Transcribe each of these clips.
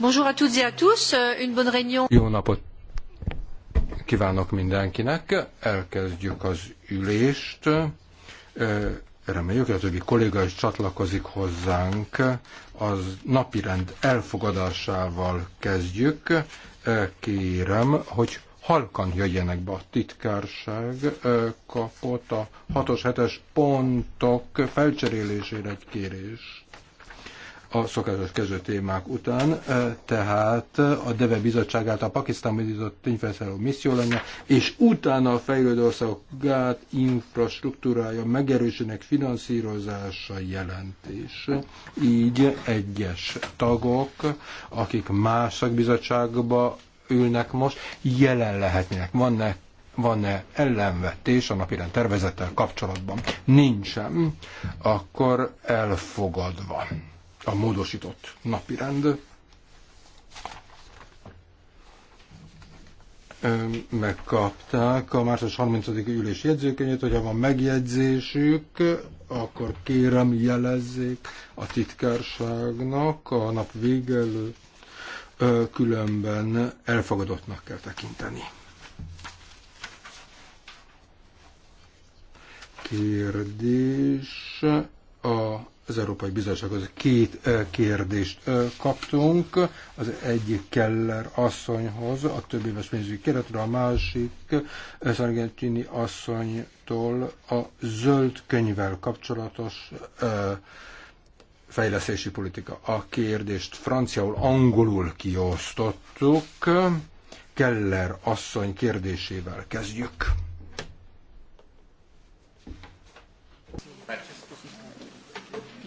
Bonjour à toutes et à tous, euh, une bonne réunion. Jó napot kívánok mindenkinek, elkezdjük az ülést. Reméljük, hogy a többi kolléga is csatlakozik hozzánk. Az napirend elfogadásával kezdjük. Kérem, hogy halkan jöjjenek be a titkárság kapott a 6-os, 7-es pontok felcserélésére egy kérést a szokásos kezdő témák után, e, tehát a DEVE bizottságát a Pakisztán Bizott tényfelszálló misszió lenne, és utána a fejlődő országok gát infrastruktúrája megerősének finanszírozása jelentés. Így egyes tagok, akik más szakbizottságba ülnek most, jelen lehetnének. Van-e van-e ellenvetés a napirend tervezettel kapcsolatban? Nincsen. Akkor elfogadva a módosított napirend. Megkapták a március 30. ülés jegyzőkönyvét, hogyha van megjegyzésük, akkor kérem jelezzék a titkárságnak a nap végelő, különben elfogadottnak kell tekinteni. Kérdés a az Európai Bizottsághoz két kérdést kaptunk. Az egyik Keller asszonyhoz, a több éves pénzügyi keretről, a másik Szargentini asszonytól a zöld könyvvel kapcsolatos fejlesztési politika. A kérdést franciául, angolul kiosztottuk. Keller asszony kérdésével kezdjük.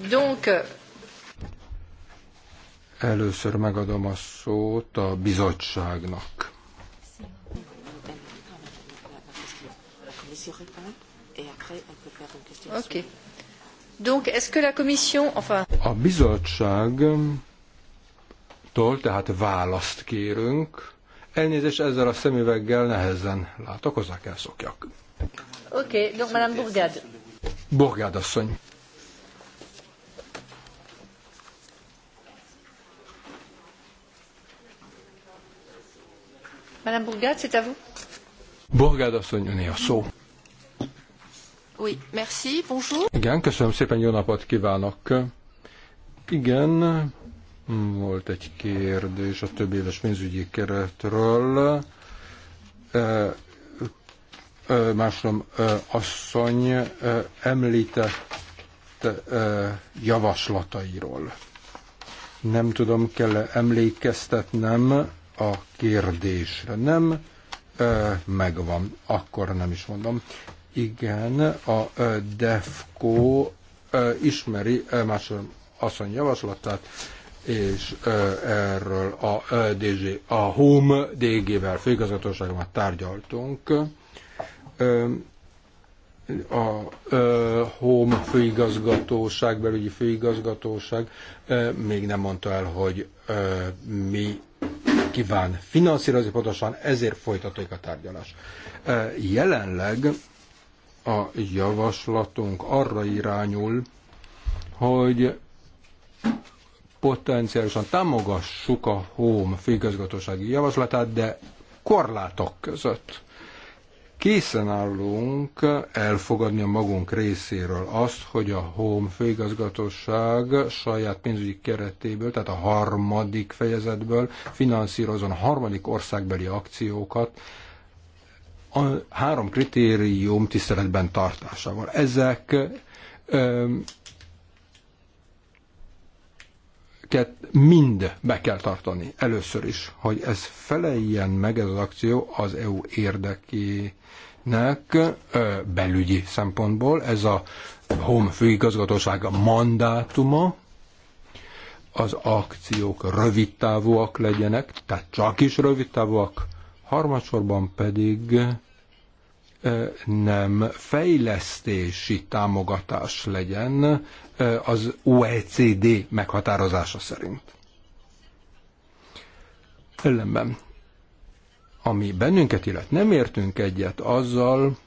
Donc... Euh, Először megadom a szót a bizottságnak. Okay. Donc, est-ce que la commission, enfin... A bizottságtól tehát választ kérünk. Elnézést ezzel a szemüveggel nehezen látok, hozzá kell szokjak. Oké, okay, donc Madame Bourgade. Bourgade asszony. Madame Bourgade, c'est à vous. Bourgade asszony, a szó. Oui, merci, bonjour. Igen, köszönöm szépen, jó napot kívánok. Igen, volt egy kérdés a több éves pénzügyi keretről. E, e, e asszony e, említett javaslatairól. Nem tudom, kell -e emlékeztetnem a kérdésre. Nem ö, megvan, akkor nem is mondom. Igen, a ö, DEFCO ö, ismeri ö, másorom asszony javaslatát, és ö, erről a ö, DG, a HOME DG-vel főigazgatóságban tárgyaltunk. Ö, a HOME főigazgatóság, belügyi főigazgatóság még nem mondta el, hogy mi kíván finanszírozni pontosan, ezért folytatódik a tárgyalás. Jelenleg a javaslatunk arra irányul, hogy potenciálisan támogassuk a HOME főigazgatósági javaslatát, de korlátok között Készen állunk elfogadni a magunk részéről azt, hogy a Home főigazgatóság saját pénzügyi keretéből, tehát a harmadik fejezetből finanszírozon harmadik országbeli akciókat, a három kritérium tiszteletben tartásával. Ezek öm, mind be kell tartani. Először is, hogy ez feleljen meg ez az akció az EU érdekét nek belügyi szempontból. Ez a Home főigazgatósága mandátuma, az akciók rövidtávúak legyenek, tehát csak is rövidtávúak, harmadsorban pedig nem fejlesztési támogatás legyen az OECD meghatározása szerint. Ellenben ami bennünket illet, nem értünk egyet azzal,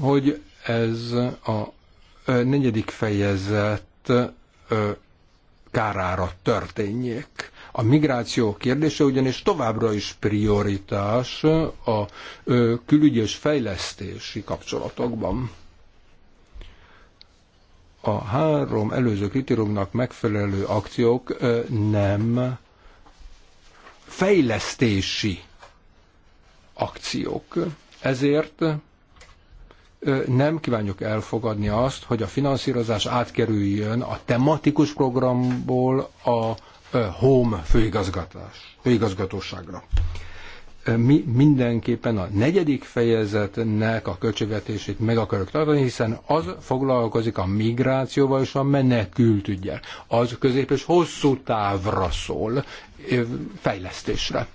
hogy ez a negyedik fejezet kárára történjék. A migráció kérdése ugyanis továbbra is prioritás a külügyi és fejlesztési kapcsolatokban. A három előző kritériumnak megfelelő akciók nem fejlesztési akciók. Ezért nem kívánjuk elfogadni azt, hogy a finanszírozás átkerüljön a tematikus programból a Home főigazgatás, főigazgatóságra. Mi mindenképpen a negyedik fejezetnek a költségvetését meg akarok tartani, hiszen az foglalkozik a migrációval és a ügyel. Az közép és hosszú távra szól, fejlesztésre.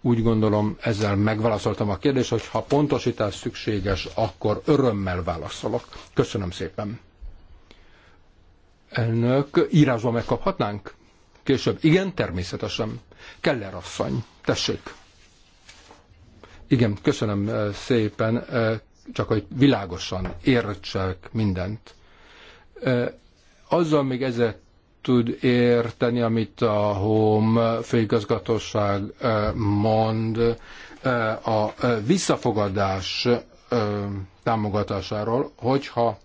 Úgy gondolom, ezzel megválaszoltam a kérdést, hogy ha pontosítás szükséges, akkor örömmel válaszolok. Köszönöm szépen. Elnök, írásban megkaphatnánk? Később. Igen, természetesen. Keller asszony, tessék. Igen, köszönöm eh, szépen, eh, csak hogy világosan értsek mindent. Eh, azzal még ezzel tud érteni, amit a HOM főigazgatóság eh, mond eh, a eh, visszafogadás támogatásáról, hogyha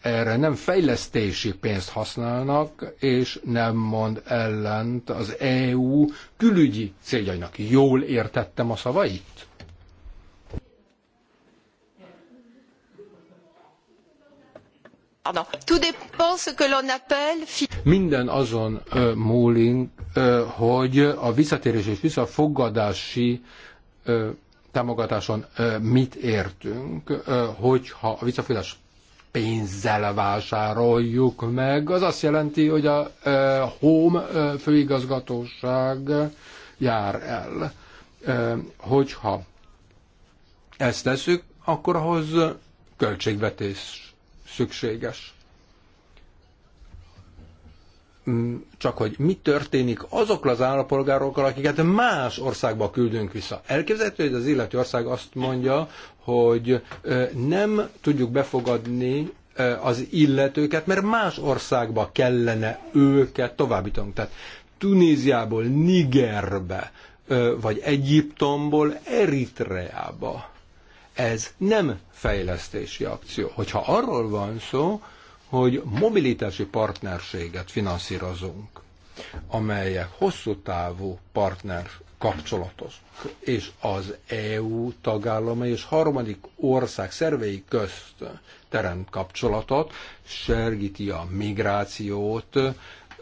erre nem fejlesztési pénzt használnak, és nem mond ellent az EU külügyi céljainak. Jól értettem a szavait? Minden azon múlik, hogy a visszatérés és visszafogadási támogatáson mit értünk, hogyha a visszafogadás pénzzel vásároljuk meg, az azt jelenti, hogy a Home főigazgatóság jár el. Hogyha ezt tesszük, akkor ahhoz költségvetés szükséges. Mm, csak hogy mi történik azokkal az állampolgárokkal, akiket más országba küldünk vissza. Elképzelhető, hogy az illető ország azt mondja, hogy nem tudjuk befogadni az illetőket, mert más országba kellene őket továbbítanunk. Tehát Tunéziából, Nigerbe, vagy Egyiptomból, Eritreába ez nem fejlesztési akció. Hogyha arról van szó, hogy mobilitási partnerséget finanszírozunk, amelyek hosszú távú partner kapcsolatos, és az EU tagállamai és harmadik ország szervei közt teremt kapcsolatot, sergíti a migrációt,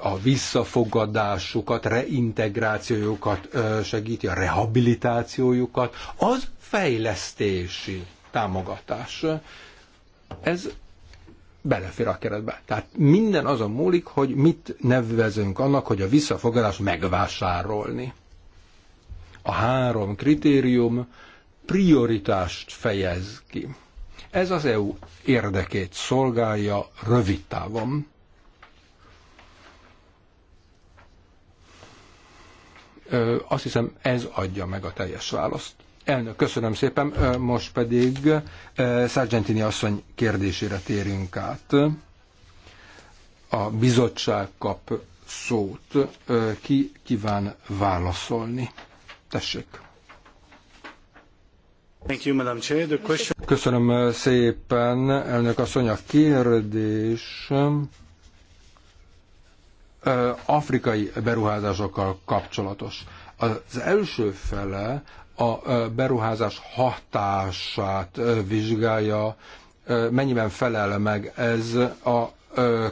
a visszafogadásukat, reintegrációjukat segíti, a rehabilitációjukat, az fejlesztési támogatás. Ez belefér a keretbe. Tehát minden azon múlik, hogy mit nevezünk annak, hogy a visszafogadás megvásárolni. A három kritérium prioritást fejez ki. Ez az EU érdekét szolgálja rövid távon. Azt hiszem ez adja meg a teljes választ. Elnök, köszönöm szépen. Most pedig Sargentini asszony kérdésére térünk át. A bizottság kap szót. Ki kíván válaszolni? Tessék. Köszönöm szépen, elnök asszony, a kérdés afrikai beruházásokkal kapcsolatos. Az első fele a beruházás hatását vizsgálja, mennyiben felel meg ez a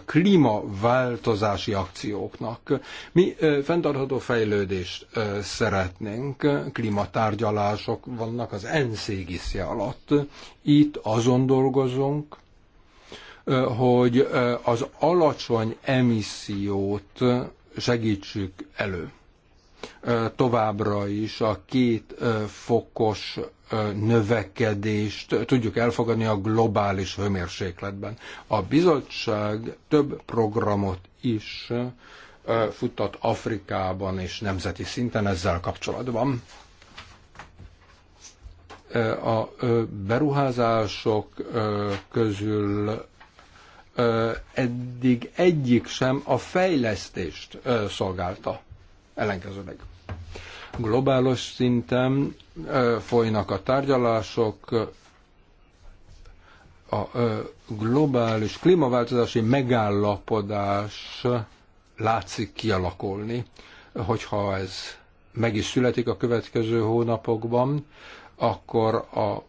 klímaváltozási akcióknak. Mi fenntartható fejlődést szeretnénk, klímatárgyalások vannak az ENSZ alatt. Itt azon dolgozunk, hogy az alacsony emissziót segítsük elő. Továbbra is a két fokos növekedést tudjuk elfogadni a globális hőmérsékletben. A bizottság több programot is futtat Afrikában és nemzeti szinten ezzel kapcsolatban. A beruházások közül eddig egyik sem a fejlesztést szolgálta. Ellenkezőleg. Globális szinten folynak a tárgyalások, a globális klímaváltozási megállapodás látszik kialakulni, hogyha ez meg is születik a következő hónapokban, akkor a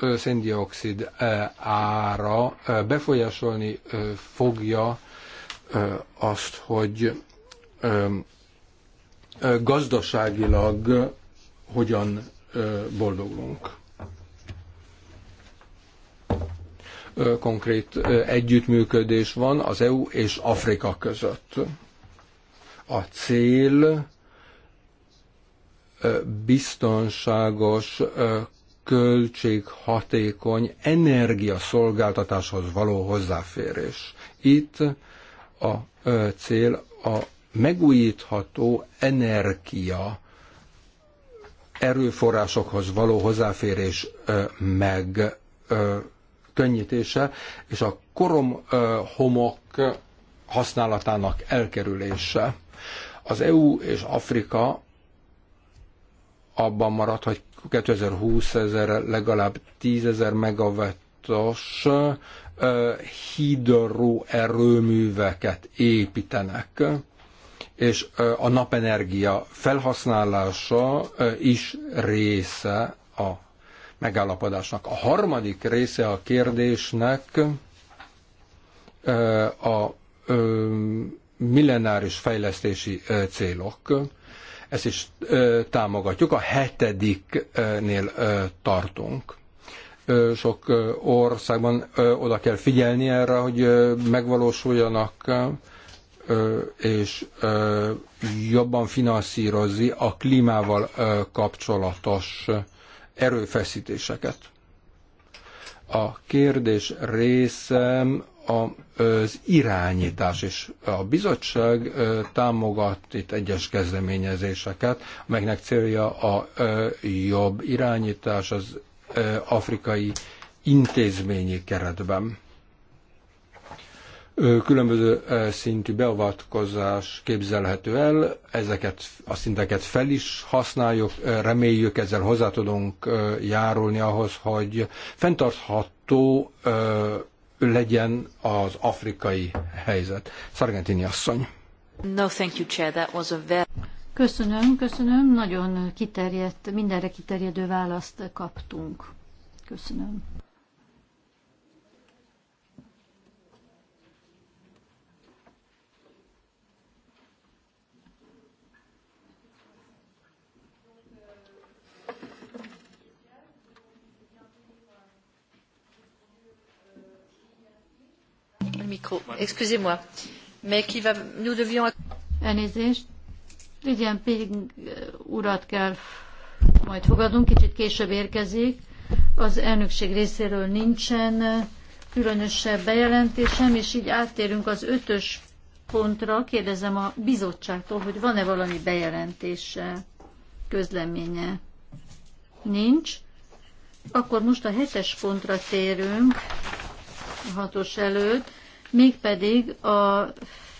széndiokszid e, ára e, befolyásolni e, fogja azt, hogy gazdaságilag hogyan boldogulunk. Konkrét együttműködés van az EU és Afrika között. A cél biztonságos költséghatékony energiaszolgáltatáshoz való hozzáférés. Itt a cél a megújítható energia erőforrásokhoz való hozzáférés meg könnyítése, és a korom homok használatának elkerülése. Az EU és Afrika abban marad, hogy 2020 ezer legalább 10 ezer megawattos hidroerőműveket építenek, és a napenergia felhasználása is része a megállapodásnak. A harmadik része a kérdésnek a millenáris fejlesztési célok. Ezt is támogatjuk. A hetediknél tartunk sok országban oda kell figyelni erre, hogy megvalósuljanak és jobban finanszírozzi a klímával kapcsolatos erőfeszítéseket. A kérdés részem az irányítás, és a bizottság támogat itt egyes kezdeményezéseket, amelynek célja a jobb irányítás az afrikai intézményi keretben. Különböző szintű beavatkozás képzelhető el, ezeket a szinteket fel is használjuk, reméljük ezzel hozzá tudunk járulni ahhoz, hogy fenntartható legyen az afrikai helyzet. Szargentini asszony. No, thank you, Chair. That was a very... Köszönöm, köszönöm. Nagyon kiterjedt, mindenre kiterjedő választ kaptunk. Köszönöm. Mikro, excusez-moi. Mais qui va, nous devions... Elnézést. Vigyen Ping eh, urat kell majd fogadunk, kicsit később érkezik. Az elnökség részéről nincsen eh, különösebb bejelentésem, és így áttérünk az ötös pontra. Kérdezem a bizottságtól, hogy van-e valami bejelentése, közleménye. Nincs. Akkor most a hetes pontra térünk, a hatos előtt mégpedig a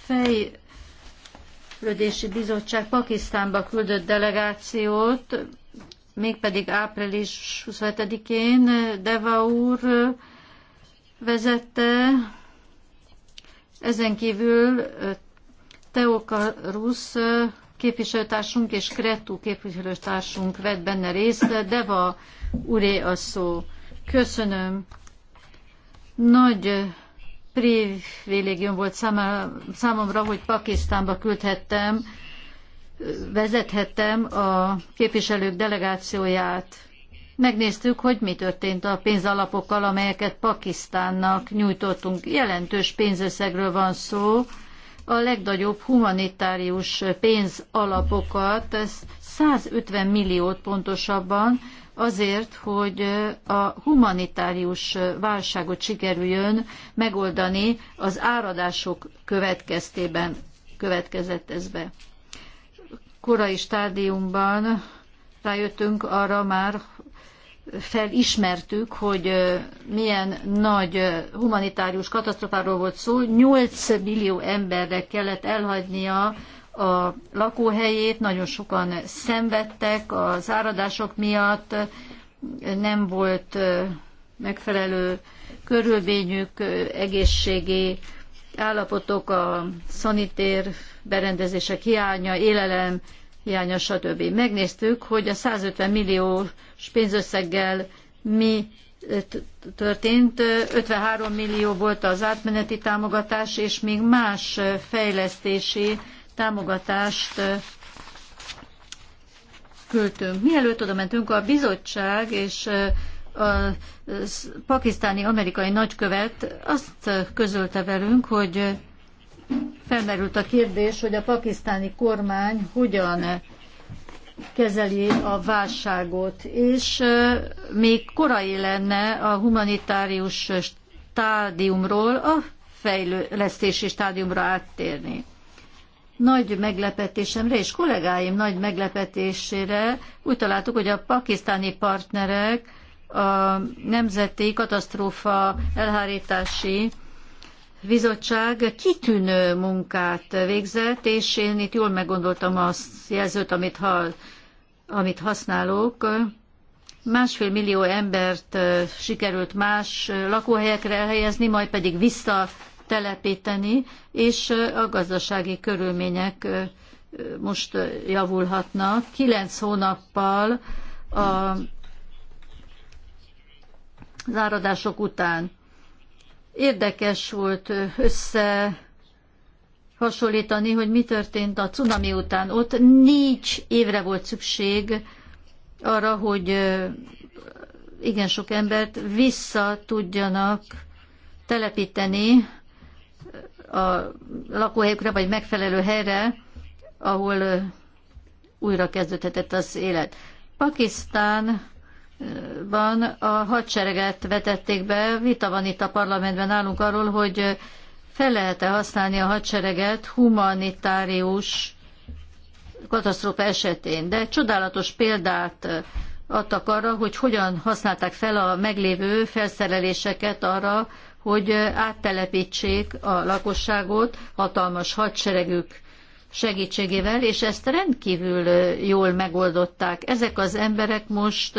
Fejlődési Bizottság Pakisztánba küldött delegációt, mégpedig április 27-én Deva úr vezette, ezen kívül Teokarusz képviselőtársunk és Kretu képviselőtársunk vett benne részt. Deva úré a szó. Köszönöm. Nagy privilégium volt számomra, hogy Pakisztánba küldhettem, vezethettem a képviselők delegációját. Megnéztük, hogy mi történt a pénzalapokkal, amelyeket Pakisztánnak nyújtottunk. Jelentős pénzösszegről van szó, a legnagyobb humanitárius pénzalapokat, ez 150 milliót pontosabban, azért, hogy a humanitárius válságot sikerüljön megoldani az áradások következtében, következett ez be. Korai stádiumban rájöttünk arra már, felismertük, hogy milyen nagy humanitárius katasztrofáról volt szó. 8 millió emberre kellett elhagynia a lakóhelyét, nagyon sokan szenvedtek az áradások miatt, nem volt megfelelő körülményük, egészségi állapotok, a szanitér berendezések hiánya, élelem hiánya, stb. Megnéztük, hogy a 150 milliós pénzösszeggel mi történt. 53 millió volt az átmeneti támogatás, és még más fejlesztési támogatást küldtünk. Mielőtt oda mentünk, a bizottság és a pakisztáni amerikai nagykövet azt közölte velünk, hogy felmerült a kérdés, hogy a pakisztáni kormány hogyan kezeli a válságot, és még korai lenne a humanitárius stádiumról a fejlesztési stádiumra áttérni nagy meglepetésemre és kollégáim nagy meglepetésére úgy találtuk, hogy a pakisztáni partnerek a Nemzeti Katasztrófa Elhárítási Bizottság kitűnő munkát végzett, és én itt jól meggondoltam a jelzőt, amit, hall, amit használok. Másfél millió embert sikerült más lakóhelyekre elhelyezni, majd pedig vissza telepíteni, és a gazdasági körülmények most javulhatnak. Kilenc hónappal a záradások után. Érdekes volt össze hasonlítani, hogy mi történt a cunami után. Ott négy évre volt szükség arra, hogy igen sok embert vissza tudjanak telepíteni a lakóhelyükre, vagy megfelelő helyre, ahol újra kezdődhetett az élet. Pakisztánban a hadsereget vetették be, vita van itt a parlamentben nálunk arról, hogy fel lehet-e használni a hadsereget humanitárius katasztrófa esetén. De csodálatos példát adtak arra, hogy hogyan használták fel a meglévő felszereléseket arra, hogy áttelepítsék a lakosságot hatalmas hadseregük segítségével, és ezt rendkívül jól megoldották. Ezek az emberek most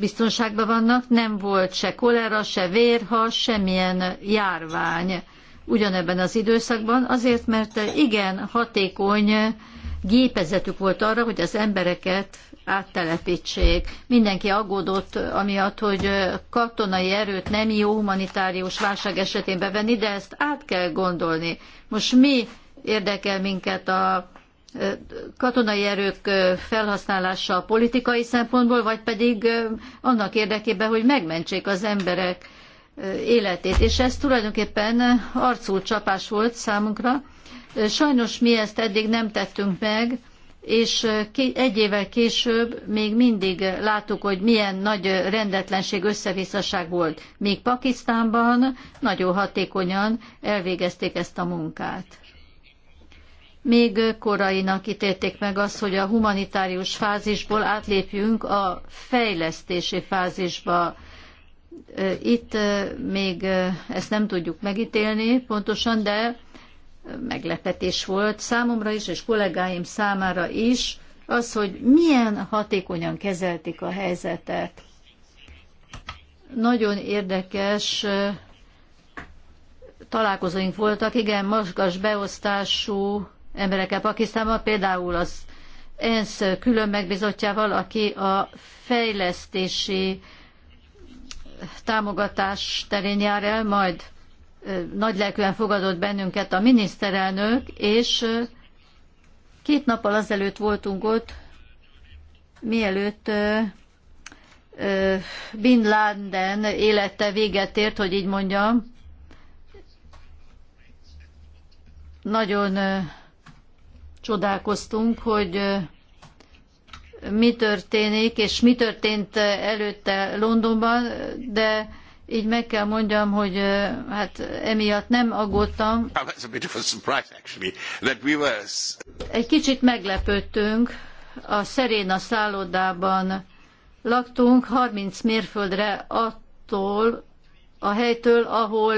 biztonságban vannak, nem volt se kolera, se vérhas, semmilyen járvány ugyanebben az időszakban, azért mert igen hatékony gépezetük volt arra, hogy az embereket áttelepítsék. Mindenki aggódott amiatt, hogy katonai erőt nem jó humanitárius válság esetén bevenni, de ezt át kell gondolni. Most mi érdekel minket a katonai erők felhasználása a politikai szempontból, vagy pedig annak érdekében, hogy megmentsék az emberek életét. És ez tulajdonképpen arcul csapás volt számunkra. Sajnos mi ezt eddig nem tettünk meg, és egy évvel később még mindig láttuk, hogy milyen nagy rendetlenség, összevisszaság volt. Még Pakisztánban nagyon hatékonyan elvégezték ezt a munkát. Még korainak ítélték meg azt, hogy a humanitárius fázisból átlépjünk a fejlesztési fázisba. Itt még ezt nem tudjuk megítélni pontosan, de meglepetés volt számomra is, és kollégáim számára is, az, hogy milyen hatékonyan kezelték a helyzetet. Nagyon érdekes találkozóink voltak, igen, magas beosztású emberekkel Pakisztánban, például az ENSZ külön megbizotjával, aki a fejlesztési támogatás terén jár el, majd nagylelkűen fogadott bennünket a miniszterelnök, és két nappal azelőtt voltunk ott, mielőtt Bin Laden élete véget ért, hogy így mondjam. Nagyon csodálkoztunk, hogy mi történik, és mi történt előtte Londonban, de így meg kell mondjam, hogy hát emiatt nem aggódtam. Egy kicsit meglepődtünk, a Szeréna szállodában laktunk, 30 mérföldre attól a helytől, ahol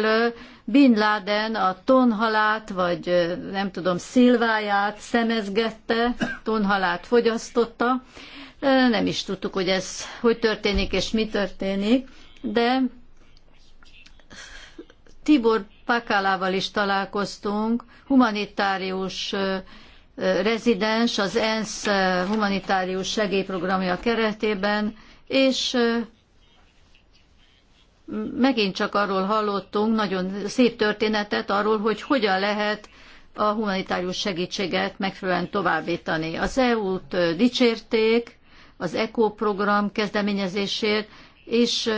Bin Laden a tonhalát, vagy nem tudom, szilváját szemezgette, tonhalát fogyasztotta. Nem is tudtuk, hogy ez hogy történik és mi történik, de Tibor Pakálával is találkoztunk, humanitárius rezidens az ENSZ humanitárius segélyprogramja keretében, és megint csak arról hallottunk, nagyon szép történetet arról, hogy hogyan lehet a humanitárius segítséget megfelelően továbbítani. Az EU-t dicsérték az ECO program kezdeményezésért, és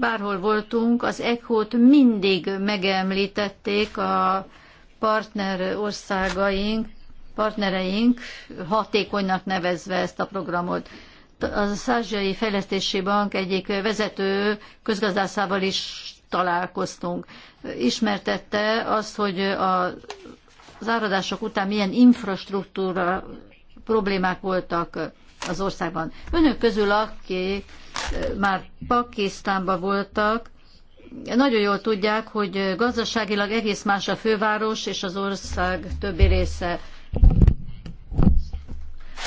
bárhol voltunk, az ECHO-t mindig megemlítették a partner országaink, partnereink hatékonynak nevezve ezt a programot. Az Százsiai Fejlesztési Bank egyik vezető közgazdászával is találkoztunk. Ismertette azt, hogy a, az áradások után milyen infrastruktúra problémák voltak az országban. Önök közül, akik már Pakisztánban voltak, nagyon jól tudják, hogy gazdaságilag egész más a főváros és az ország többi része.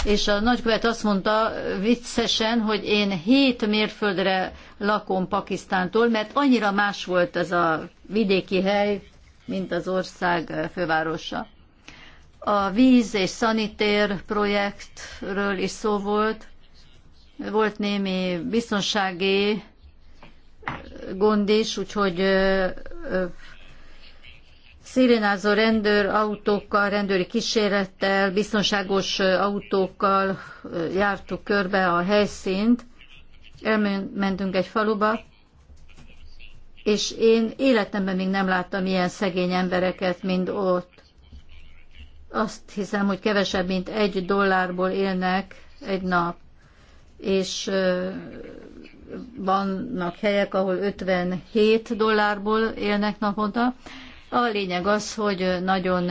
És a nagykövet azt mondta viccesen, hogy én hét mérföldre lakom Pakisztántól, mert annyira más volt ez a vidéki hely, mint az ország fővárosa. A víz és szanitér projektről is szó volt. Volt némi biztonsági gond is, úgyhogy szirénázó rendőr autókkal, rendőri kísérettel, biztonságos autókkal jártuk körbe a helyszínt. Elmentünk egy faluba, és én életemben még nem láttam ilyen szegény embereket, mint ott. Azt hiszem, hogy kevesebb, mint egy dollárból élnek egy nap, és vannak helyek, ahol 57 dollárból élnek naponta. A lényeg az, hogy nagyon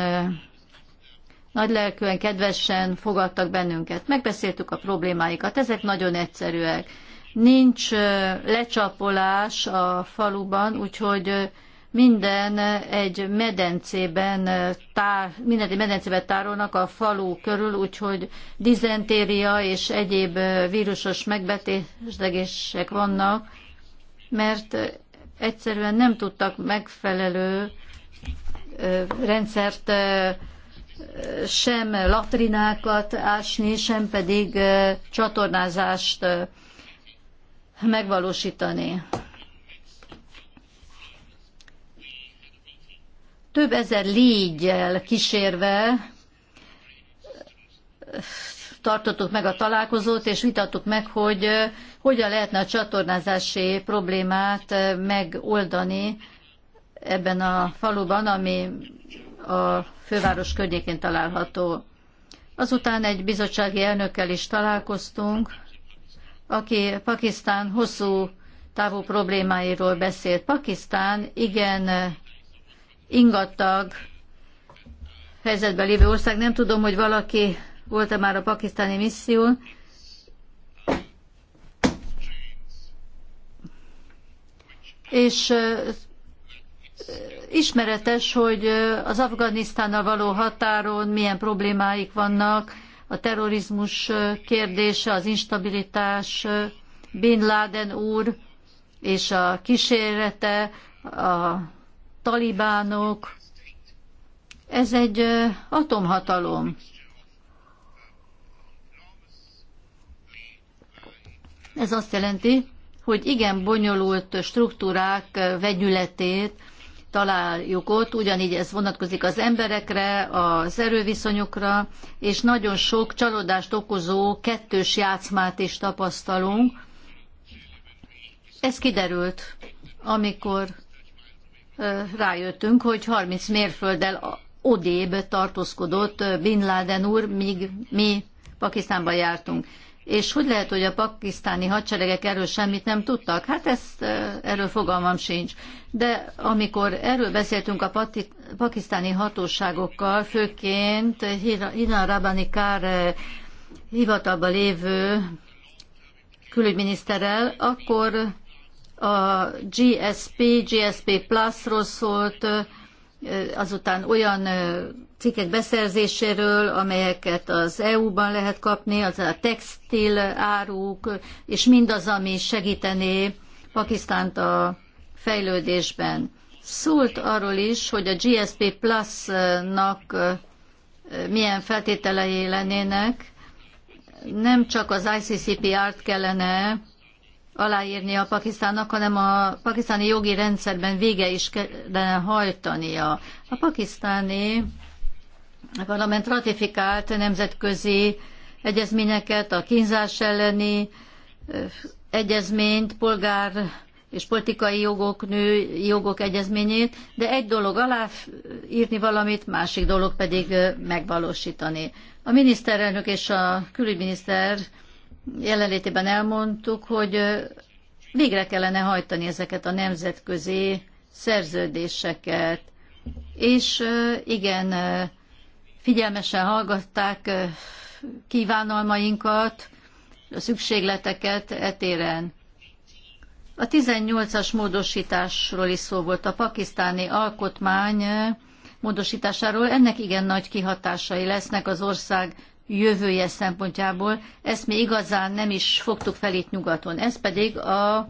nagy lelkűen, kedvesen fogadtak bennünket. Megbeszéltük a problémáikat, ezek nagyon egyszerűek. Nincs lecsapolás a faluban, úgyhogy minden egy medencében, eh, tár, minden egy medencében tárolnak a falu körül, úgyhogy dizentéria és egyéb eh, vírusos megbetegedések vannak, mert eh, egyszerűen nem tudtak megfelelő rendszert sem latrinákat ásni, sem pedig csatornázást megvalósítani. több ezer légyel kísérve tartottuk meg a találkozót, és vitattuk meg, hogy hogyan lehetne a csatornázási problémát megoldani ebben a faluban, ami a főváros környékén található. Azután egy bizottsági elnökkel is találkoztunk, aki Pakisztán hosszú távú problémáiról beszélt. Pakisztán igen ingatag helyzetben lévő ország. Nem tudom, hogy valaki volt-e már a pakisztáni misszión. És ismeretes, hogy az Afganisztánnal való határon milyen problémáik vannak, a terrorizmus kérdése, az instabilitás, Bin Laden úr és a kísérete, a talibánok. Ez egy atomhatalom. Ez azt jelenti, hogy igen bonyolult struktúrák vegyületét találjuk ott, ugyanígy ez vonatkozik az emberekre, az erőviszonyokra, és nagyon sok csalódást okozó kettős játszmát is tapasztalunk. Ez kiderült, amikor rájöttünk, hogy 30 mérfölddel odébb tartózkodott Bin Laden úr, míg mi Pakisztánban jártunk. És hogy lehet, hogy a pakisztáni hadseregek erről semmit nem tudtak? Hát ezt, erről fogalmam sincs. De amikor erről beszéltünk a pati, pakisztáni hatóságokkal, főként Hina Rabani Kár hivatalban lévő külügyminiszterrel, akkor a GSP, GSP Plus-ról szólt, azután olyan cikkek beszerzéséről, amelyeket az EU-ban lehet kapni, az a textil áruk, és mindaz, ami segítené Pakisztánt a fejlődésben. Szólt arról is, hogy a GSP Plus-nak milyen feltételei lennének, nem csak az ICCPR-t kellene aláírni a Pakisztánnak, hanem a pakisztáni jogi rendszerben vége is kellene hajtania. A pakisztáni parlament ratifikált nemzetközi egyezményeket, a kínzás elleni egyezményt, polgár és politikai jogok, nő jogok egyezményét, de egy dolog alá írni valamit, másik dolog pedig megvalósítani. A miniszterelnök és a külügyminiszter jelenlétében elmondtuk, hogy végre kellene hajtani ezeket a nemzetközi szerződéseket. És igen, figyelmesen hallgatták kívánalmainkat, a szükségleteket etéren. A 18-as módosításról is szó volt a pakisztáni alkotmány módosításáról. Ennek igen nagy kihatásai lesznek az ország jövője szempontjából. Ezt mi igazán nem is fogtuk fel itt nyugaton. Ez pedig a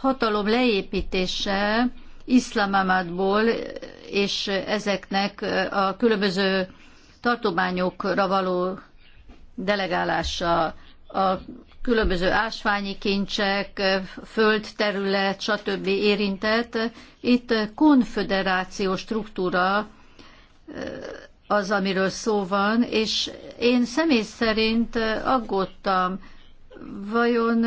hatalom leépítése iszlamabadból és ezeknek a különböző tartományokra való delegálása, a különböző ásványi kincsek, földterület, stb. érintett. Itt konfederáció struktúra az, amiről szó van, és én személy szerint aggódtam, vajon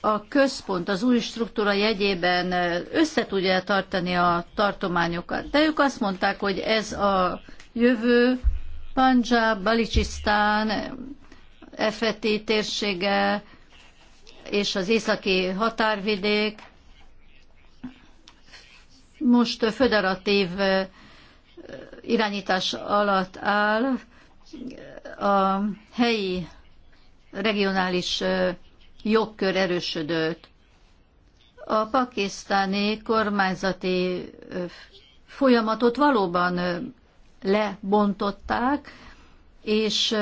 a központ az új struktúra jegyében össze tudja tartani a tartományokat. De ők azt mondták, hogy ez a jövő, Panjab, Balicsisztán, Efeti térsége és az északi határvidék most föderatív irányítás alatt áll a helyi regionális jogkör erősödött. A pakisztáni kormányzati folyamatot valóban lebontották, és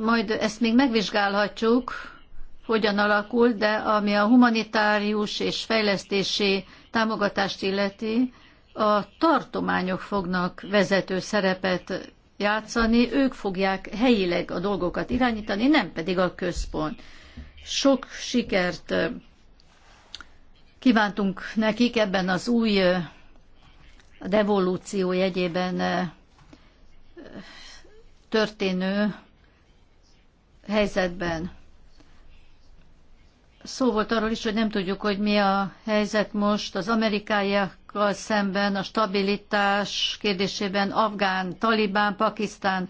majd ezt még megvizsgálhatjuk, hogyan alakul, de ami a humanitárius és fejlesztési támogatást illeti, a tartományok fognak vezető szerepet játszani, ők fogják helyileg a dolgokat irányítani, nem pedig a központ. Sok sikert kívántunk nekik ebben az új devolúció jegyében történő helyzetben. Szó volt arról is, hogy nem tudjuk, hogy mi a helyzet most az amerikaiakkal szemben, a stabilitás kérdésében, Afgán, Talibán, Pakisztán,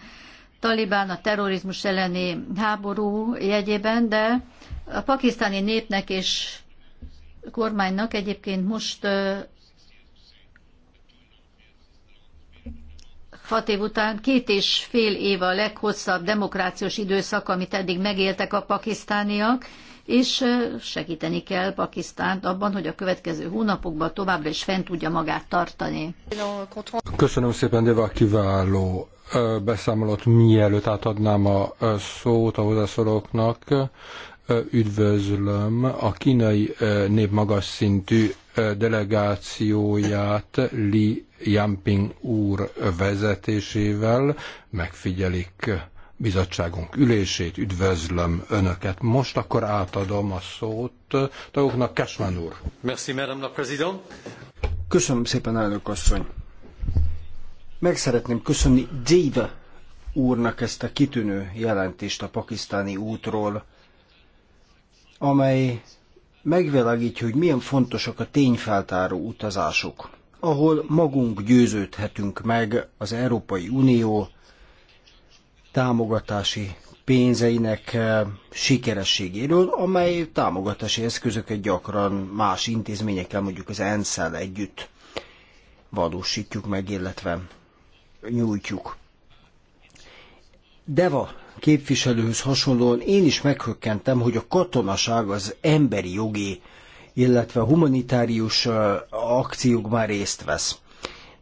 Talibán a terrorizmus elleni háború jegyében, de a pakisztáni népnek és kormánynak egyébként most hat év után két és fél év a leghosszabb demokrációs időszak, amit eddig megéltek a pakisztániak, és segíteni kell Pakisztánt abban, hogy a következő hónapokban továbbra is fent tudja magát tartani. Köszönöm szépen, Deva, kiváló beszámolót, mielőtt átadnám a szót a hozzászólóknak. Üdvözlöm a kínai nép magas szintű delegációját Li Yamping úr vezetésével. Megfigyelik bizottságunk ülését, üdvözlöm Önöket. Most akkor átadom a szót tagoknak, Kesman úr. Merci, Madame la président. Köszönöm szépen, elnök asszony. Meg szeretném köszönni Dave úrnak ezt a kitűnő jelentést a pakisztáni útról, amely megvilágítja, hogy milyen fontosak a tényfeltáró utazások, ahol magunk győződhetünk meg az Európai Unió támogatási pénzeinek eh, sikerességéről, amely támogatási eszközöket gyakran más intézményekkel, mondjuk az ensz együtt valósítjuk meg, illetve nyújtjuk. Deva képviselőhöz hasonlóan én is meghökkentem, hogy a katonaság az emberi jogi, illetve humanitárius eh, akciókban részt vesz.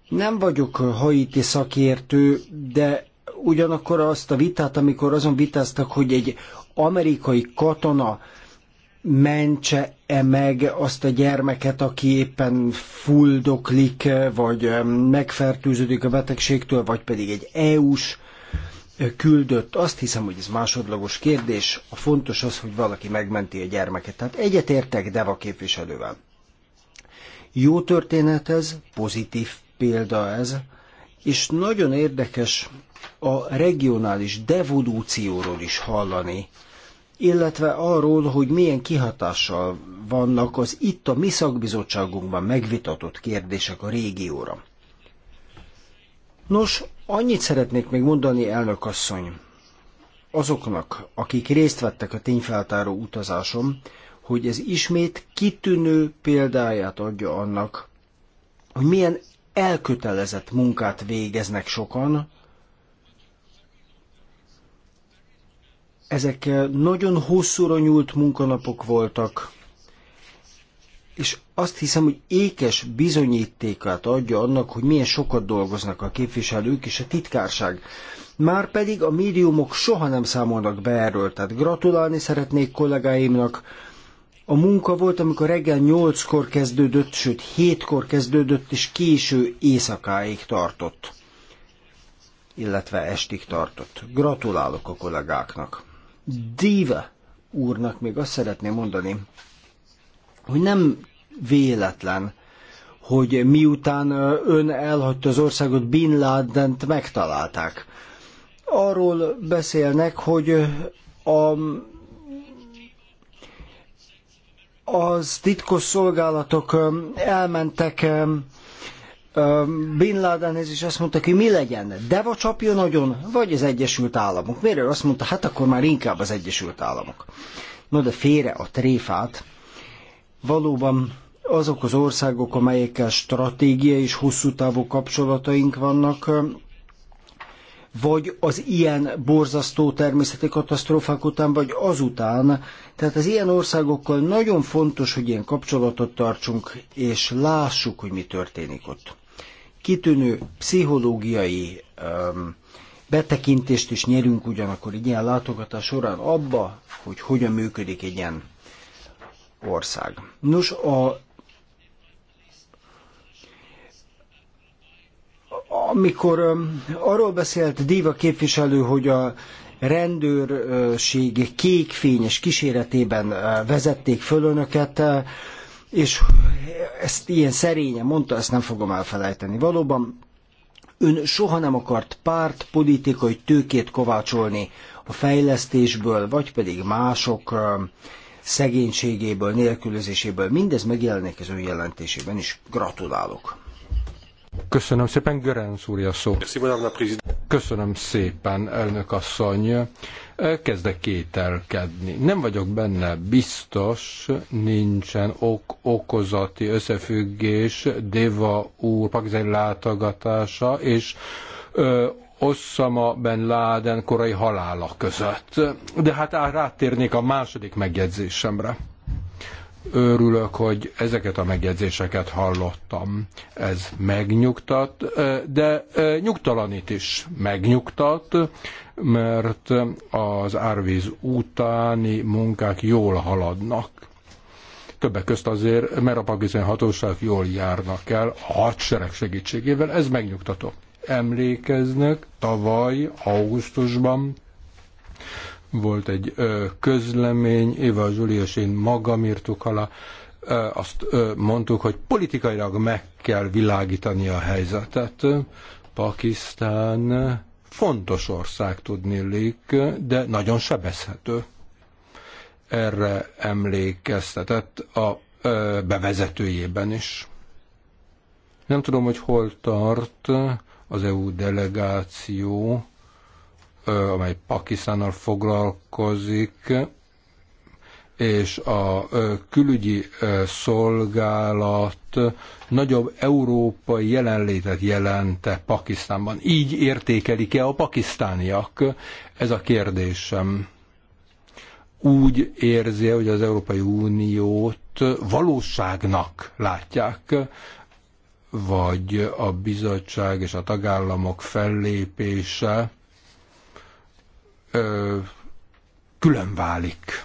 Nem vagyok haiti szakértő, de ugyanakkor azt a vitát, amikor azon vitáztak, hogy egy amerikai katona mentse -e meg azt a gyermeket, aki éppen fuldoklik, vagy megfertőződik a betegségtől, vagy pedig egy EU-s küldött. Azt hiszem, hogy ez másodlagos kérdés. A fontos az, hogy valaki megmenti a gyermeket. Tehát egyetértek Deva képviselővel. Jó történet ez, pozitív példa ez, és nagyon érdekes a regionális devolúcióról is hallani, illetve arról, hogy milyen kihatással vannak az itt a mi szakbizottságunkban megvitatott kérdések a régióra. Nos, annyit szeretnék még mondani, elnök asszony, azoknak, akik részt vettek a tényfeltáró utazásom, hogy ez ismét kitűnő példáját adja annak, hogy milyen elkötelezett munkát végeznek sokan, Ezek nagyon hosszúra nyúlt munkanapok voltak, és azt hiszem, hogy ékes bizonyítékát adja annak, hogy milyen sokat dolgoznak a képviselők és a titkárság. Márpedig a médiumok soha nem számolnak be erről, tehát gratulálni szeretnék kollégáimnak. A munka volt, amikor reggel 8-kor kezdődött, sőt 7-kor kezdődött, és késő éjszakáig tartott, illetve estig tartott. Gratulálok a kollégáknak. Díva úrnak még azt szeretném mondani, hogy nem véletlen, hogy miután ön elhagyta az országot, Bin laden megtalálták. Arról beszélnek, hogy a az titkos szolgálatok elmentek Bin ez is azt mondta, hogy mi legyen, vagy csapjon nagyon, vagy az Egyesült Államok. Miért azt mondta, hát akkor már inkább az Egyesült Államok. No de félre a tréfát. Valóban azok az országok, amelyekkel stratégiai és hosszú távú kapcsolataink vannak, vagy az ilyen borzasztó természeti katasztrófák után, vagy azután. Tehát az ilyen országokkal nagyon fontos, hogy ilyen kapcsolatot tartsunk, és lássuk, hogy mi történik ott. Kitűnő pszichológiai um, betekintést is nyerünk ugyanakkor egy ilyen látogatás során abba, hogy hogyan működik egy ilyen ország. Nos, a Amikor arról beszélt Díva képviselő, hogy a rendőrség kékfényes kíséretében vezették föl önöket, és ezt ilyen szerényen mondta, ezt nem fogom elfelejteni. Valóban ön soha nem akart párt politikai tőkét kovácsolni a fejlesztésből, vagy pedig mások szegénységéből, nélkülözéséből. Mindez megjelenik az ön jelentésében is. Gratulálok! Köszönöm szépen, Görenc úr a szó. Köszönöm szépen, elnök asszony. Eh, kezdek kételkedni. Nem vagyok benne biztos, nincsen ok okozati összefüggés Deva úr pakizai látogatása és ö, Ossama Ben Laden korai halála között. De hát rátérnék a második megjegyzésemre Örülök, hogy ezeket a megjegyzéseket hallottam. Ez megnyugtat, de nyugtalanít is megnyugtat, mert az árvíz utáni munkák jól haladnak. Többek közt azért, mert a pakisztáni hatóság jól járnak el a hadsereg segítségével, ez megnyugtató. Emlékeznek, tavaly augusztusban volt egy közlemény, Éva Zsuli és én magam írtuk alá, azt mondtuk, hogy politikailag meg kell világítani a helyzetet. Pakisztán fontos ország tudnélik, de nagyon sebezhető. Erre emlékeztetett a bevezetőjében is. Nem tudom, hogy hol tart az EU delegáció amely Pakisztánnal foglalkozik, és a külügyi szolgálat nagyobb európai jelenlétet jelente Pakisztánban. Így értékelik-e a pakisztániak? Ez a kérdésem. Úgy érzi, -e, hogy az Európai Uniót valóságnak látják, vagy a bizottság és a tagállamok fellépése ö, külön válik.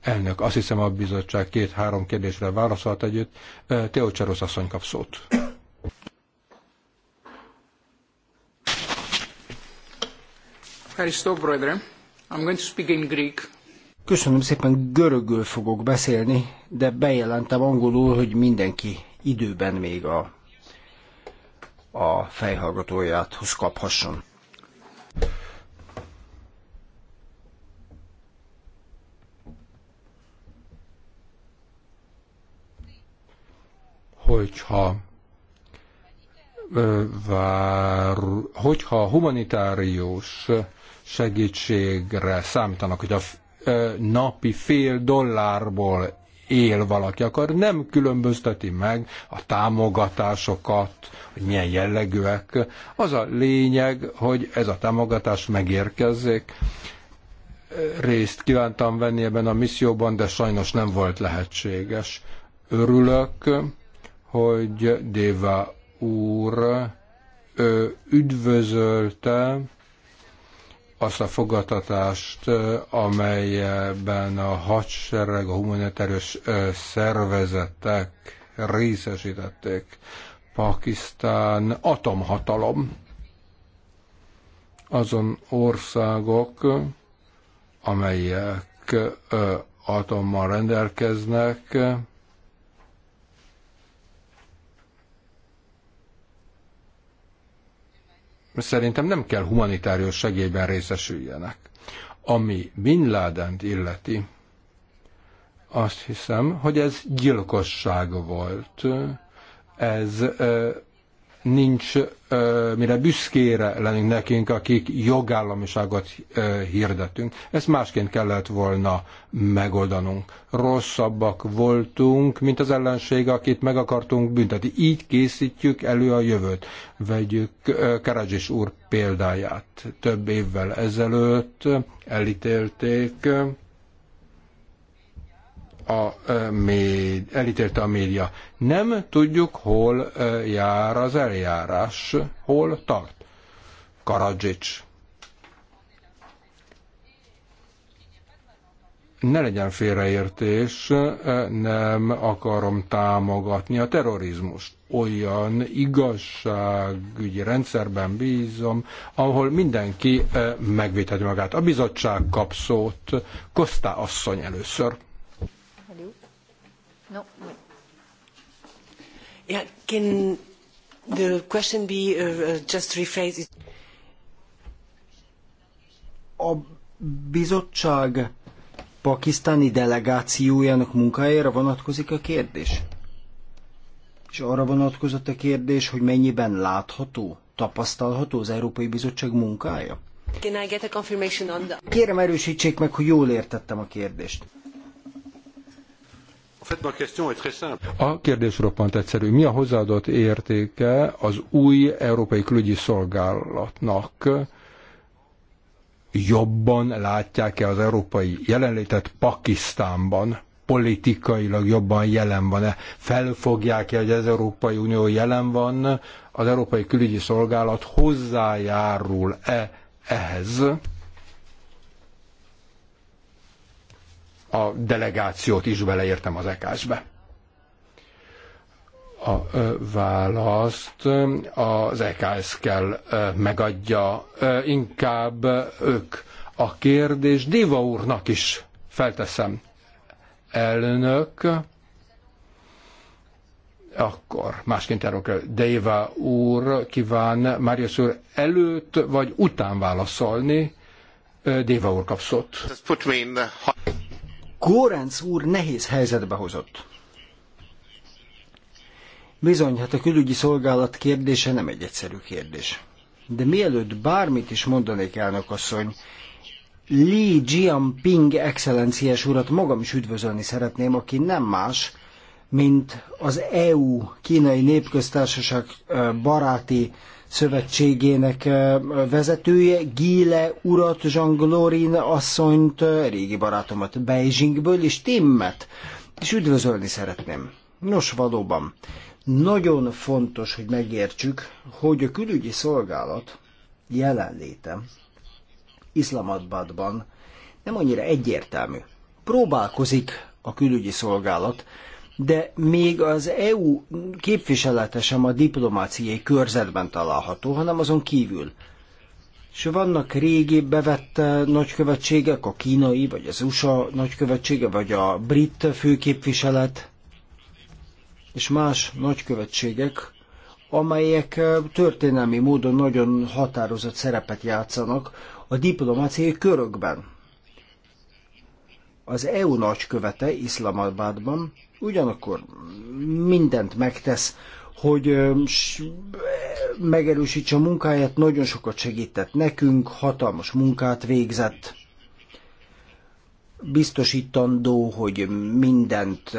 Elnök, azt hiszem a bizottság két-három kérdésre válaszolt együtt. Teó Csarosz asszony kap szót. Köszönöm szépen, görögül fogok beszélni, de bejelentem angolul, hogy mindenki időben még a, a fejhallgatójáthoz kaphasson. hogyha vár, hogyha humanitárius segítségre számítanak, hogy a napi fél dollárból él valaki, akkor nem különbözteti meg a támogatásokat, hogy milyen jellegűek. Az a lényeg, hogy ez a támogatás megérkezzék. Részt kívántam venni ebben a misszióban, de sajnos nem volt lehetséges. Örülök, hogy Déva úr üdvözölte azt a fogadtatást, amelyben a hadsereg, a humanitárius szervezetek részesítették. Pakisztán atomhatalom. Azon országok, amelyek atommal rendelkeznek, szerintem nem kell humanitárius segélyben részesüljenek. Ami Bin laden illeti, azt hiszem, hogy ez gyilkosság volt. Ez nincs mire büszkére lennünk nekünk, akik jogállamiságot hirdetünk. Ezt másként kellett volna megoldanunk. Rosszabbak voltunk, mint az ellenség, akit meg akartunk büntetni. Így készítjük elő a jövőt. Vegyük Karadzsis úr példáját. Több évvel ezelőtt elítélték a, méd, elítélte a média. Nem tudjuk, hol jár az eljárás, hol tart. Karadzsics. Ne legyen félreértés, nem akarom támogatni a terrorizmust. Olyan igazságügyi rendszerben bízom, ahol mindenki megvédheti magát. A bizottság kap szót, Kosztá asszony először. No. Yeah, can the question be uh, uh just rephrased? A bizottság pakisztáni delegációjának munkájára vonatkozik a kérdés? És arra vonatkozott a kérdés, hogy mennyiben látható, tapasztalható az Európai Bizottság munkája? Kérem erősítsék meg, hogy jól értettem a kérdést. A kérdés roppant egyszerű. Mi a hozzáadott értéke az új Európai Külügyi Szolgálatnak? Jobban látják-e az európai jelenlétet Pakisztánban? Politikailag jobban jelen van-e? Felfogják-e, hogy az Európai Unió jelen van? Az Európai Külügyi Szolgálat hozzájárul-e ehhez? a delegációt is beleértem az EKS-be. A választ az EKS kell megadja, inkább ők a kérdés. Diva úrnak is felteszem. Elnök, akkor másként járok el. Deva úr kíván Marius úr előtt vagy után válaszolni. Deva úr kapszott. Górenc úr nehéz helyzetbe hozott. Bizony, hát a külügyi szolgálat kérdése nem egy egyszerű kérdés. De mielőtt bármit is mondanék, elnök asszony, Li Jianping excellenciás urat magam is üdvözölni szeretném, aki nem más, mint az EU kínai népköztársaság baráti szövetségének vezetője, Gile urat, Jean-Glorin asszonyt, régi barátomat Beijingből, és Timmet, és üdvözölni szeretném. Nos, valóban, nagyon fontos, hogy megértsük, hogy a külügyi szolgálat jelenléte islamabadban nem annyira egyértelmű. Próbálkozik a külügyi szolgálat, de még az EU képviselete sem a diplomáciai körzetben található, hanem azon kívül. És vannak régi bevett eh, nagykövetségek, a kínai, vagy az USA nagykövetsége, vagy a brit főképviselet, és más nagykövetségek, amelyek eh, történelmi módon nagyon határozott szerepet játszanak a diplomáciai körökben. Az EU nagykövete Iszlamabadban Ugyanakkor mindent megtesz, hogy megerősítse a munkáját, nagyon sokat segített nekünk, hatalmas munkát végzett, biztosítandó, hogy mindent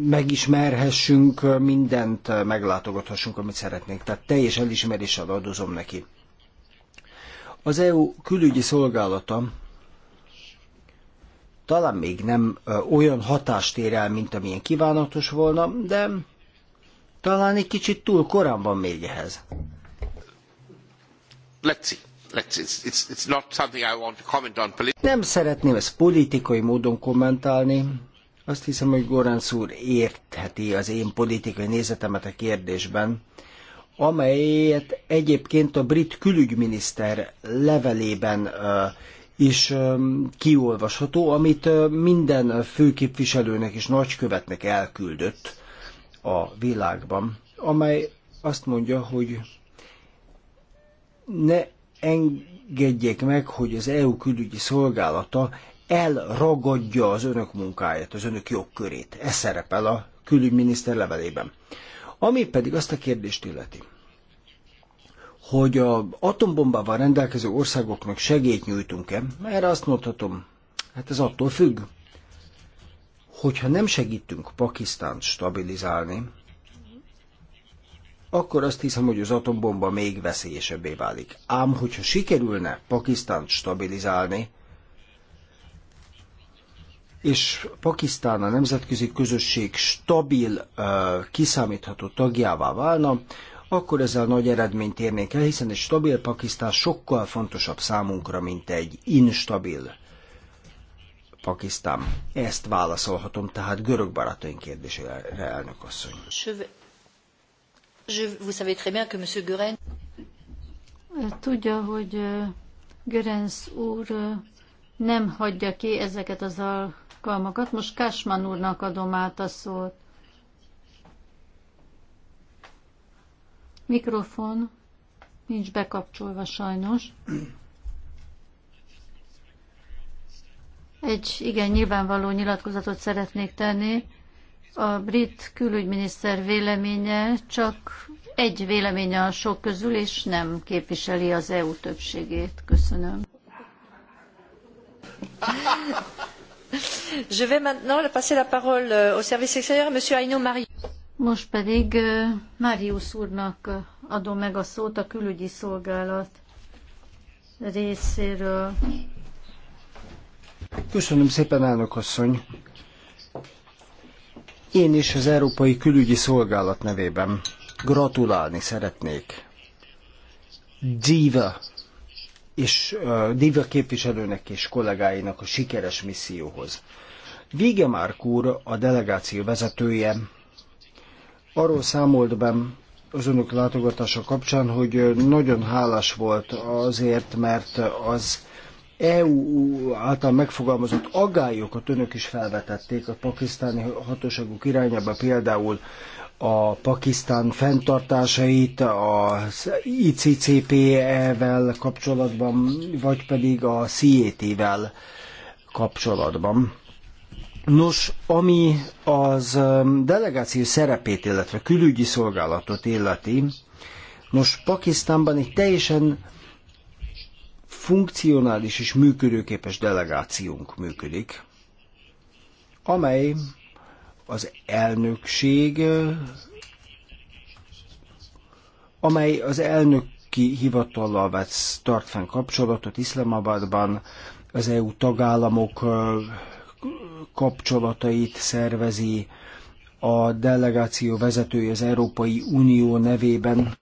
megismerhessünk, mindent meglátogathassunk, amit szeretnénk. Tehát teljes elismeréssel adozom neki. Az EU külügyi szolgálata talán még nem olyan hatást ér el, mint amilyen kívánatos volna, de talán egy kicsit túl korán van még ehhez. Let's see. Nem szeretném ezt politikai módon kommentálni. Azt hiszem, hogy Goránc úr értheti az én politikai nézetemet a kérdésben, amelyet egyébként a brit külügyminiszter levelében uh, is kiolvasható, amit minden főképviselőnek és nagykövetnek elküldött a világban, amely azt mondja, hogy ne engedjék meg, hogy az EU külügyi szolgálata elragadja az önök munkáját, az önök jogkörét. Ez szerepel a külügyminiszter levelében. Ami pedig azt a kérdést illeti, hogy a atombombával rendelkező országoknak segélyt nyújtunk-e? Erre azt mondhatom, hát ez attól függ. Hogyha nem segítünk Pakisztánt stabilizálni, akkor azt hiszem, hogy az atombomba még veszélyesebbé válik. Ám, hogyha sikerülne Pakisztánt stabilizálni, és Pakisztán a nemzetközi közösség stabil, kiszámítható tagjává válna, akkor ezzel nagy eredményt érnék el, hiszen egy stabil Pakisztán sokkal fontosabb számunkra, mint egy instabil Pakisztán. Ezt válaszolhatom tehát görög barátaink kérdésére, elnök asszony. Tudja, hogy Görenz úr nem hagyja ki ezeket az alkalmakat. Most Kásman úrnak adom át a szót. Mikrofon nincs bekapcsolva sajnos. Egy igen nyilvánvaló nyilatkozatot szeretnék tenni. A brit külügyminiszter véleménye csak egy véleménye a sok közül, és nem képviseli az EU többségét. Köszönöm. Je vais maintenant passer la parole euh, au service extérieur, Monsieur Aino Marie. Most pedig Máriusz úrnak adom meg a szót a külügyi szolgálat részéről. Köszönöm szépen, elnök asszony. Én is az Európai Külügyi Szolgálat nevében gratulálni szeretnék Diva és uh, Diva képviselőnek és kollégáinak a sikeres misszióhoz. Vigemárk úr, a delegáció vezetője, arról számolt be az önök látogatása kapcsán, hogy nagyon hálás volt azért, mert az EU által megfogalmazott agályokat önök is felvetették a pakisztáni hatóságok irányába, például a Pakisztán fenntartásait az ICCPE-vel kapcsolatban, vagy pedig a CET-vel kapcsolatban. Nos, ami az um, delegáció szerepét, illetve külügyi szolgálatot illeti, nos, Pakisztánban egy teljesen funkcionális és működőképes delegációnk működik, amely az elnökség, amely az elnöki hivatallal vesz, tart fenn kapcsolatot Iszlamabadban, az EU tagállamok kapcsolatait szervezi a delegáció vezetője az Európai Unió nevében.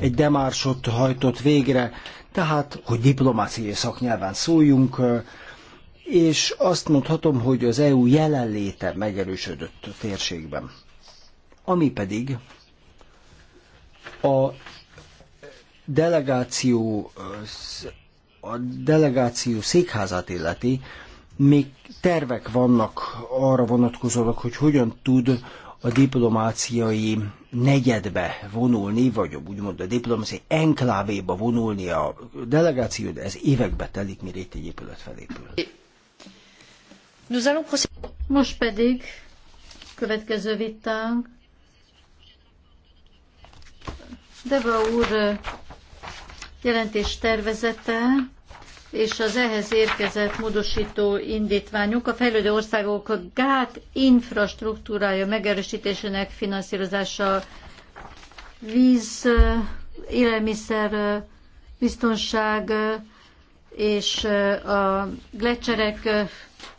Egy demársot hajtott végre, tehát, hogy diplomáciai szaknyelven szóljunk, és azt mondhatom, hogy az EU jelenléte megerősödött a térségben. Ami pedig a delegáció a delegáció székházát illeti, még tervek vannak arra vonatkozólag, hogy hogyan tud a diplomáciai negyedbe vonulni, vagy úgymond a diplomáciai enklávéba vonulni a delegáció, de ez évekbe telik, mire itt egy épület felépül. Most pedig következő vitánk. Deva úr jelentés tervezete és az ehhez érkezett módosító indítványuk a fejlődő országok gát infrastruktúrája megerősítésének finanszírozása víz, élelmiszer, biztonság és a glecserek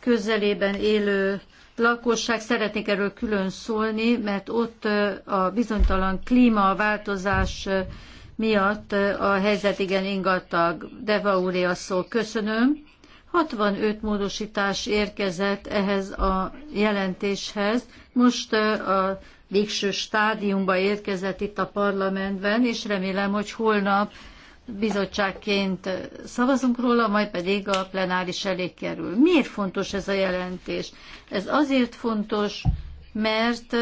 közelében élő lakosság, szeretnék erről külön szólni, mert ott a bizonytalan klímaváltozás változás miatt a helyzet igen ingatag. Deva úré a szó. Köszönöm. 65 módosítás érkezett ehhez a jelentéshez. Most a végső stádiumba érkezett itt a parlamentben, és remélem, hogy holnap bizottságként szavazunk róla, majd pedig a plenáris elé kerül. Miért fontos ez a jelentés? Ez azért fontos, mert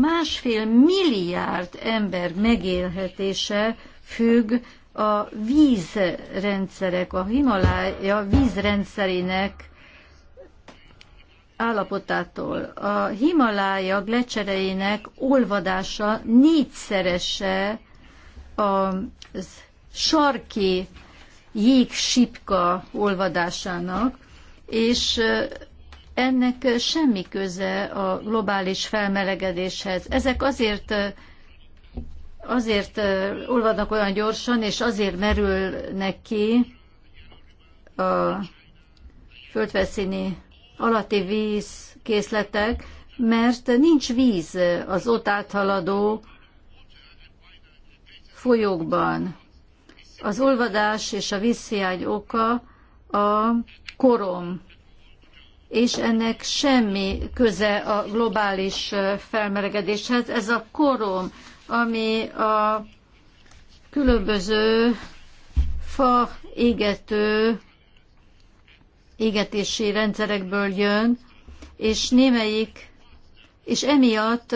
másfél milliárd ember megélhetése függ a vízrendszerek, a Himalája vízrendszerének állapotától. A Himalája glecsereinek olvadása négyszerese a sarki jégsipka olvadásának, és ennek semmi köze a globális felmelegedéshez. Ezek azért azért olvadnak olyan gyorsan, és azért merülnek ki a földfelszíni alatti víz készletek, mert nincs víz az ott áthaladó folyókban. Az olvadás és a vízhiány oka a korom és ennek semmi köze a globális felmelegedéshez. Ez a korom, ami a különböző fa égető égetési rendszerekből jön, és némelyik, és emiatt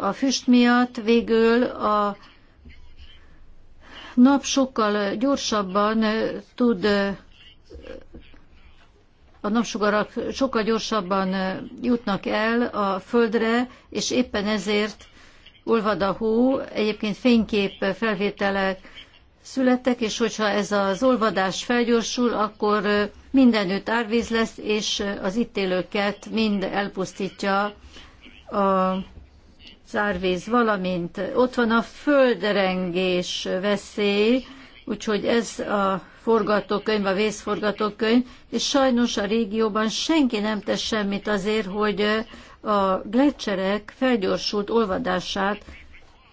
a füst miatt végül a nap sokkal gyorsabban tud a napsugarak sokkal gyorsabban jutnak el a földre, és éppen ezért olvad a hó, egyébként fénykép felvételek születtek, és hogyha ez az olvadás felgyorsul, akkor mindenütt árvíz lesz, és az itt élőket mind elpusztítja a árvíz, valamint ott van a földrengés veszély, úgyhogy ez a forgatókönyv, a vészforgatókönyv, és sajnos a régióban senki nem tesz semmit azért, hogy a gletszerek felgyorsult olvadását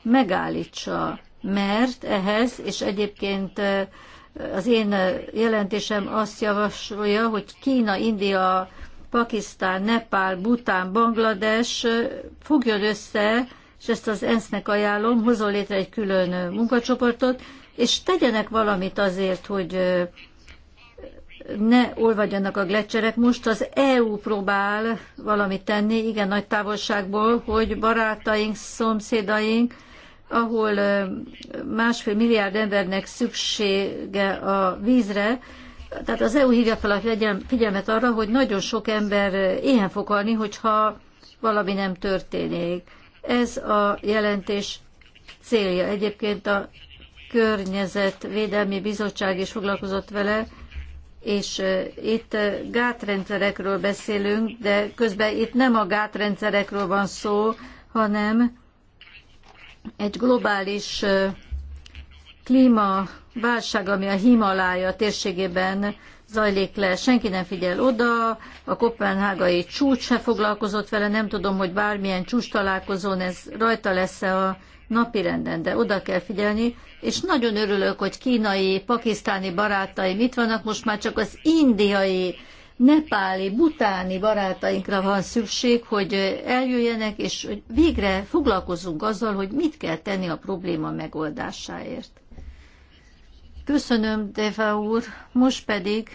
megállítsa, mert ehhez, és egyébként az én jelentésem azt javasolja, hogy Kína, India, Pakisztán, Nepál, Bután, Banglades fogjon össze, és ezt az ENSZ-nek ajánlom, hozol létre egy külön munkacsoportot, és tegyenek valamit azért, hogy ne olvadjanak a gletszerek. Most az EU próbál valamit tenni, igen nagy távolságból, hogy barátaink, szomszédaink, ahol másfél milliárd embernek szüksége a vízre, tehát az EU hívja fel a figyelmet arra, hogy nagyon sok ember éhen fog halni, hogyha valami nem történik. Ez a jelentés célja. Egyébként a Környezetvédelmi Bizottság is foglalkozott vele, és itt gátrendszerekről beszélünk, de közben itt nem a gátrendszerekről van szó, hanem egy globális klímaválság, ami a Himalája térségében zajlik le, senki nem figyel oda, a kopenhágai csúcs se foglalkozott vele, nem tudom, hogy bármilyen csúcs találkozón ez rajta lesz -e a napirenden, de oda kell figyelni, és nagyon örülök, hogy kínai, pakisztáni barátai mit vannak, most már csak az indiai, nepáli, butáni barátainkra van szükség, hogy eljöjjenek, és hogy végre foglalkozzunk azzal, hogy mit kell tenni a probléma megoldásáért. Köszönöm, Deva úr. Most pedig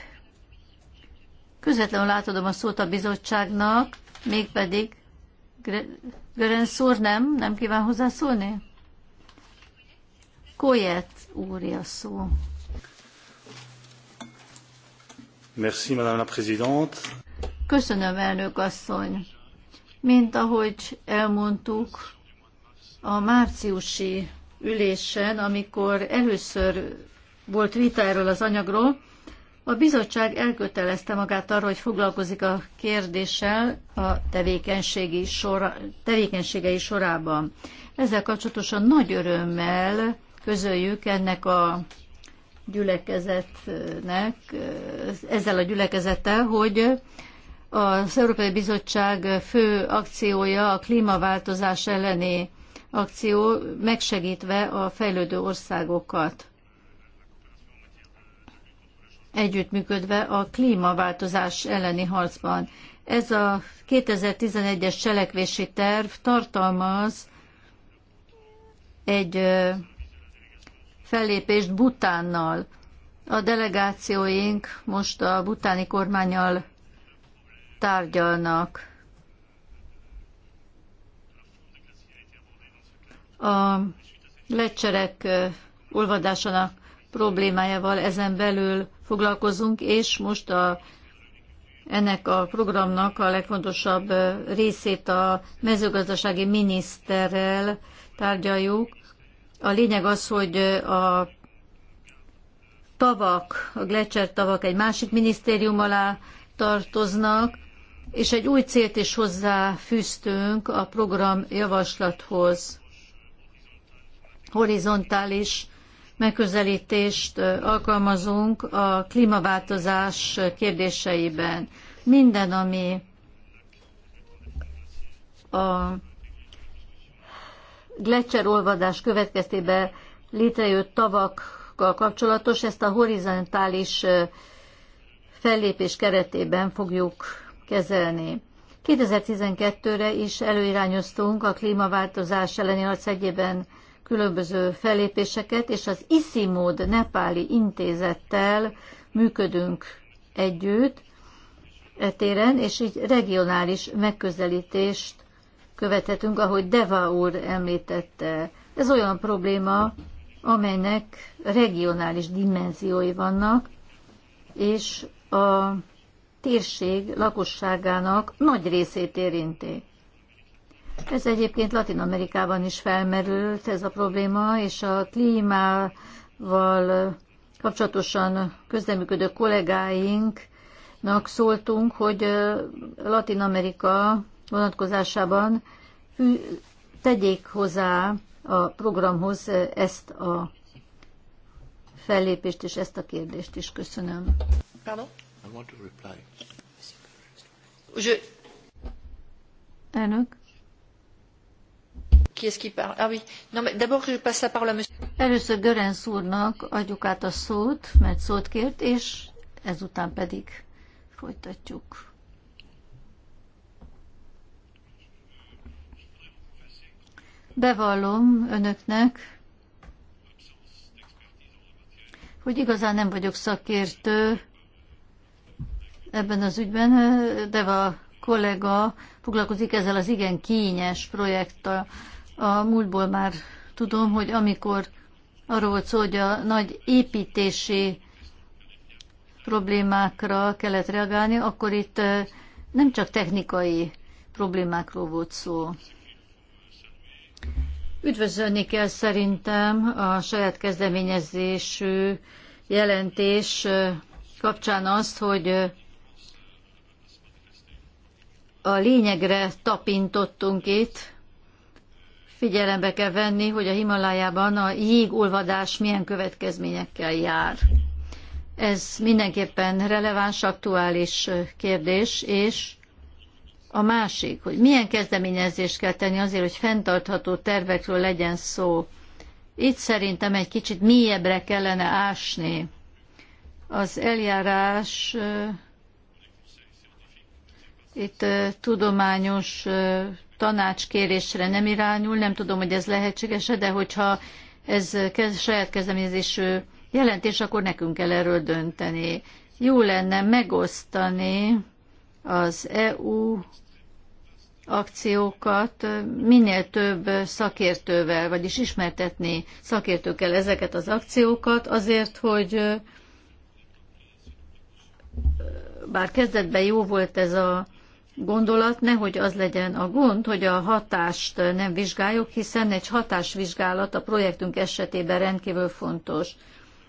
közvetlenül átadom a szót a bizottságnak, mégpedig Görenc úr nem, nem kíván hozzászólni? Koyet úr, a szó. Merci, Madame la Présidente. Köszönöm, elnök asszony. Mint ahogy elmondtuk, a márciusi ülésen, amikor először volt vita erről az anyagról. A bizottság elkötelezte magát arra, hogy foglalkozik a kérdéssel a tevékenységi sor, tevékenységei sorában. Ezzel kapcsolatosan nagy örömmel közöljük ennek a gyülekezetnek, ezzel a gyülekezettel, hogy az Európai Bizottság fő akciója a klímaváltozás elleni akció, megsegítve a fejlődő országokat együttműködve a klímaváltozás elleni harcban. Ez a 2011-es cselekvési terv tartalmaz egy fellépést Butánnal. A delegációink most a butáni kormányal tárgyalnak. A lecserek olvadásának problémájával ezen belül foglalkozunk, és most a, ennek a programnak a legfontosabb részét a mezőgazdasági miniszterrel tárgyaljuk. A lényeg az, hogy a tavak, a Gletscher tavak egy másik minisztérium alá tartoznak, és egy új célt is hozzáfűztünk a program javaslathoz. Horizontális megközelítést alkalmazunk a klímaváltozás kérdéseiben. Minden, ami a gletszerolvadás következtében létrejött tavakkal kapcsolatos, ezt a horizontális fellépés keretében fogjuk kezelni. 2012-re is előirányoztunk a klímaváltozás elleni harc egyében különböző fellépéseket, és az Iszimód nepáli intézettel működünk együtt etéren, és így regionális megközelítést követhetünk, ahogy Deva úr említette. Ez olyan probléma, amelynek regionális dimenziói vannak, és a térség lakosságának nagy részét érinti. Ez egyébként Latin Amerikában is felmerült ez a probléma, és a klímával kapcsolatosan közleműködő kollégáinknak szóltunk, hogy Latin Amerika vonatkozásában tegyék hozzá a programhoz ezt a fellépést és ezt a kérdést is. Köszönöm. Pardon? I want to reply. Je... Elnök. Ki Ah oui. Non, mais d'abord, je passe la parole à monsieur. Először Görenc úrnak adjuk át a szót, mert szót kért, és ezután pedig folytatjuk. Bevallom önöknek, hogy igazán nem vagyok szakértő ebben az ügyben, de a kollega foglalkozik ezzel az igen kényes projekttel. A múltból már tudom, hogy amikor arról volt szó, hogy a nagy építési problémákra kellett reagálni, akkor itt nem csak technikai problémákról volt szó. Üdvözölni kell szerintem a saját kezdeményezésű jelentés kapcsán azt, hogy a lényegre tapintottunk itt, figyelembe kell venni, hogy a Himalájában a jégolvadás milyen következményekkel jár. Ez mindenképpen releváns, aktuális kérdés, és a másik, hogy milyen kezdeményezést kell tenni azért, hogy fenntartható tervekről legyen szó. Itt szerintem egy kicsit mélyebbre kellene ásni. Az eljárás itt tudományos tanácskérésre nem irányul, nem tudom, hogy ez lehetséges de hogyha ez kez, saját kezdeményezésű jelentés, akkor nekünk kell erről dönteni. Jó lenne megosztani az EU akciókat minél több szakértővel, vagyis ismertetni szakértőkkel ezeket az akciókat, azért, hogy bár kezdetben jó volt ez a gondolat, nehogy az legyen a gond, hogy a hatást nem vizsgáljuk, hiszen egy hatásvizsgálat a projektünk esetében rendkívül fontos.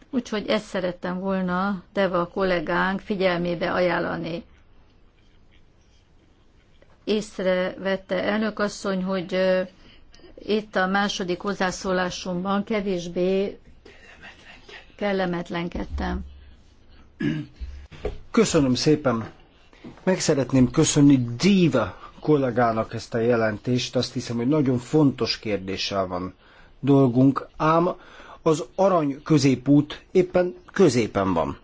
Úgyhogy ezt szerettem volna Deva a kollégánk figyelmébe ajánlani. Észrevette asszony, hogy itt a második hozzászólásomban kevésbé kellemetlenkedtem. Köszönöm szépen! Meg szeretném köszönni Diva kollégának ezt a jelentést, azt hiszem, hogy nagyon fontos kérdéssel van dolgunk, ám az arany középút éppen középen van.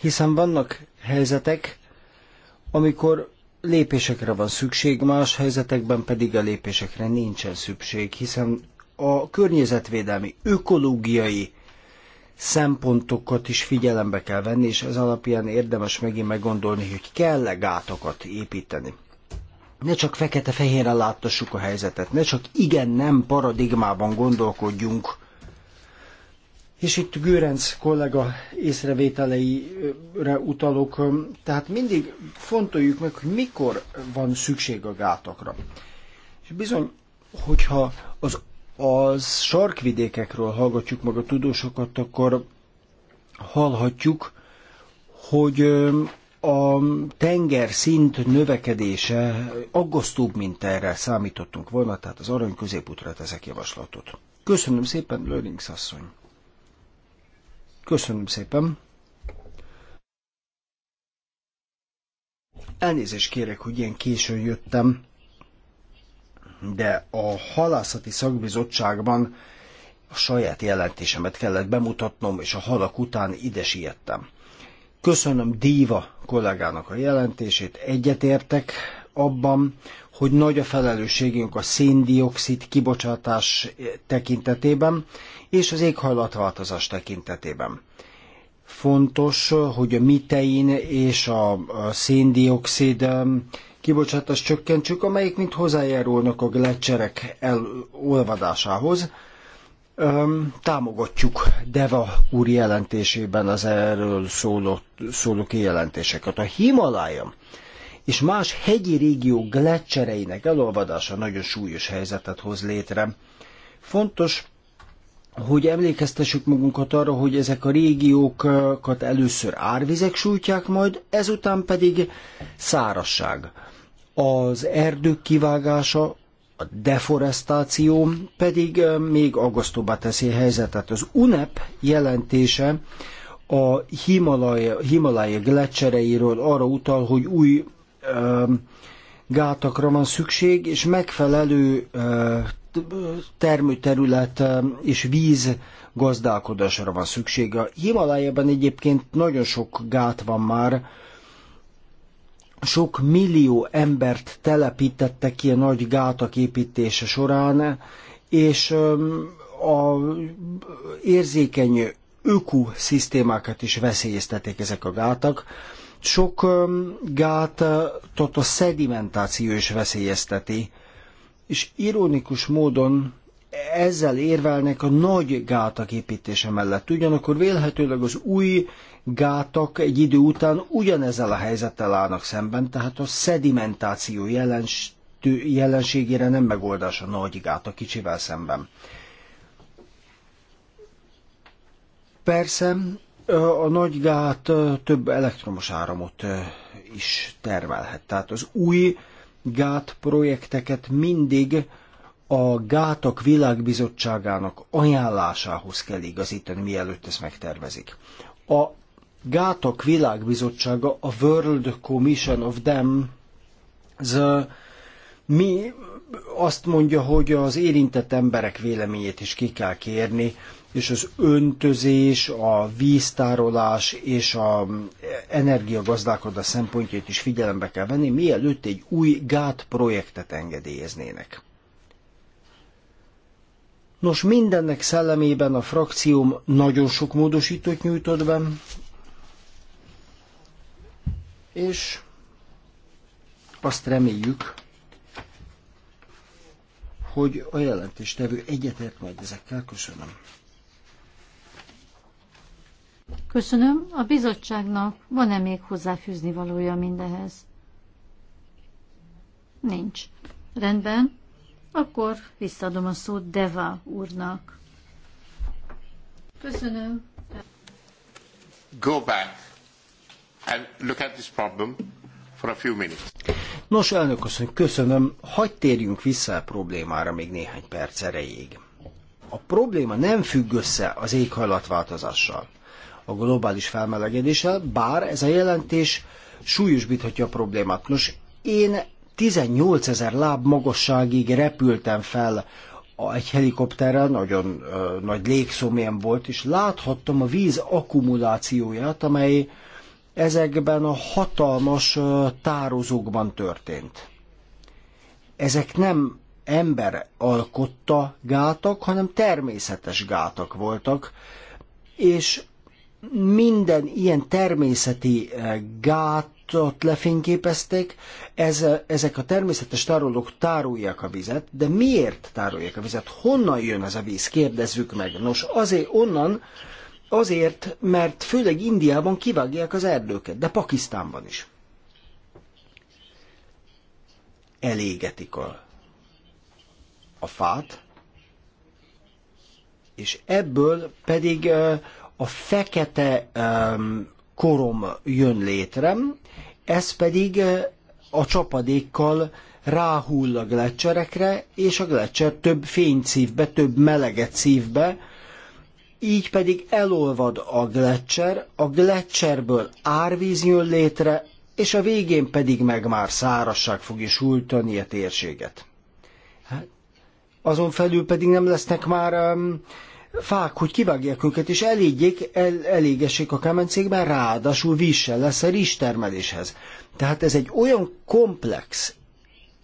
Hiszen vannak helyzetek, amikor lépésekre van szükség, más helyzetekben pedig a lépésekre nincsen szükség, hiszen a környezetvédelmi, ökológiai szempontokat is figyelembe kell venni, és ez alapján érdemes megint meggondolni, hogy kell-e gátakat építeni. Ne csak fekete-fehérre láttassuk a helyzetet, ne csak igen-nem paradigmában gondolkodjunk. És itt Gőrenc kollega észrevételeire utalok, tehát mindig fontoljuk meg, hogy mikor van szükség a gátakra. És bizony, hogyha az az sarkvidékekről hallgatjuk meg a tudósokat, akkor hallhatjuk, hogy a tenger szint növekedése aggasztóbb, mint erre számítottunk volna, tehát az arany középútra teszek javaslatot. Köszönöm szépen, Lörings asszony. Köszönöm szépen. Elnézést kérek, hogy ilyen későn jöttem de a halászati szakbizottságban a saját jelentésemet kellett bemutatnom, és a halak után ide siettem. Köszönöm Díva kollégának a jelentését, egyetértek abban, hogy nagy a felelősségünk a széndiokszid kibocsátás tekintetében és az éghajlatváltozás tekintetében. Fontos, hogy a mitein és a széndiokszid kibocsátás csökkentsük, amelyik mint hozzájárulnak a gletszerek elolvadásához. Öm, támogatjuk Deva úr jelentésében az erről szóló, szóló kijelentéseket. A Himalája és más hegyi régió gletszereinek elolvadása nagyon súlyos helyzetet hoz létre. Fontos, hogy emlékeztessük magunkat arra, hogy ezek a régiókat először árvizek sújtják, majd ezután pedig szárasság az erdők kivágása, a deforestáció pedig még aggasztóbbá teszi a helyzetet. Az UNEP jelentése a Himalaya, Himalaya gletszereiről arra utal, hogy új ö, gátakra van szükség, és megfelelő ö, termőterület és víz gazdálkodásra van szükség. A Himalájában egyébként nagyon sok gát van már, sok millió embert telepítettek ki a nagy gátak építése során, és a érzékeny ökoszisztémákat is veszélyeztetik ezek a gátak. Sok gátat a szedimentáció is veszélyezteti, és ironikus módon ezzel érvelnek a nagy gátak építése mellett. Ugyanakkor vélhetőleg az új gátak egy idő után ugyanezzel a helyzettel állnak szemben, tehát a szedimentáció jelenségére nem megoldás a nagy gát a kicsivel szemben. Persze a nagy gát több elektromos áramot is termelhet. Tehát az új gát projekteket mindig a Gátak Világbizottságának ajánlásához kell igazítani, mielőtt ezt megtervezik. A Gátok Világbizottsága, a World Commission of Them, az mi azt mondja, hogy az érintett emberek véleményét is ki kell kérni, és az öntözés, a víztárolás és a energiagazdálkodás szempontjait is figyelembe kell venni, mielőtt egy új gát projektet engedélyeznének. Nos, mindennek szellemében a frakcióm nagyon sok módosítót nyújtott be, és azt reméljük, hogy a jelentéstevő egyetért majd ezekkel. Köszönöm. Köszönöm. A bizottságnak van-e még hozzáfűzni valója mindehez? Nincs. Rendben. Akkor visszadom a szót Deva úrnak. Köszönöm. Go back look at this problem for a few minutes. Nos, elnök asszony, köszönöm. Hagy térjünk vissza a problémára még néhány perc erejéig. A probléma nem függ össze az éghajlatváltozással, a globális felmelegedéssel, bár ez a jelentés súlyosbíthatja a problémát. Nos, én 18 ezer láb magasságig repültem fel egy helikopterrel, nagyon ö, nagy légszomjem volt, és láthattam a víz akkumulációját, amely ezekben a hatalmas tározókban történt. Ezek nem ember alkotta gátak, hanem természetes gátak voltak, és minden ilyen természeti gátot lefényképezték, ez, ezek a természetes tárolók tárolják a vizet, de miért tárolják a vizet? Honnan jön ez a víz? Kérdezzük meg. Nos, azért onnan, Azért, mert főleg Indiában kivágják az erdőket, de Pakisztánban is. Elégetik a, a fát, és ebből pedig a fekete korom jön létre, ez pedig a csapadékkal ráhull a gletcserekre, és a gletcser több fényt szív be, több meleget szív be, így pedig elolvad a gletszer, a gletszerből árvíz jön létre, és a végén pedig meg már szárasság is hújtani a térséget. Hát, azon felül pedig nem lesznek már um, fák, hogy kivágják őket, és elégjék, el, elégessék a kemencékben, ráadásul víz lesz a rizstermeléshez. Tehát ez egy olyan komplex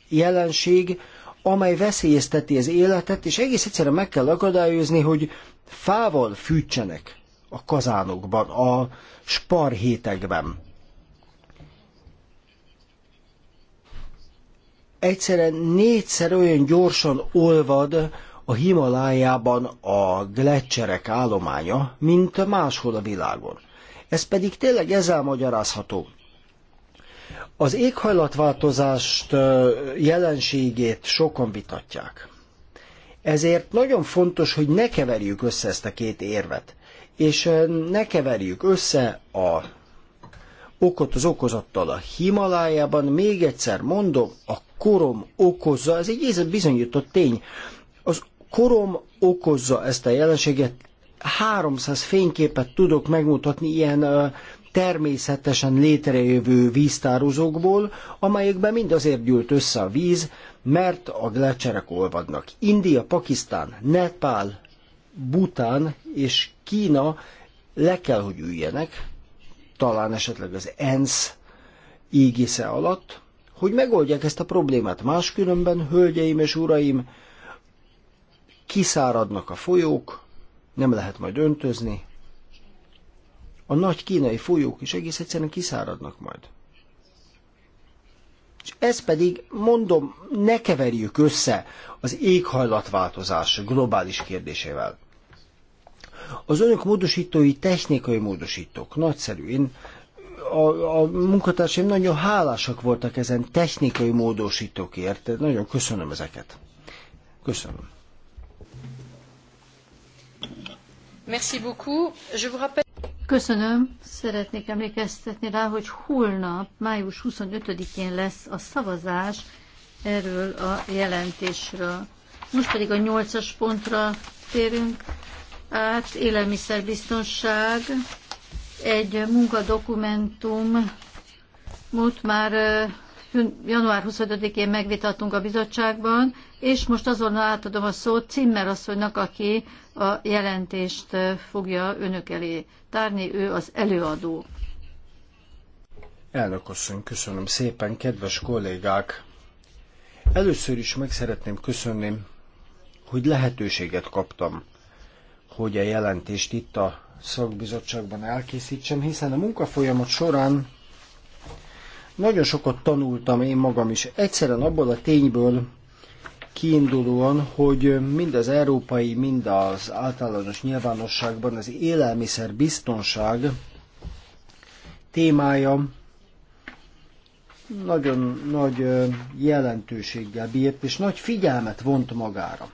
jelenség, amely veszélyezteti az életet, és egész egyszerűen meg kell akadályozni, hogy fával fűtsenek a kazánokban, a sparhétekben. Egyszerűen négyszer olyan gyorsan olvad a Himalájában a gletszerek állománya, mint máshol a világon. Ez pedig tényleg ezzel magyarázható. Az éghajlatváltozást jelenségét sokan vitatják. Ezért nagyon fontos, hogy ne keverjük össze ezt a két érvet, és ne keverjük össze a okot az okozattal a Himalájában. Még egyszer mondom, a korom okozza, ez egy bizonyított tény, az korom okozza ezt a jelenséget, 300 fényképet tudok megmutatni ilyen természetesen létrejövő víztározókból, amelyekben mind azért gyűlt össze a víz, mert a glecserek olvadnak. India, Pakisztán, Nepál, Bután és Kína le kell, hogy üljenek, talán esetleg az ENSZ ígisze alatt, hogy megoldják ezt a problémát. Máskülönben, hölgyeim és uraim, kiszáradnak a folyók, nem lehet majd öntözni, a nagy kínai folyók is egész egyszerűen kiszáradnak majd. És ez pedig, mondom, ne keverjük össze az éghajlatváltozás globális kérdésével. Az önök módosítói technikai módosítók, nagyszerű. Én, a, a munkatársaim nagyon hálásak voltak ezen technikai módosítókért, nagyon köszönöm ezeket. Köszönöm. Merci beaucoup. Je vous rappelle... Köszönöm. Szeretnék emlékeztetni rá, hogy holnap, május 25-én lesz a szavazás erről a jelentésről. Most pedig a nyolcas pontra térünk át. Élelmiszerbiztonság. Egy munkadokumentum múlt már január 25-én megvitattunk a bizottságban, és most azonnal átadom a szót Cimmer asszonynak, aki a jelentést fogja önök elé tárni, ő az előadó. Elnök asszony, köszönöm szépen, kedves kollégák! Először is meg szeretném köszönni, hogy lehetőséget kaptam, hogy a jelentést itt a szakbizottságban elkészítsem, hiszen a munkafolyamat során nagyon sokat tanultam én magam is. Egyszerűen abból a tényből, kiindulóan, hogy mind az európai, mind az általános nyilvánosságban az élelmiszer biztonság témája nagyon nagy jelentőséggel bírt, és nagy figyelmet vont magára.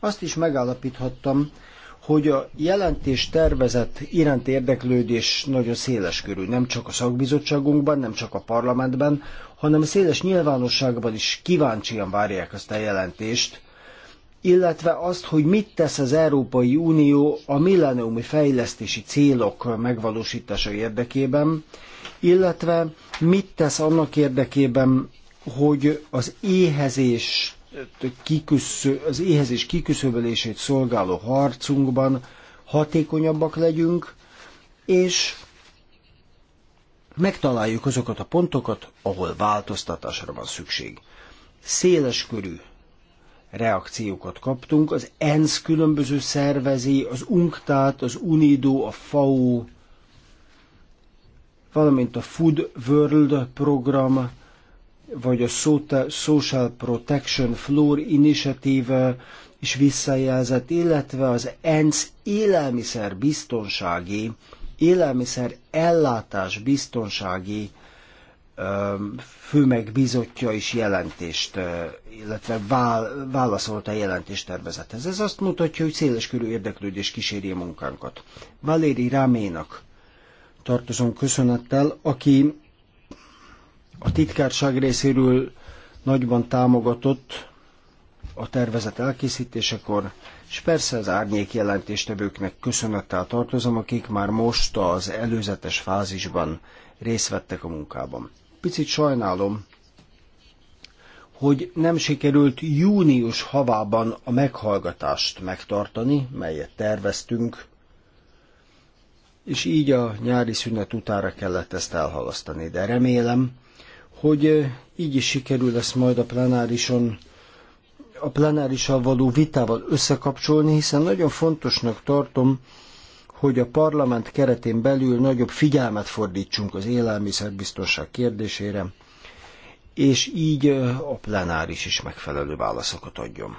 Azt is megállapíthattam, hogy a jelentés tervezett iránt érdeklődés nagyon széles körű, nem csak a szakbizottságunkban, nem csak a parlamentben, hanem a széles nyilvánosságban is kíváncsian várják ezt a jelentést, illetve azt, hogy mit tesz az Európai Unió a milleniumi fejlesztési célok megvalósítása érdekében, illetve mit tesz annak érdekében, hogy az éhezés kiküssző, az éhezés kiküszöbölését szolgáló harcunkban hatékonyabbak legyünk, és megtaláljuk azokat a pontokat, ahol változtatásra van szükség. Széles körű reakciókat kaptunk, az ENSZ különböző szervezi, az UNCTAD, az UNIDO, a FAO, valamint a Food World program, vagy a Social Protection Floor Initiative is visszajelzett, illetve az ENSZ élelmiszer biztonsági, élelmiszer ellátás biztonsági főmegbizotja is jelentést, illetve vál, válaszolta a jelentéstervezethez. Ez azt mutatja, hogy széleskörű érdeklődés kíséri a munkánkat. Valéri Rámének tartozom köszönettel, aki a titkárság részéről nagyban támogatott a tervezet elkészítésekor, és persze az árnyék jelentéstevőknek köszönettel tartozom, akik már most az előzetes fázisban részt vettek a munkában. Picit sajnálom, hogy nem sikerült június havában a meghallgatást megtartani, melyet terveztünk, és így a nyári szünet utára kellett ezt elhalasztani, de remélem, hogy így is sikerül ezt majd a plenárison a plenárissal való vitával összekapcsolni, hiszen nagyon fontosnak tartom, hogy a parlament keretén belül nagyobb figyelmet fordítsunk az élelmiszerbiztonság kérdésére, és így a plenáris is megfelelő válaszokat adjon.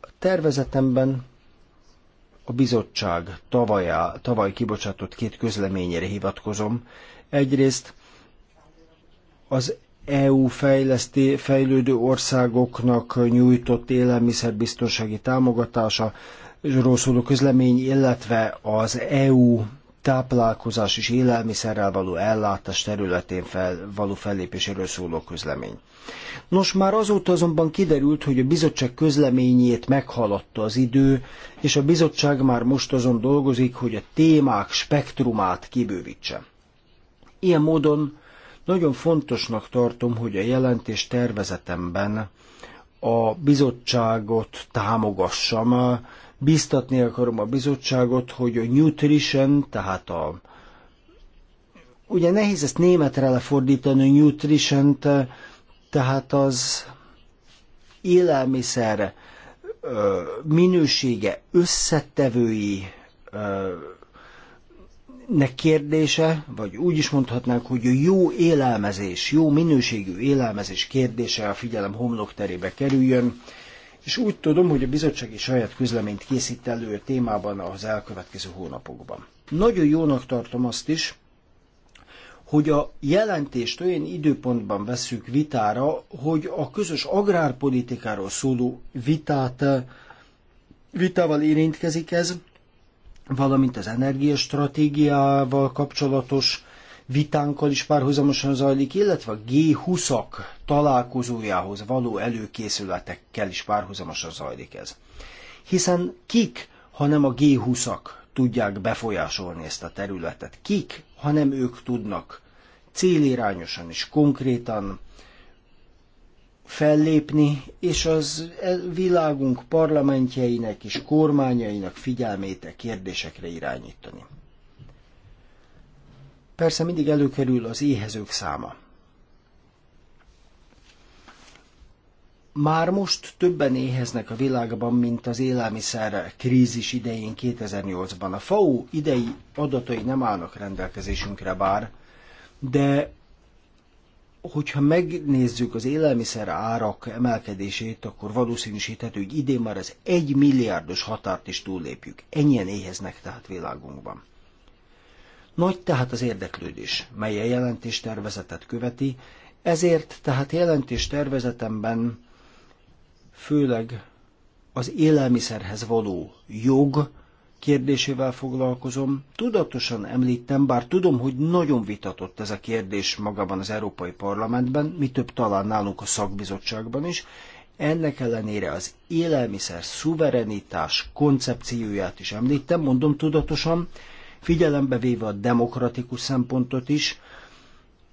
A tervezetemben a bizottság tavaly, tavaly kibocsátott két közleményére hivatkozom, Egyrészt az EU fejleszté, fejlődő országoknak nyújtott élelmiszerbiztonsági támogatása, szóló közlemény, illetve az EU táplálkozás és élelmiszerrel való ellátás területén fel, való fellépéséről szóló közlemény. Nos, már azóta azonban kiderült, hogy a bizottság közleményét meghaladta az idő, és a bizottság már most azon dolgozik, hogy a témák spektrumát kibővítse. Ilyen módon nagyon fontosnak tartom, hogy a jelentés tervezetemben a bizottságot támogassam. Biztatni akarom a bizottságot, hogy a nutrition, tehát a Ugye nehéz ezt németre lefordítani, nutrition tehát az élelmiszer minősége összetevői nek kérdése, vagy úgy is mondhatnánk, hogy a jó élelmezés, jó minőségű élelmezés kérdése a figyelem homlok terébe kerüljön, és úgy tudom, hogy a bizottság is saját közleményt készít elő a témában az elkövetkező hónapokban. Nagyon jónak tartom azt is, hogy a jelentést olyan időpontban veszük vitára, hogy a közös agrárpolitikáról szóló vitát, vitával érintkezik ez, valamint az energiastratégiával kapcsolatos vitánkkal is párhuzamosan zajlik, illetve a G20-ak találkozójához való előkészületekkel is párhuzamosan zajlik ez. Hiszen kik, hanem a G20-ak tudják befolyásolni ezt a területet? Kik, hanem ők tudnak célirányosan és konkrétan fellépni, és az e, világunk parlamentjeinek és kormányainak figyelmét a e kérdésekre irányítani. Persze mindig előkerül az éhezők száma. Már most többen éheznek a világban, mint az élelmiszer krízis idején 2008-ban. A FAO idei adatai nem állnak rendelkezésünkre bár, de hogyha megnézzük az élelmiszer árak emelkedését, akkor valószínűsíthető, hogy idén már az egy milliárdos határt is túllépjük. Ennyien éheznek tehát világunkban. Nagy tehát az érdeklődés, mely a jelentéstervezetet követi, ezért tehát jelentéstervezetemben főleg az élelmiszerhez való jog kérdésével foglalkozom. Tudatosan említem, bár tudom, hogy nagyon vitatott ez a kérdés magában az Európai Parlamentben, mi több talán nálunk a szakbizottságban is, ennek ellenére az élelmiszer szuverenitás koncepcióját is említem, mondom tudatosan, figyelembe véve a demokratikus szempontot is,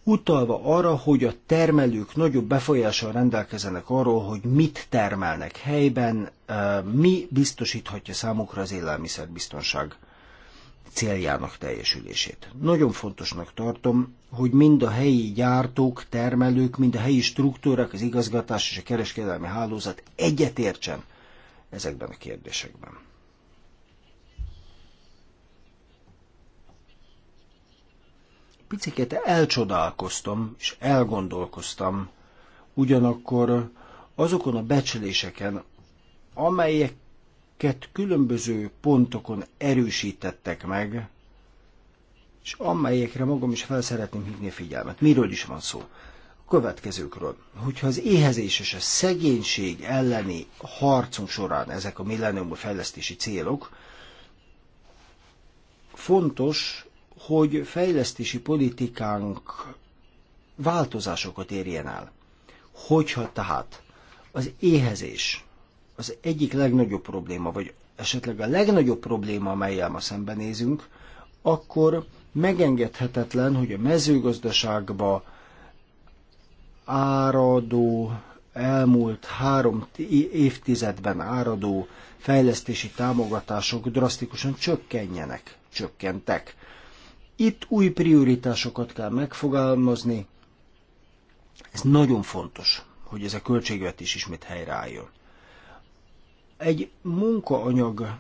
utalva arra, hogy a termelők nagyobb befolyással rendelkezenek arról, hogy mit termelnek helyben, mi biztosíthatja számukra az élelmiszerbiztonság céljának teljesülését. Nagyon fontosnak tartom, hogy mind a helyi gyártók, termelők, mind a helyi struktúrák, az igazgatás és a kereskedelmi hálózat egyetértsen ezekben a kérdésekben. picit elcsodálkoztam és elgondolkoztam ugyanakkor azokon a becsléseken, amelyeket különböző pontokon erősítettek meg, és amelyekre magam is szeretném hívni a figyelmet. Miről is van szó? A következőkről. Hogyha az éhezés és a szegénység elleni harcunk során ezek a millenniumú fejlesztési célok, fontos, hogy fejlesztési politikánk változásokat érjen el. Hogyha tehát az éhezés az egyik legnagyobb probléma, vagy esetleg a legnagyobb probléma, amelyel ma szembenézünk, akkor megengedhetetlen, hogy a mezőgazdaságba áradó, elmúlt három évtizedben áradó fejlesztési támogatások drasztikusan csökkenjenek, csökkentek. Itt új prioritásokat kell megfogalmazni. Ez nagyon fontos, hogy ez a költségvetés ismét helyreálljon. Egy munkaanyag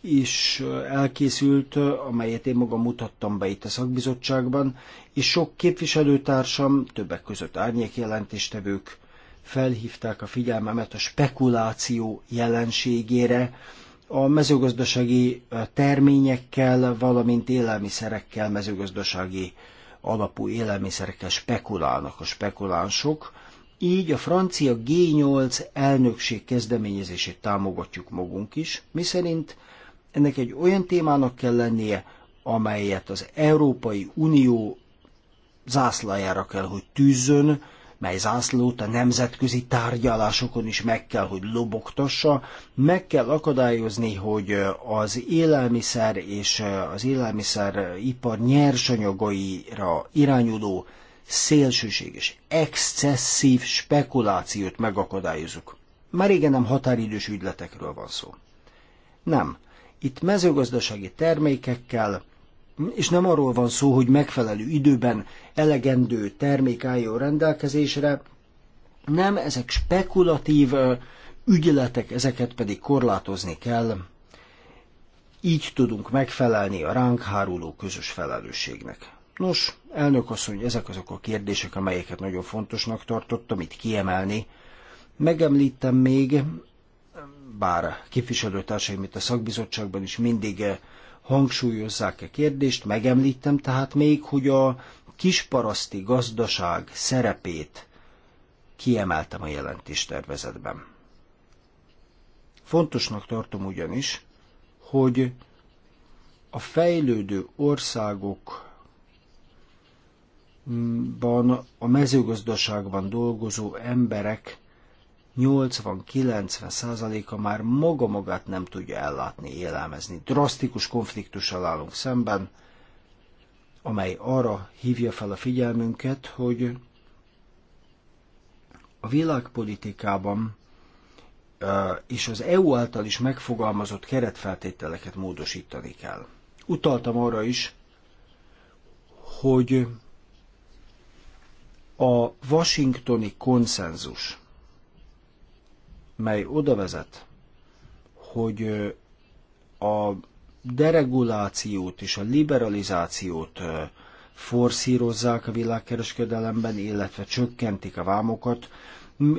is elkészült, amelyet én magam mutattam be itt a szakbizottságban, és sok képviselőtársam, többek között árnyék jelentéstevők felhívták a figyelmemet a spekuláció jelenségére, a mezőgazdasági terményekkel, valamint élelmiszerekkel, mezőgazdasági alapú élelmiszerekkel spekulálnak a spekulánsok, így a francia G8 elnökség kezdeményezését támogatjuk magunk is, miszerint ennek egy olyan témának kell lennie, amelyet az Európai Unió zászlajára kell, hogy tűzzön, mely zászlót a nemzetközi tárgyalásokon is meg kell, hogy lobogtassa, meg kell akadályozni, hogy az élelmiszer és az élelmiszeripar nyersanyagaira irányuló szélsőséges, excesszív spekulációt megakadályozunk. Már igen, nem határidős ügyletekről van szó. Nem. Itt mezőgazdasági termékekkel, és nem arról van szó, hogy megfelelő időben elegendő termék álljon rendelkezésre, nem, ezek spekulatív ügyletek, ezeket pedig korlátozni kell. Így tudunk megfelelni a ránk háruló közös felelősségnek. Nos, elnök asszony, ezek azok a kérdések, amelyeket nagyon fontosnak tartottam itt kiemelni. Megemlítem még, bár képviselőtársaim itt a szakbizottságban is mindig hangsúlyozzák a kérdést. Megemlítem tehát még, hogy a kisparaszti gazdaság szerepét kiemeltem a jelentéstervezetben. Fontosnak tartom ugyanis, hogy a fejlődő országokban a mezőgazdaságban dolgozó emberek 80-90%-a már maga magát nem tudja ellátni, élelmezni. Drasztikus konfliktussal állunk szemben, amely arra hívja fel a figyelmünket, hogy a világpolitikában és az EU által is megfogalmazott keretfeltételeket módosítani kell. Utaltam arra is, hogy a washingtoni konszenzus mely oda vezet, hogy a deregulációt és a liberalizációt forszírozzák a világkereskedelemben, illetve csökkentik a vámokat,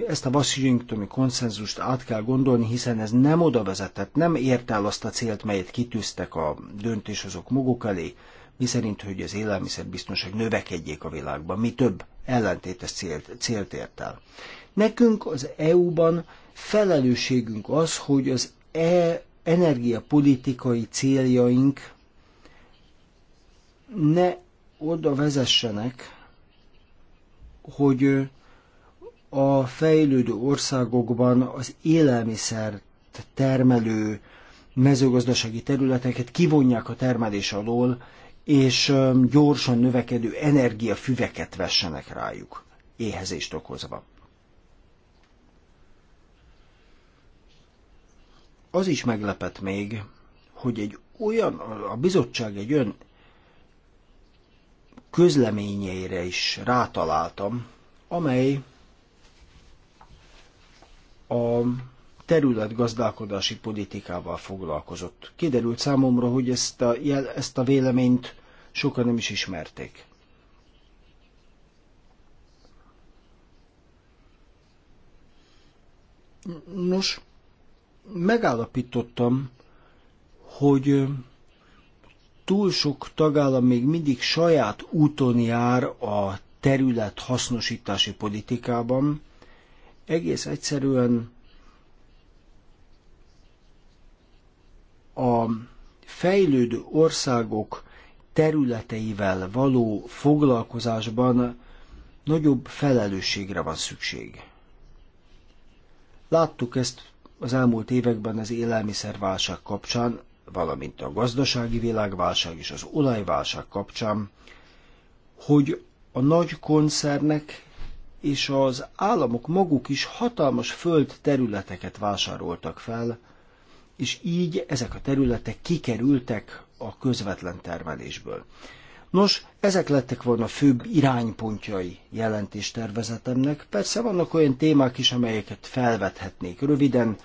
ezt a Washingtoni konszenzust át kell gondolni, hiszen ez nem oda vezetett, nem ért el azt a célt, melyet kitűztek a döntéshozók maguk elé, miszerint, hogy az élelmiszerbiztonság növekedjék a világban, mi több ellentétes célt, célt ért el. Nekünk az EU-ban Felelősségünk az, hogy az e energiapolitikai céljaink ne oda vezessenek, hogy a fejlődő országokban az élelmiszert termelő mezőgazdasági területeket kivonják a termelés alól, és um, gyorsan növekedő energiafüveket vessenek rájuk, éhezést okozva. Az is meglepet még, hogy egy olyan, a bizottság egy olyan közleményeire is rátaláltam, amely a területgazdálkodási politikával foglalkozott. Kiderült számomra, hogy ezt a, jel, ezt a véleményt sokan nem is ismerték. Nos, megállapítottam, hogy túl sok tagállam még mindig saját úton jár a terület hasznosítási politikában. Egész egyszerűen a fejlődő országok területeivel való foglalkozásban nagyobb felelősségre van szükség. Láttuk ezt az elmúlt években az élelmiszerválság kapcsán, valamint a gazdasági világválság és az olajválság kapcsán, hogy a nagy koncernek és az államok maguk is hatalmas földterületeket vásároltak fel, és így ezek a területek kikerültek a közvetlen termelésből. Nos, ezek lettek volna főbb iránypontjai jelentéstervezetemnek. Persze vannak olyan témák is, amelyeket felvethetnék röviden,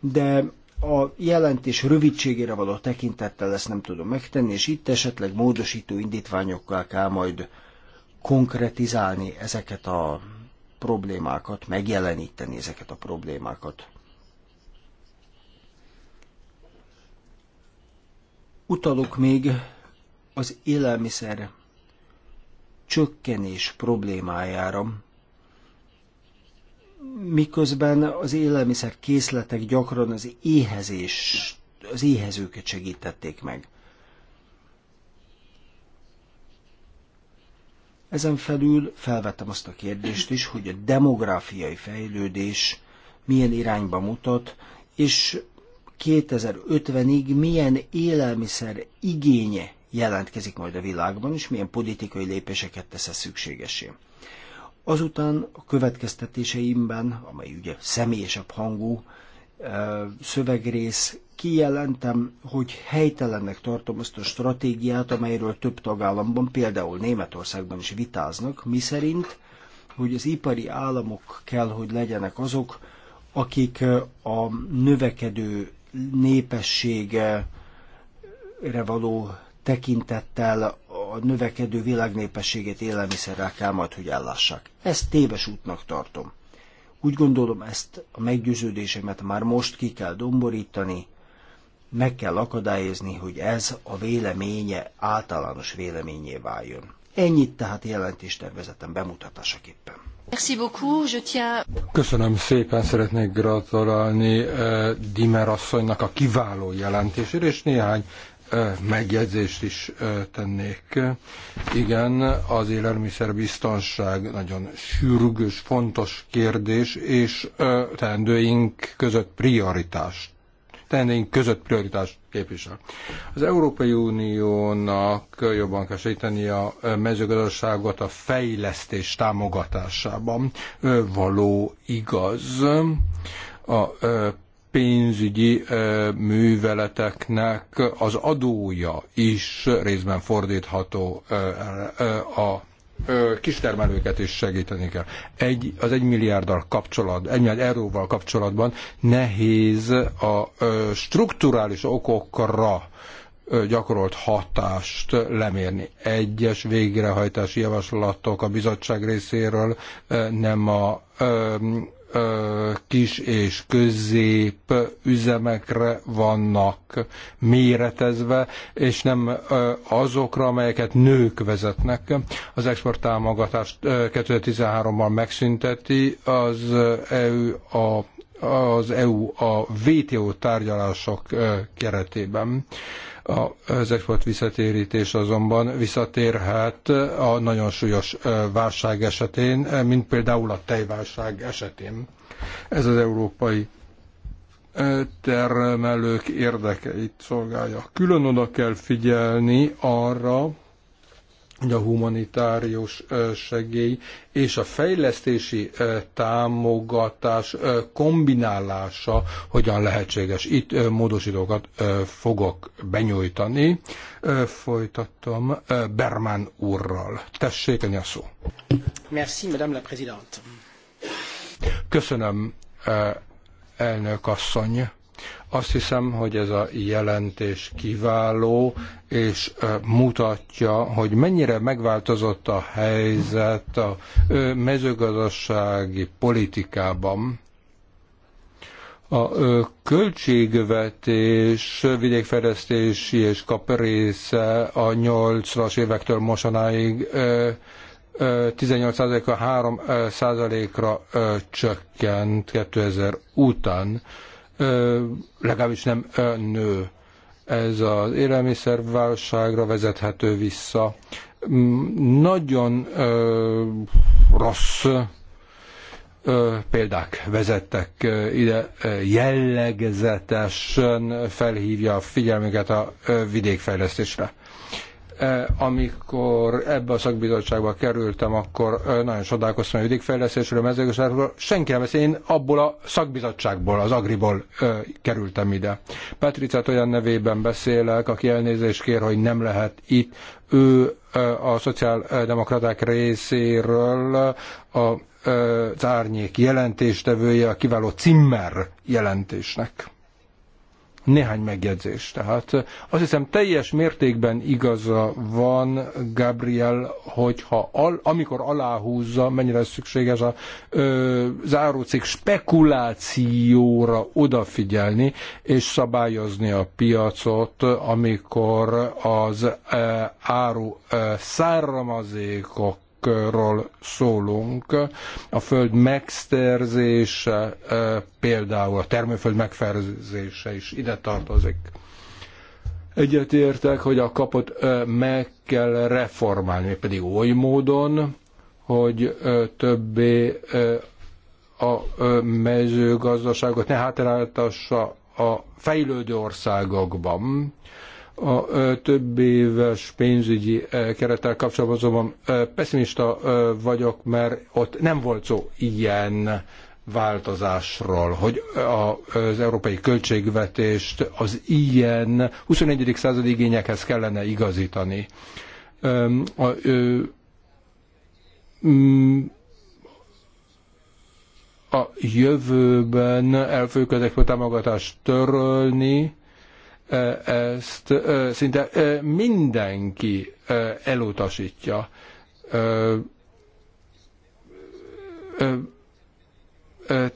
de a jelentés rövidségére való tekintettel ezt nem tudom megtenni, és itt esetleg módosító indítványokkal kell majd konkretizálni ezeket a problémákat, megjeleníteni ezeket a problémákat. Utalok még az élelmiszer csökkenés problémájára, miközben az élelmiszer készletek gyakran az éhezés, az éhezőket segítették meg. Ezen felül felvettem azt a kérdést is, hogy a demográfiai fejlődés milyen irányba mutat, és 2050-ig milyen élelmiszer igénye jelentkezik majd a világban, és milyen politikai lépéseket tesz ez szükségesé. Azután a következtetéseimben, amely ugye személyesebb hangú szövegrész, kijelentem, hogy helytelennek tartom azt a stratégiát, amelyről több tagállamban, például Németországban is vitáznak, miszerint, hogy az ipari államok kell, hogy legyenek azok, akik a növekedő népessége való tekintettel a növekedő világnépességét élelmiszerrel kell majd, hogy ellássák. Ezt téves útnak tartom. Úgy gondolom, ezt a meggyőződésemet már most ki kell domborítani, meg kell akadályozni, hogy ez a véleménye általános véleményé váljon. Ennyit tehát jelentéstervezetem bemutatásaképpen. Köszönöm szépen, szeretnék gratulálni eh, Dimer asszonynak a kiváló jelentésére, és néhány megjegyzést is tennék. Igen, az élelmiszerbiztonság nagyon sürgős, fontos kérdés, és teendőink között prioritás. Teendőink között prioritás képvisel. Az Európai Uniónak jobban kell segíteni a mezőgazdaságot a fejlesztés támogatásában. Való igaz. A pénzügyi műveleteknek az adója is részben fordítható a kistermelőket is segíteni kell. Egy, az egy milliárddal kapcsolat, egy milliárd euróval kapcsolatban nehéz a strukturális okokra gyakorolt hatást lemérni. Egyes végrehajtási javaslatok a bizottság részéről nem a kis és közép üzemekre vannak méretezve, és nem azokra, amelyeket nők vezetnek. Az exporttámogatást 2013-ban megszünteti az EU a az EU a WTO tárgyalások keretében. Az export visszatérítés azonban visszatérhet a nagyon súlyos válság esetén, mint például a tejválság esetén. Ez az európai termelők érdekeit szolgálja. Külön oda kell figyelni arra, a humanitárius segély és a fejlesztési támogatás kombinálása hogyan lehetséges. Itt módosítókat fogok benyújtani. Folytatom Berman úrral. Tessék, a szó. Merci, madame la présidente. Köszönöm, elnök asszony azt hiszem, hogy ez a jelentés kiváló, és mutatja, hogy mennyire megváltozott a helyzet a mezőgazdasági politikában. A költségvetés vidékfejlesztési és kap része a 80-as évektől mostanáig 18%-a 3%-ra csökkent 2000 után legalábbis nem nő. Ez az élelmiszerválságra vezethető vissza. Mm, nagyon rossz példák vezettek ide, jellegzetesen felhívja a figyelmüket a vidékfejlesztésre. Eh, amikor ebbe a szakbizottságba kerültem, akkor eh, nagyon csodálkoztam a vidékfejlesztésről, mezőgazdaságról. Senki nem beszél, én abból a szakbizottságból, az Agriból eh, kerültem ide. Petricát olyan nevében beszélek, aki elnézést kér, hogy nem lehet itt. Ő a szociáldemokraták részéről a az árnyék jelentéstevője, a kiváló Cimmer jelentésnek. Néhány megjegyzés. Tehát azt hiszem teljes mértékben igaza van Gabriel, hogyha al, amikor aláhúzza, mennyire szükséges a ö, zárócég spekulációra odafigyelni, és szabályozni a piacot, amikor az ö, áru ö, származékok jogokról szólunk, a föld megszerzése, eh, például a termőföld megszerzése is ide tartozik. Egyetértek, hogy a kapot eh, meg kell reformálni, pedig oly módon, hogy eh, többé a mezőgazdaságot ne hátráltassa a fejlődő országokban, a több éves pénzügyi kerettel kapcsolatban azonban pessimista vagyok, mert ott nem volt szó ilyen változásról, hogy az európai költségvetést az ilyen 21. század igényekhez kellene igazítani. A, a jövőben a támogatást törölni, ezt szinte mindenki elutasítja ö,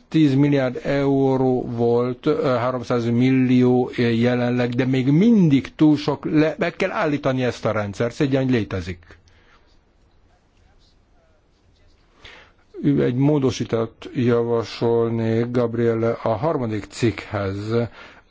10 milliárd euró volt, 300 millió jelenleg, de még mindig túl sok, le, meg kell állítani ezt a rendszert, szégyen létezik. Egy módosítat javasolnék Gabriele a harmadik cikkhez,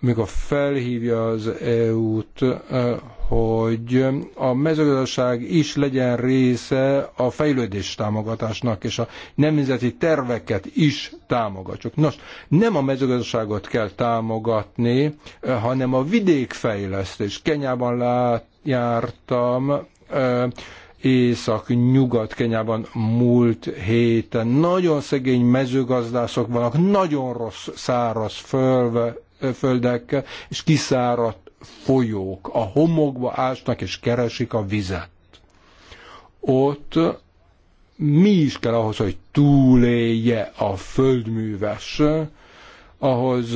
mikor felhívja az EU-t, eh, hogy a mezőgazdaság is legyen része a fejlődés támogatásnak, és a nemzeti terveket is támogatjuk. Nos, nem a mezőgazdaságot kell támogatni, eh, hanem a vidékfejlesztés. Kenyában lát, jártam, eh, észak-nyugat Kenyában múlt héten. Nagyon szegény mezőgazdászok vannak, nagyon rossz száraz fölve, földek és kiszáradt folyók. A homokba ásnak és keresik a vizet. Ott mi is kell ahhoz, hogy túlélje a földműves, ahhoz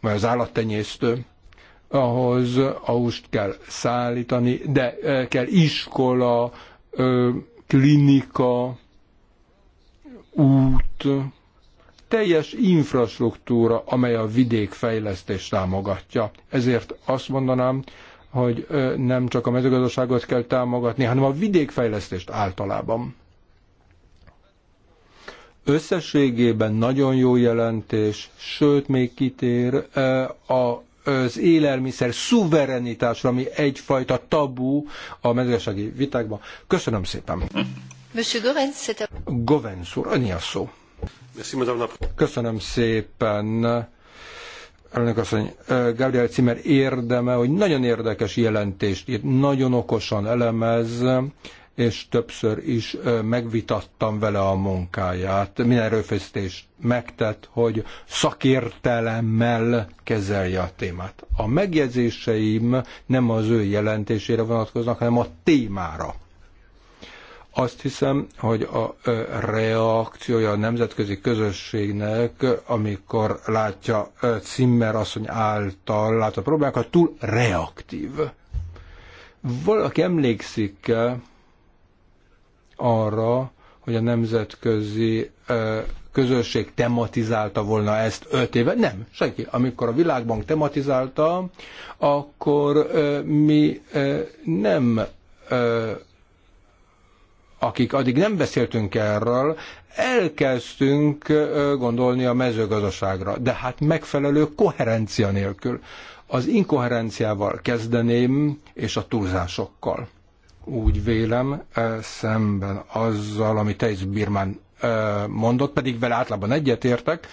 vagy az állattenyésztő, ahhoz ahust kell szállítani, de kell iskola, klinika, út, teljes infrastruktúra, amely a vidék fejlesztést támogatja. Ezért azt mondanám, hogy nem csak a mezőgazdaságot kell támogatni, hanem a vidékfejlesztést általában. Összességében nagyon jó jelentés, sőt még kitér a az élelmiszer szuverenitásra, ami egyfajta tabú a mezőgazdasági vitákban. Köszönöm szépen. Monsieur Govenz, Govenz úr, annyi a szó. Köszönöm szépen. Elnök asszony, Gabriel Zimmer érdeme, hogy nagyon érdekes jelentést írt, nagyon okosan elemez, és többször is megvitattam vele a munkáját. Minden erőfeszítést megtett, hogy szakértelemmel kezelje a témát. A megjegyzéseim nem az ő jelentésére vonatkoznak, hanem a témára. Azt hiszem, hogy a reakciója a nemzetközi közösségnek, amikor látja Zimmer asszony által látja problémákat, túl reaktív. Valaki emlékszik -e arra, hogy a nemzetközi közösség tematizálta volna ezt öt éve. Nem, senki. Amikor a Világbank tematizálta, akkor mi nem akik addig nem beszéltünk erről, elkezdtünk gondolni a mezőgazdaságra, de hát megfelelő koherencia nélkül. Az inkoherenciával kezdeném, és a túlzásokkal. Úgy vélem, szemben azzal, amit Teis Birman mondott, pedig vele általában egyetértek,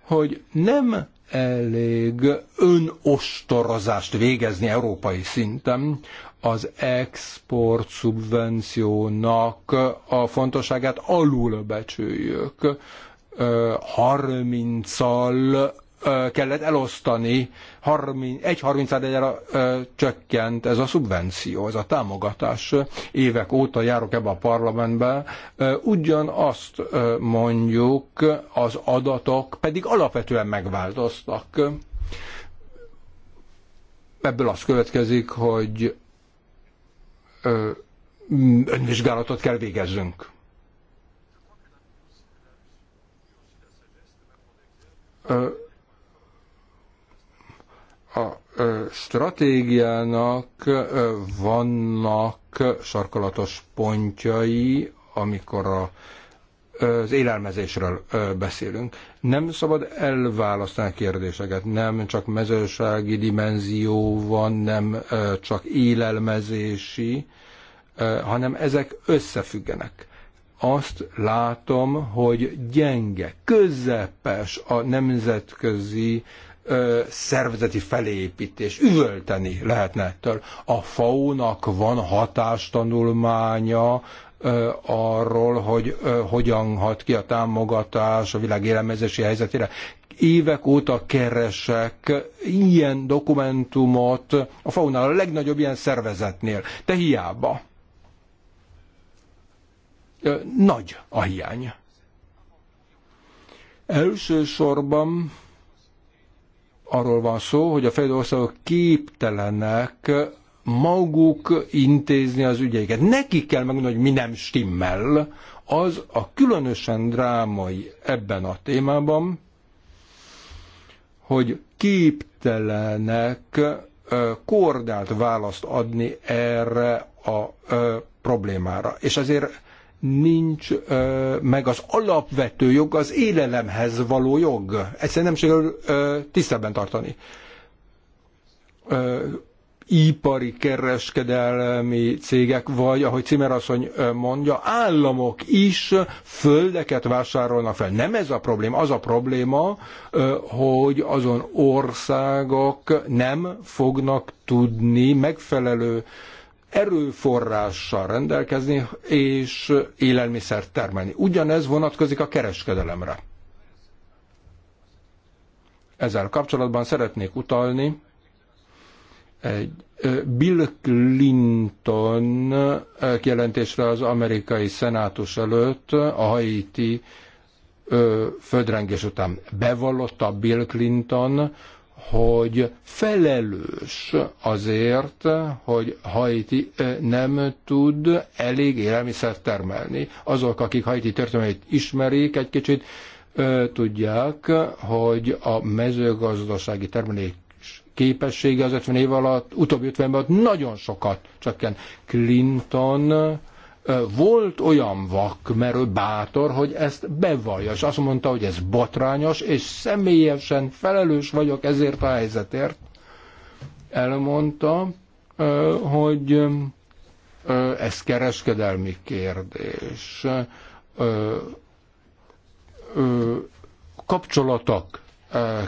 hogy nem elég önostorozást végezni európai szinten, az export szubvenciónak a fontosságát alulbecsüljük. 30-al kellett elosztani, 30, egy 31-re csökkent ez a szubvenció, ez a támogatás. Évek óta járok ebbe a parlamentbe, ugyanazt mondjuk, az adatok pedig alapvetően megváltoztak. Ebből az következik, hogy önvizsgálatot kell végezzünk. A stratégiának vannak sarkalatos pontjai, amikor a az élelmezésről beszélünk. Nem szabad elválasztani a kérdéseket, nem csak mezősági dimenzió van, nem csak élelmezési, hanem ezek összefüggenek. Azt látom, hogy gyenge, közepes a nemzetközi ö, szervezeti felépítés, üvölteni lehetne ettől. A FAO-nak van hatástanulmánya arról, hogy hogyan hat ki a támogatás a világ élelmezési helyzetére. Évek óta keresek ilyen dokumentumot a faunál, a legnagyobb ilyen szervezetnél. Te hiába. Nagy a hiány. Elsősorban arról van szó, hogy a fejlődő országok képtelenek maguk intézni az ügyeiket. Nekik kell megmondani, hogy mi nem stimmel. Az a különösen drámai ebben a témában, hogy képtelenek kordált választ adni erre a problémára. És azért nincs ö, meg az alapvető jog, az élelemhez való jog. Egyszerűen nem sikerül tisztelben tartani. Ö, ipari kereskedelmi cégek, vagy ahogy Cimerasszony mondja, államok is földeket vásárolnak fel. Nem ez a probléma, az a probléma, hogy azon országok nem fognak tudni megfelelő erőforrással rendelkezni és élelmiszert termelni. Ugyanez vonatkozik a kereskedelemre. Ezzel kapcsolatban szeretnék utalni egy Bill Clinton kijelentésre az amerikai szenátus előtt a haiti földrengés után bevallotta Bill Clinton, hogy felelős azért, hogy Haiti nem tud elég élelmiszert termelni. Azok, akik Haiti történelmét ismerik egy kicsit, tudják, hogy a mezőgazdasági termelék képessége az 50 év alatt, utóbbi 50 év alatt nagyon sokat csökkent. Clinton volt olyan vak, mert ő bátor, hogy ezt bevallja, és azt mondta, hogy ez botrányos, és személyesen felelős vagyok ezért a helyzetért. Elmondta, hogy ez kereskedelmi kérdés. Kapcsolatok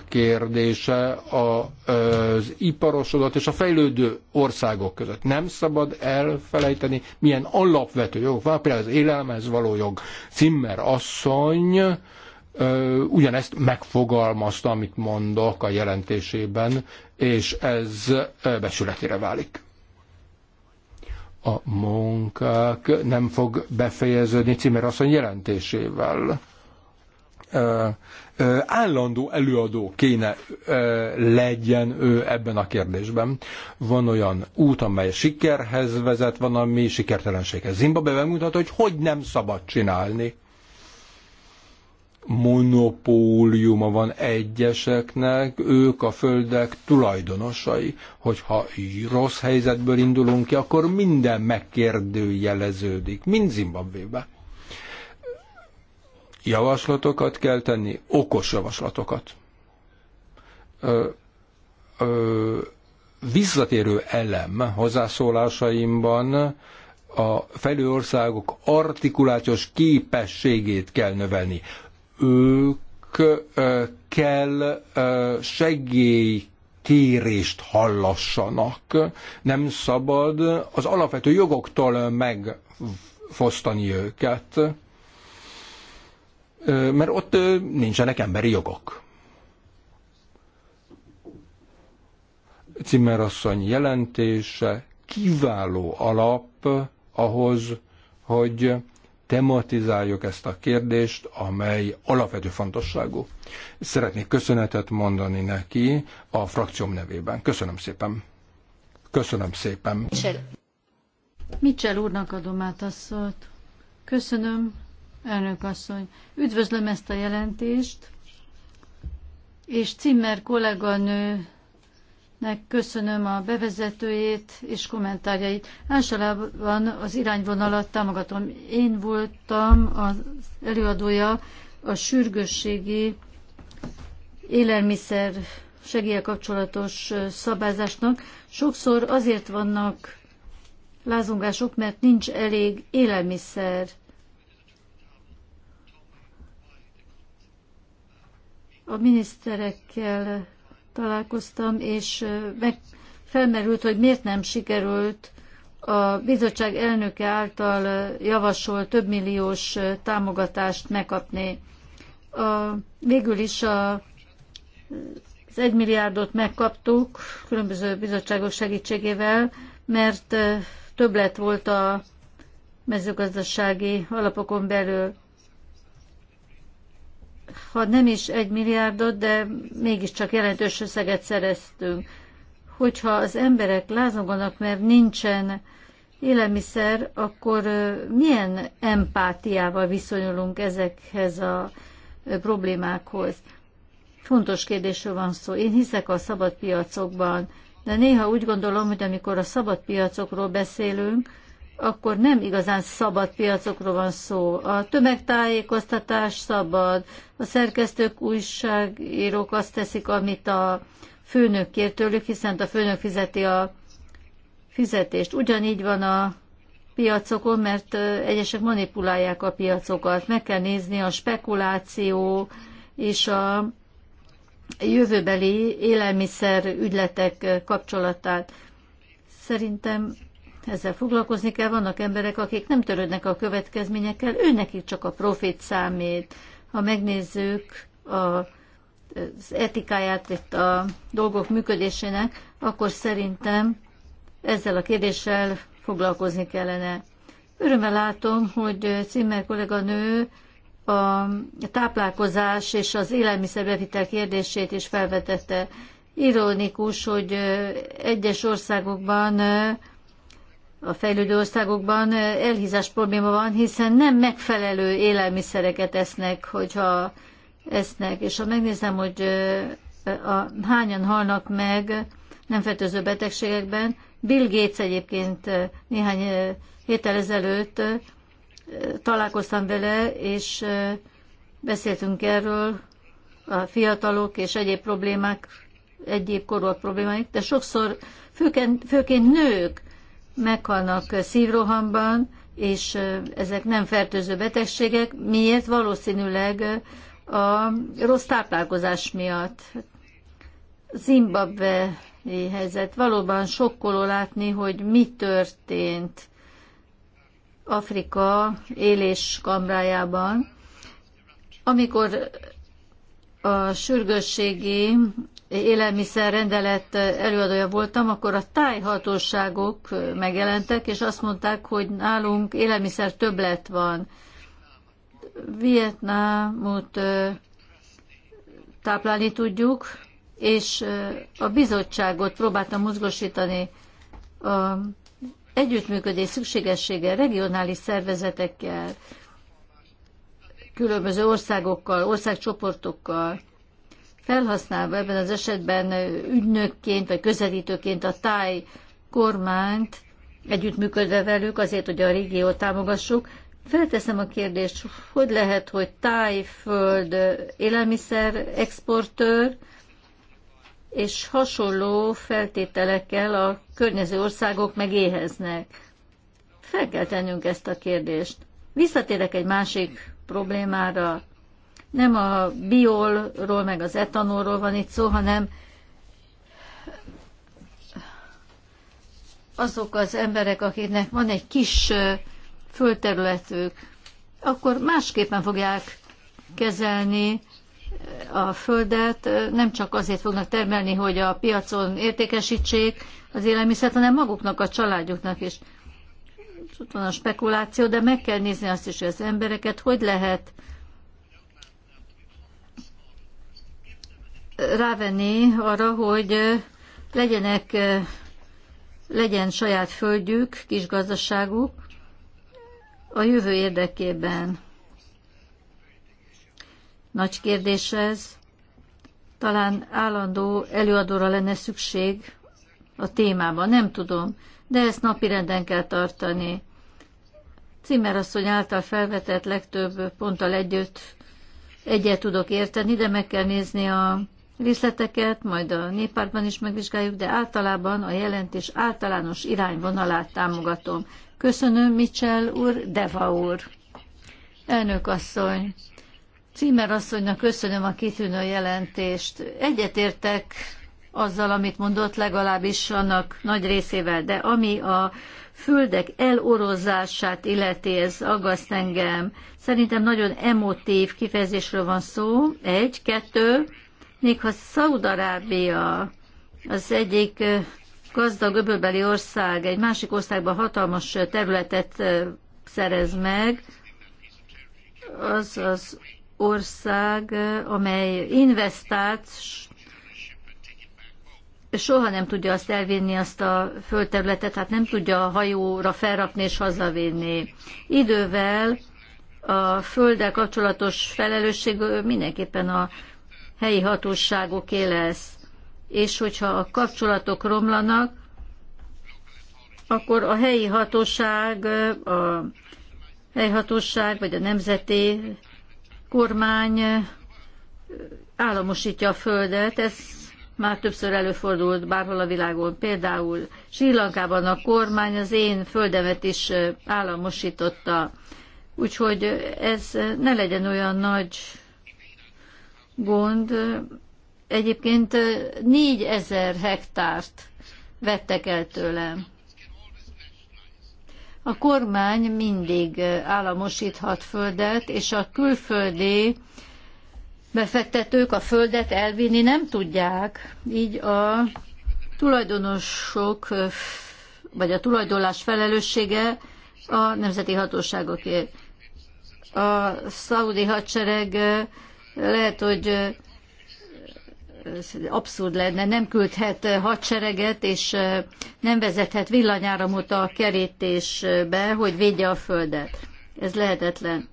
kérdése az iparosodott és a fejlődő országok között. Nem szabad elfelejteni, milyen alapvető jogok van, például az élelmez való jog. Zimmer asszony ugyanezt megfogalmazta, amit mondok a jelentésében, és ez besületére válik a munkák nem fog befejeződni Cimer asszony jelentésével állandó előadó kéne legyen ő ebben a kérdésben. Van olyan út, amely sikerhez vezet, van, ami sikertelenséghez. Zimbabwe megmutatta, hogy hogy nem szabad csinálni. Monopóliuma van egyeseknek, ők a földek tulajdonosai. Hogyha rossz helyzetből indulunk ki, akkor minden megkérdőjeleződik, mind Zimbabwe-ben. Javaslatokat kell tenni, okos javaslatokat. Ö, ö, visszatérő elem hozzászólásaimban a felő országok artikulációs képességét kell növelni. Ők ö, kell ö, segély kérést hallassanak. Nem szabad az alapvető jogoktól megfosztani őket mert ott nincsenek emberi jogok. Cimmerasszony jelentése kiváló alap ahhoz, hogy tematizáljuk ezt a kérdést, amely alapvető fontosságú. Szeretnék köszönetet mondani neki a frakcióm nevében. Köszönöm szépen. Köszönöm szépen. Mitchell, Mitchell úrnak adom át a szót. Köszönöm, elnök asszony. Üdvözlöm ezt a jelentést, és Cimmer kolléganőnek köszönöm a bevezetőjét és kommentárjait. Általában az irányvonalat támogatom. Én voltam az előadója a sürgősségi élelmiszer segélye kapcsolatos szabályzásnak. Sokszor azért vannak lázongások, mert nincs elég élelmiszer a miniszterekkel találkoztam, és meg felmerült, hogy miért nem sikerült a bizottság elnöke által javasolt több milliós támogatást megkapni. A, végül is a, az egymilliárdot megkaptuk különböző bizottságok segítségével, mert többlet volt a mezőgazdasági alapokon belül ha nem is egy milliárdot, de mégiscsak jelentős összeget szereztünk. Hogyha az emberek lázongolnak, mert nincsen élelmiszer, akkor milyen empátiával viszonyulunk ezekhez a problémákhoz? Fontos kérdésről van szó. Én hiszek a szabad piacokban, de néha úgy gondolom, hogy amikor a szabad piacokról beszélünk, akkor nem igazán szabad piacokról van szó. A tömegtájékoztatás szabad, a szerkesztők, újságírók azt teszik, amit a főnök kér tőlük, hiszen a főnök fizeti a fizetést. Ugyanígy van a piacokon, mert egyesek manipulálják a piacokat. Meg kell nézni a spekuláció és a jövőbeli élelmiszer ügyletek kapcsolatát. Szerintem ezzel foglalkozni kell. Vannak emberek, akik nem törődnek a következményekkel, ő nekik csak a profit számít. Ha megnézzük a, az etikáját itt a dolgok működésének, akkor szerintem ezzel a kérdéssel foglalkozni kellene. Örömmel látom, hogy Cimmer kolléganő a táplálkozás és az élelmiszerbevitel kérdését is felvetette. Ironikus, hogy egyes országokban a fejlődő országokban eh, elhízás probléma van, hiszen nem megfelelő élelmiszereket esznek, hogyha esznek. És ha megnézem, hogy eh, a, hányan halnak meg nem fertőző betegségekben, Bill Gates egyébként eh, néhány héttel ezelőtt találkoztam vele, és beszéltünk erről, a fiatalok és egyéb problémák, egyéb korúak problémáik, de sokszor főként, főként nők meghalnak szívrohamban, és ezek nem fertőző betegségek. Miért? Valószínűleg a rossz táplálkozás miatt. Zimbabwe helyzet. Valóban sokkoló látni, hogy mi történt Afrika élés kamrájában. Amikor a sürgősségi élelmiszer rendelet előadója voltam, akkor a tájhatóságok megjelentek, és azt mondták, hogy nálunk élelmiszer többlet van. Vietnámot táplálni tudjuk, és a bizottságot próbáltam mozgosítani a együttműködés szükségessége regionális szervezetekkel, különböző országokkal, országcsoportokkal felhasználva ebben az esetben ügynökként vagy közelítőként a táj kormányt, együttműködve velük azért, hogy a régiót támogassuk, Felteszem a kérdést, hogy lehet, hogy tájföld élelmiszer exportőr, és hasonló feltételekkel a környező országok megéheznek. Fel kell tennünk ezt a kérdést. Visszatérek egy másik problémára nem a biolról, meg az etanolról van itt szó, hanem azok az emberek, akiknek van egy kis földterületük, akkor másképpen fogják kezelni a földet, nem csak azért fognak termelni, hogy a piacon értékesítsék az élelmiszert, hanem maguknak, a családjuknak is. Ott van a spekuláció, de meg kell nézni azt is, hogy az embereket hogy lehet rávenni arra, hogy legyenek, legyen saját földjük, kis gazdaságuk a jövő érdekében. Nagy kérdés ez. Talán állandó előadóra lenne szükség a témában, nem tudom, de ezt napirenden kell tartani. Cimmer asszony által felvetett legtöbb ponttal együtt egyet tudok érteni, de meg kell nézni a részleteket majd a néppártban is megvizsgáljuk, de általában a jelentés általános irányvonalát támogatom. Köszönöm, Mitchell úr, Deva úr. Elnök asszony, Címer asszonynak köszönöm a kitűnő jelentést. Egyetértek azzal, amit mondott, legalábbis annak nagy részével, de ami a földek elorozását illeti, ez aggaszt engem. Szerintem nagyon emotív kifejezésről van szó. Egy, kettő, még ha Szaudarábia az egyik gazdag öbölbeli ország egy másik országban hatalmas területet szerez meg, az az ország, amely investált, soha nem tudja azt elvinni, azt a földterületet, hát nem tudja a hajóra felrakni és hazavinni. Idővel a földdel kapcsolatos felelősség mindenképpen a helyi hatóságoké lesz. És hogyha a kapcsolatok romlanak, akkor a helyi hatóság, a helyi hatóság vagy a nemzeti kormány államosítja a földet, ez már többször előfordult bárhol a világon. Például Sri Lankában a kormány az én földemet is államosította. Úgyhogy ez ne legyen olyan nagy gond. Egyébként 4000 hektárt vettek el tőlem. A kormány mindig államosíthat földet, és a külföldi befektetők a földet elvinni nem tudják. Így a tulajdonosok, vagy a tulajdonlás felelőssége a nemzeti hatóságokért. A szaudi hadsereg lehet, hogy abszurd lenne, nem küldhet hadsereget, és nem vezethet villanyáramot a kerítésbe, hogy védje a földet. Ez lehetetlen.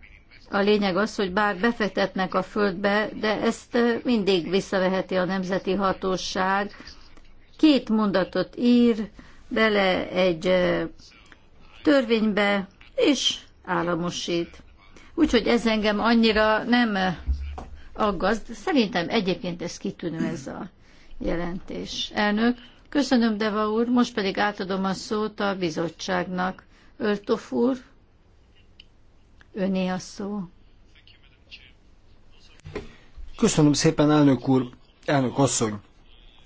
A lényeg az, hogy bár befektetnek a földbe, de ezt mindig visszaveheti a nemzeti hatóság. Két mondatot ír bele egy törvénybe, és államosít. Úgyhogy ez engem annyira nem aggaszt. Szerintem egyébként ez kitűnő ez a jelentés. Elnök, köszönöm Deva úr, most pedig átadom a szót a bizottságnak. Öltof úr, öné a szó. Köszönöm szépen, elnök úr, elnök asszony.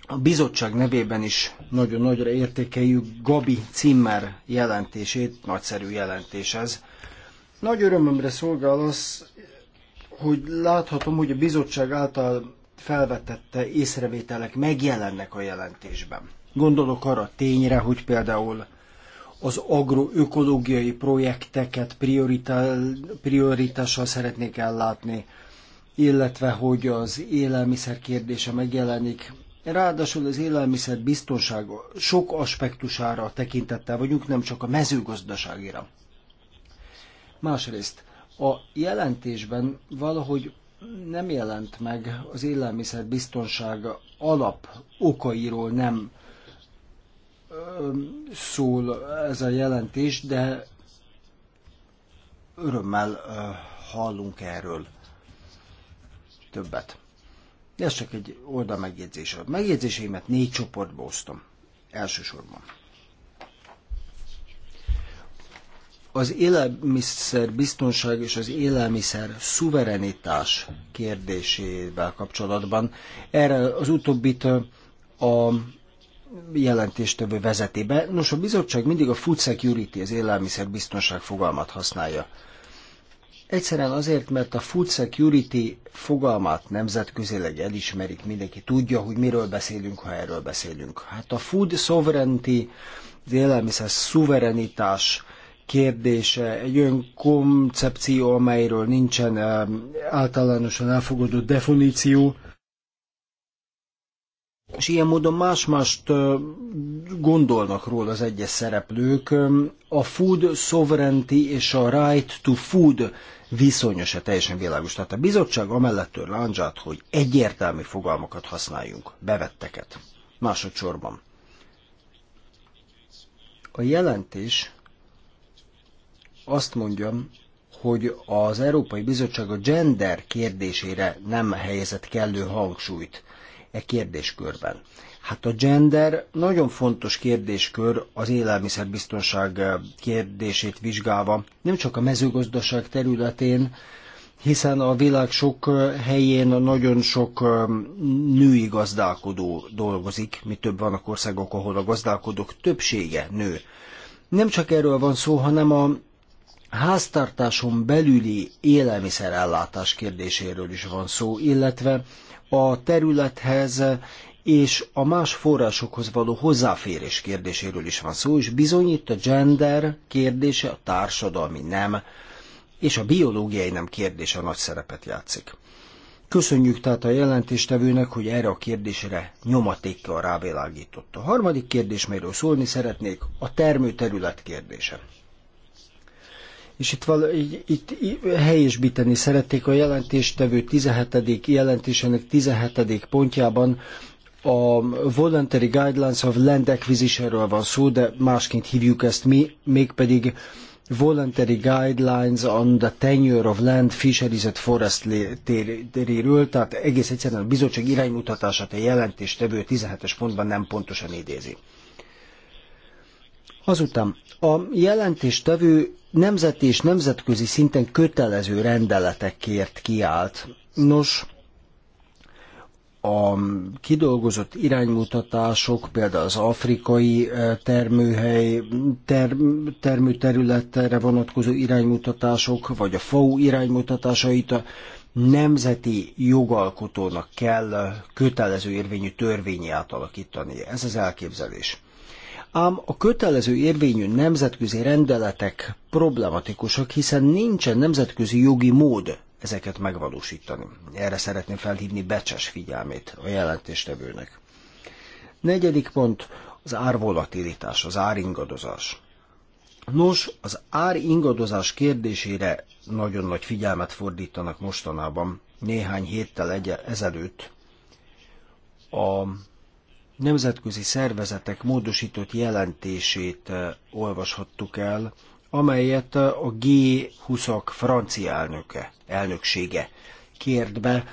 A bizottság nevében is nagyon nagyra értékeljük Gabi Cimmer jelentését, nagyszerű jelentés ez. Nagy örömömre szolgál az, hogy láthatom, hogy a bizottság által felvetette észrevételek megjelennek a jelentésben. Gondolok arra tényre, hogy például az agroökológiai projekteket prioritással szeretnék ellátni, illetve hogy az élelmiszer kérdése megjelenik. Ráadásul az élelmiszer biztonsága sok aspektusára tekintettel vagyunk, nem csak a mezőgazdaságira. Másrészt a jelentésben valahogy nem jelent meg az élelmiszer alap okairól nem szól ez a jelentés, de örömmel hallunk erről többet. De ez csak egy oldal A Megjegyzéseimet négy csoportba osztom. Elsősorban. az élelmiszer biztonság és az élelmiszer szuverenitás kérdésével kapcsolatban. Erre az utóbbit a jelentéstevő vezeti be. Nos, a bizottság mindig a food security, az élelmiszer biztonság fogalmat használja. Egyszerűen azért, mert a food security fogalmát nemzetközileg elismerik, mindenki tudja, hogy miről beszélünk, ha erről beszélünk. Hát a food sovereignty, az élelmiszer szuverenitás kérdése, egy olyan koncepció, amelyről nincsen um, általánosan elfogadott definíció, és ilyen módon más-mást gondolnak róla az egyes szereplők. A food sovereignty és a right to food viszonyosa teljesen világos. Tehát a bizottság amellett tör láncsát, hogy egyértelmű fogalmakat használjunk, bevetteket. Másodszorban. A jelentés azt mondjam, hogy az Európai Bizottság a gender kérdésére nem helyezett kellő hangsúlyt e kérdéskörben. Hát a gender nagyon fontos kérdéskör az élelmiszerbiztonság kérdését vizsgálva, nem csak a mezőgazdaság területén, hiszen a világ sok helyén nagyon sok um, női gazdálkodó dolgozik, mi több vannak országok, ahol a gazdálkodók többsége nő. Nem csak erről van szó, hanem a háztartáson belüli élelmiszerellátás kérdéséről is van szó, illetve a területhez és a más forrásokhoz való hozzáférés kérdéséről is van szó, és bizony itt a gender kérdése, a társadalmi nem, és a biológiai nem kérdése nagy szerepet játszik. Köszönjük tehát a jelentéstevőnek, hogy erre a kérdésre nyomatékkal rávilágított. A harmadik kérdés, melyről szólni szeretnék, a termőterület kérdése és itt, vala, itt, itt helyesbíteni szerették a jelentéstevő 17. jelentésének 17. pontjában, a Voluntary Guidelines of Land Acquisition-ről van szó, de másként hívjuk ezt mi, mégpedig Voluntary Guidelines on the Tenure of Land Fisheries and Forest téréről, tehát egész egyszerűen a bizottság iránymutatását a jelentéstevő 17-es pontban nem pontosan idézi. Azután a jelentéstevő nemzeti és nemzetközi szinten kötelező rendeletekért kiállt. Nos, a kidolgozott iránymutatások, például az afrikai eh, termőhely, ter, termőterületre vonatkozó iránymutatások, vagy a FAU iránymutatásait a nemzeti jogalkotónak kell eh, kötelező érvényű törvényi átalakítani. Ez az elképzelés ám a kötelező érvényű nemzetközi rendeletek problematikusak, hiszen nincsen nemzetközi jogi mód ezeket megvalósítani. Erre szeretném felhívni Becses figyelmét a jelentéstevőnek. Negyedik pont az árvolatilitás, az áringadozás. Nos, az áringadozás kérdésére nagyon nagy figyelmet fordítanak mostanában. Néhány héttel ezelőtt a nemzetközi szervezetek módosított jelentését olvashattuk el, amelyet a g 20 francia elnöke, elnöksége kért be,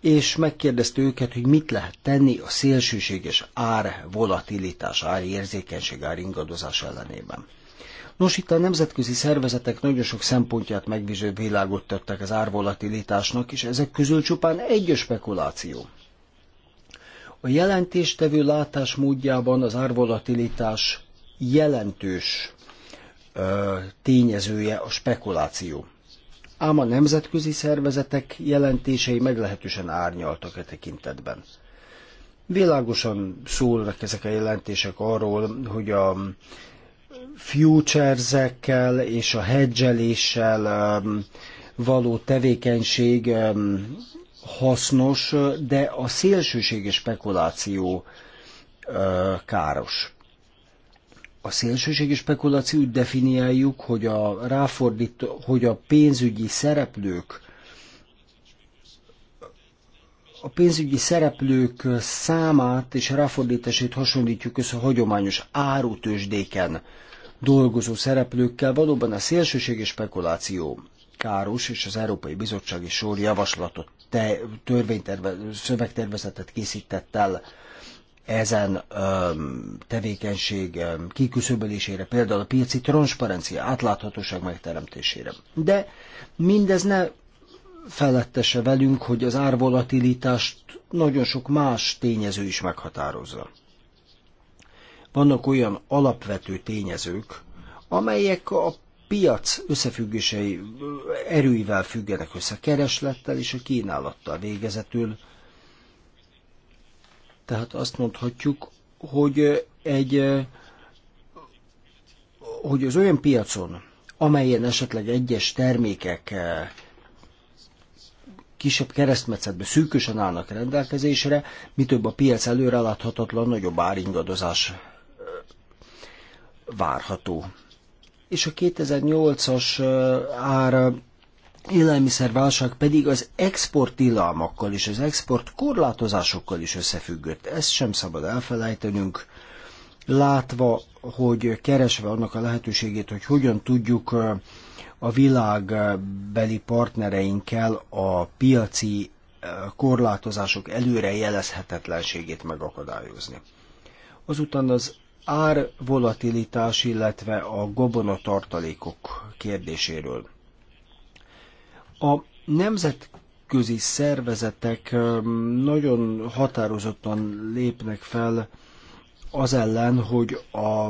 és megkérdezte őket, hogy mit lehet tenni a szélsőséges ár volatilitás, ár érzékenység, ár ingadozás ellenében. Nos, itt a nemzetközi szervezetek nagyon sok szempontját megvizsgáló világot tettek az árvolatilitásnak, és ezek közül csupán egy a spekuláció. A jelentéstevő látásmódjában az árvolatilitás jelentős ö, tényezője a spekuláció. Ám a nemzetközi szervezetek jelentései meglehetősen árnyaltak e tekintetben. Világosan szólnak ezek a jelentések arról, hogy a futuresekkel és a hedgeléssel való tevékenység hasznos, de a szélsőséges spekuláció káros. A szélsőséges spekuláció úgy definiáljuk, hogy a, ráfordít, hogy a pénzügyi szereplők a pénzügyi szereplők számát és ráfordítását hasonlítjuk össze a hagyományos árutősdéken dolgozó szereplőkkel. Valóban a szélsőséges spekuláció káros, és az Európai Bizottság is sor javaslatot te, törvényterve, szövegtervezetet készített el ezen tevékenység kiküszöbölésére, például a piaci transzparencia, átláthatóság megteremtésére. De mindez ne felettese velünk, hogy az árvolatilitást nagyon sok más tényező is meghatározza. Vannak olyan alapvető tényezők, amelyek a piac összefüggései erőivel függenek össze, a kereslettel és a kínálattal végezetül. Tehát azt mondhatjuk, hogy egy hogy az olyan piacon, amelyen esetleg egyes termékek eh, kisebb keresztmetszetben szűkösen állnak rendelkezésre, mi több a piac előreláthatatlan, nagyobb áringadozás eh, várható és a 2008-as ára élelmiszerválság pedig az export tilalmakkal és az export korlátozásokkal is összefüggött. Ezt sem szabad elfelejtenünk, látva, hogy keresve annak a lehetőségét, hogy hogyan tudjuk a világbeli partnereinkkel a piaci korlátozások előrejelezhetetlenségét megakadályozni. Azután az ár volatilitás, illetve a gabonatartalékok kérdéséről. A nemzetközi szervezetek nagyon határozottan lépnek fel az ellen, hogy a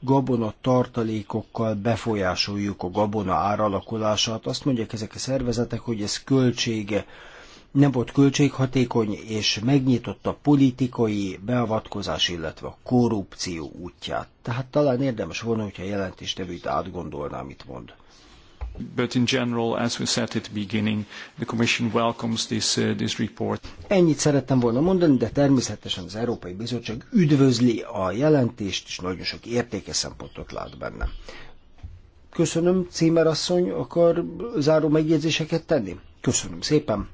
gabona tartalékokkal befolyásoljuk a gabona áralakulását. Azt mondják ezek a szervezetek, hogy ez költsége nem volt költséghatékony, és megnyitotta a politikai beavatkozás, illetve a korrupció útját. Tehát talán érdemes volna, hogyha a jelentéstevőt átgondolná, amit mond. But in general, as we said at the beginning, the Commission welcomes this, uh, this report. Ennyit szerettem volna mondani, de természetesen az Európai Bizottság üdvözli a jelentést, és nagyon sok értékes szempontot lát benne. Köszönöm, asszony, akar záró megjegyzéseket tenni? Köszönöm szépen.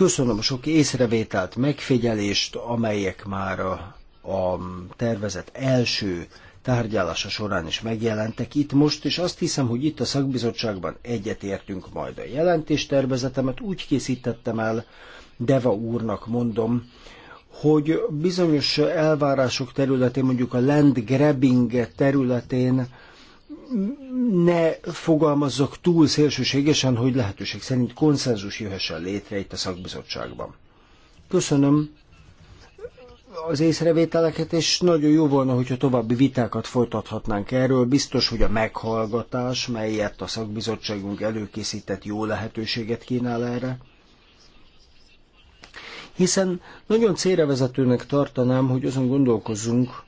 Köszönöm a sok észrevételt, megfigyelést, amelyek már a, a tervezet első tárgyalása során is megjelentek itt most, és azt hiszem, hogy itt a szakbizottságban egyetértünk majd a jelentéstervezetemet. Úgy készítettem el, Deva úrnak mondom, hogy bizonyos elvárások területén, mondjuk a land grabbing területén ne fogalmazzak túl szélsőségesen, hogy lehetőség szerint konszenzus jöhessen létre itt a szakbizottságban. Köszönöm az észrevételeket, és nagyon jó volna, hogyha további vitákat folytathatnánk erről. Biztos, hogy a meghallgatás, melyet a szakbizottságunk előkészített, jó lehetőséget kínál erre. Hiszen nagyon célrevezetőnek tartanám, hogy azon gondolkozzunk,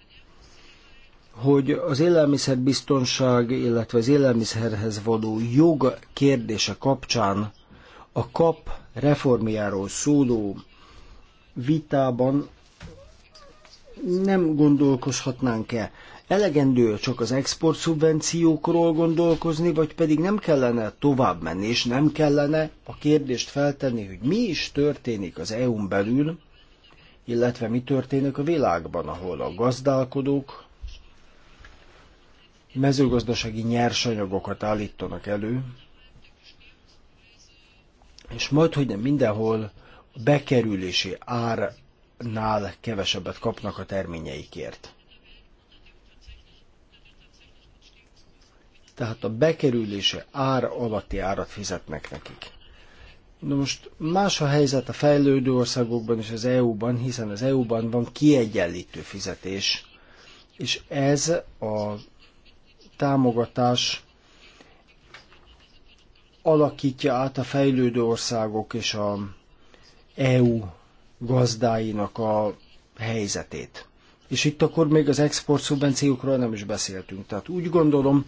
hogy az élelmiszerbiztonság, illetve az élelmiszerhez való jog kérdése kapcsán a kap reformjáról szóló vitában nem gondolkozhatnánk-e? Elegendő csak az exportszubvenciókról gondolkozni, vagy pedig nem kellene tovább menni, és nem kellene a kérdést feltenni, hogy mi is történik az EU-n belül, illetve mi történik a világban, ahol a gazdálkodók mezőgazdasági nyersanyagokat állítanak elő, és majd, hogy nem mindenhol a bekerülési árnál kevesebbet kapnak a terményeikért. Tehát a bekerülése ár alatti árat fizetnek nekik. Na most más a helyzet a fejlődő országokban és az EU-ban, hiszen az EU-ban van kiegyenlítő fizetés, és ez a támogatás alakítja át a fejlődő országok és a EU gazdáinak a helyzetét. És itt akkor még az export szubvenciókról nem is beszéltünk. Tehát úgy gondolom,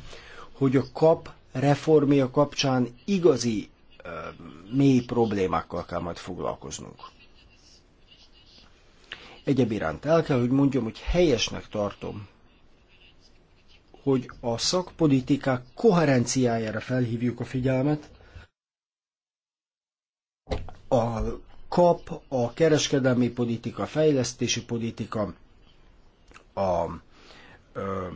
hogy a kap reformja kapcsán igazi mély problémákkal kell majd foglalkoznunk. Egyéb iránt el kell, hogy mondjam, hogy helyesnek tartom hogy a szakpolitikák koherenciájára felhívjuk a figyelmet. A kap, a kereskedelmi politika, a fejlesztési politika, a, ö,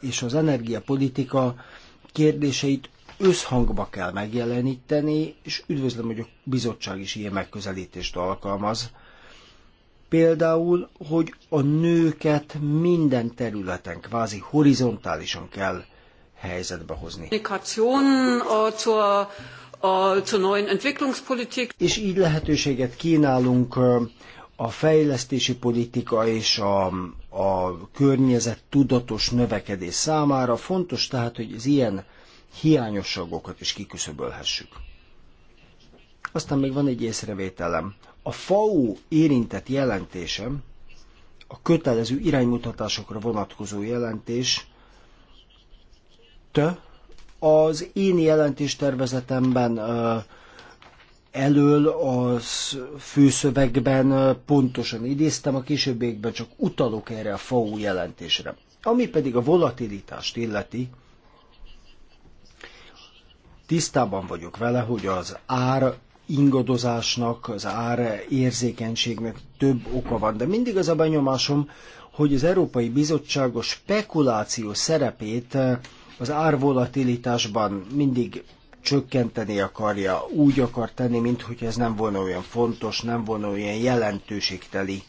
és az energiapolitika kérdéseit összhangba kell megjeleníteni, és üdvözlöm, hogy a bizottság is ilyen megközelítést alkalmaz. Például, hogy a nőket minden területen, kvázi horizontálisan kell helyzetbe hozni. És így lehetőséget kínálunk a fejlesztési politika és a, a környezet tudatos növekedés számára. Fontos tehát, hogy az ilyen hiányosságokat is kiküszöbölhessük. Aztán még van egy észrevételem. A FAO érintett jelentésem, a kötelező iránymutatásokra vonatkozó jelentés, te az én jelentéstervezetemben elől a főszövegben pontosan idéztem, a későbbiekben csak utalok erre a FAO jelentésre. Ami pedig a volatilitást illeti, tisztában vagyok vele, hogy az ár ingadozásnak, az ár érzékenységnek több oka van, de mindig az a benyomásom, hogy az Európai Bizottság a spekuláció szerepét eh, az árvolatilitásban mindig csökkenteni akarja, úgy akar tenni, mint hogy ez nem volna olyan fontos, nem volna olyan jelentőségteli.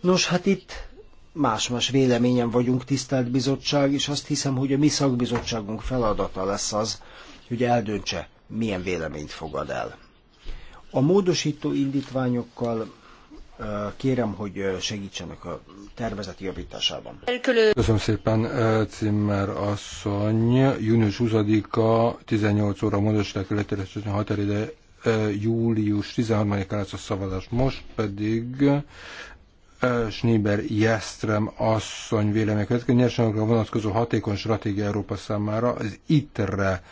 Nos, hát itt más-más véleményen vagyunk, tisztelt bizottság, és azt hiszem, hogy a mi szakbizottságunk feladata lesz az, hogy eldöntse, milyen véleményt fogad el. A módosító indítványokkal kérem, hogy segítsenek a tervezet javításában. Köszönöm szépen, Cimmer asszony. Június 20-a 18 óra módosítás leteresíteni határide július 13-án lesz a szavazás. Most pedig Schneeber Jestrem asszony véleménye következik. Nyersanyagokra vonatkozó hatékony stratégia Európa számára, az ITRE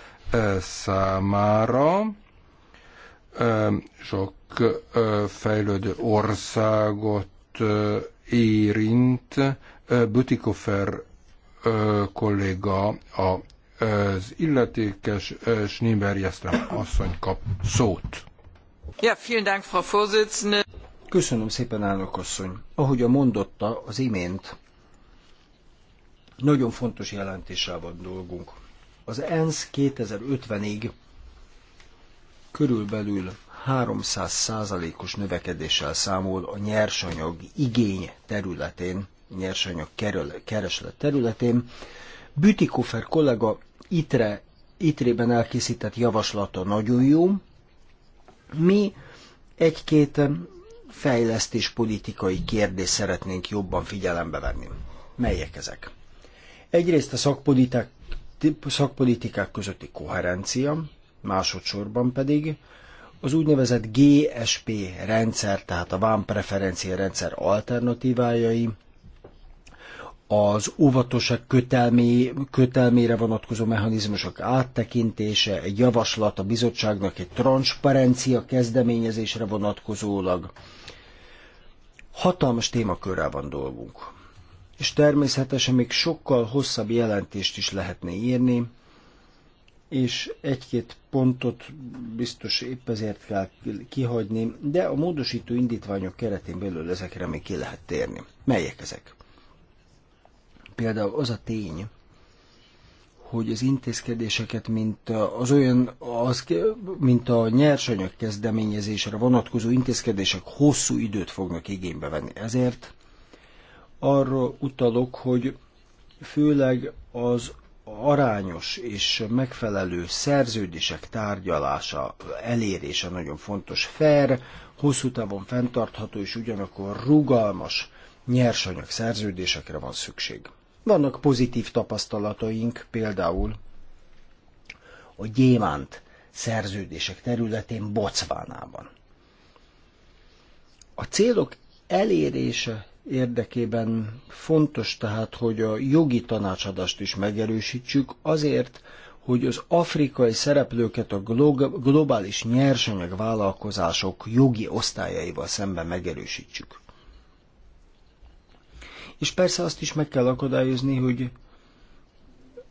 számára sok fejlődő országot érint. Butikofer kolléga a az illetékes Schneeber Jesztrám asszony kap szót. Ja, vielen Dank, Frau Vorsitzende. Köszönöm szépen, elnök asszony. Ahogy a mondotta az imént, nagyon fontos jelentéssel van dolgunk. Az ENSZ 2050-ig körülbelül 300 százalékos növekedéssel számol a nyersanyag igény területén, nyersanyag kereslet területén. Bütikofer kollega itre, itrében elkészített javaslata nagyon jó. Mi egy-két fejlesztés politikai kérdést szeretnénk jobban figyelembe venni. Melyek ezek? Egyrészt a szakpolitikák, szakpolitikák közötti koherencia, Másodszorban pedig az úgynevezett GSP rendszer, tehát a preferencia rendszer alternatívái, az óvatosak kötelmé, kötelmére vonatkozó mechanizmusok áttekintése, egy javaslat a bizottságnak egy transparencia kezdeményezésre vonatkozólag. Hatalmas témakörrel van dolgunk. És természetesen még sokkal hosszabb jelentést is lehetne írni, és egy-két pontot biztos épp ezért kell kihagyni, de a módosító indítványok keretén belül ezekre még ki lehet térni. Melyek ezek? Például az a tény, hogy az intézkedéseket, mint az olyan, az, mint a nyersanyag kezdeményezésre vonatkozó intézkedések hosszú időt fognak igénybe venni. Ezért arra utalok, hogy főleg az arányos és megfelelő szerződések tárgyalása, elérése nagyon fontos. Fair, hosszú távon fenntartható és ugyanakkor rugalmas nyersanyag szerződésekre van szükség. Vannak pozitív tapasztalataink, például a gyémánt szerződések területén Bocvánában. A célok elérése érdekében fontos tehát, hogy a jogi tanácsadást is megerősítsük azért, hogy az afrikai szereplőket a globális nyersanyagvállalkozások jogi osztályaival szemben megerősítsük. És persze azt is meg kell akadályozni, hogy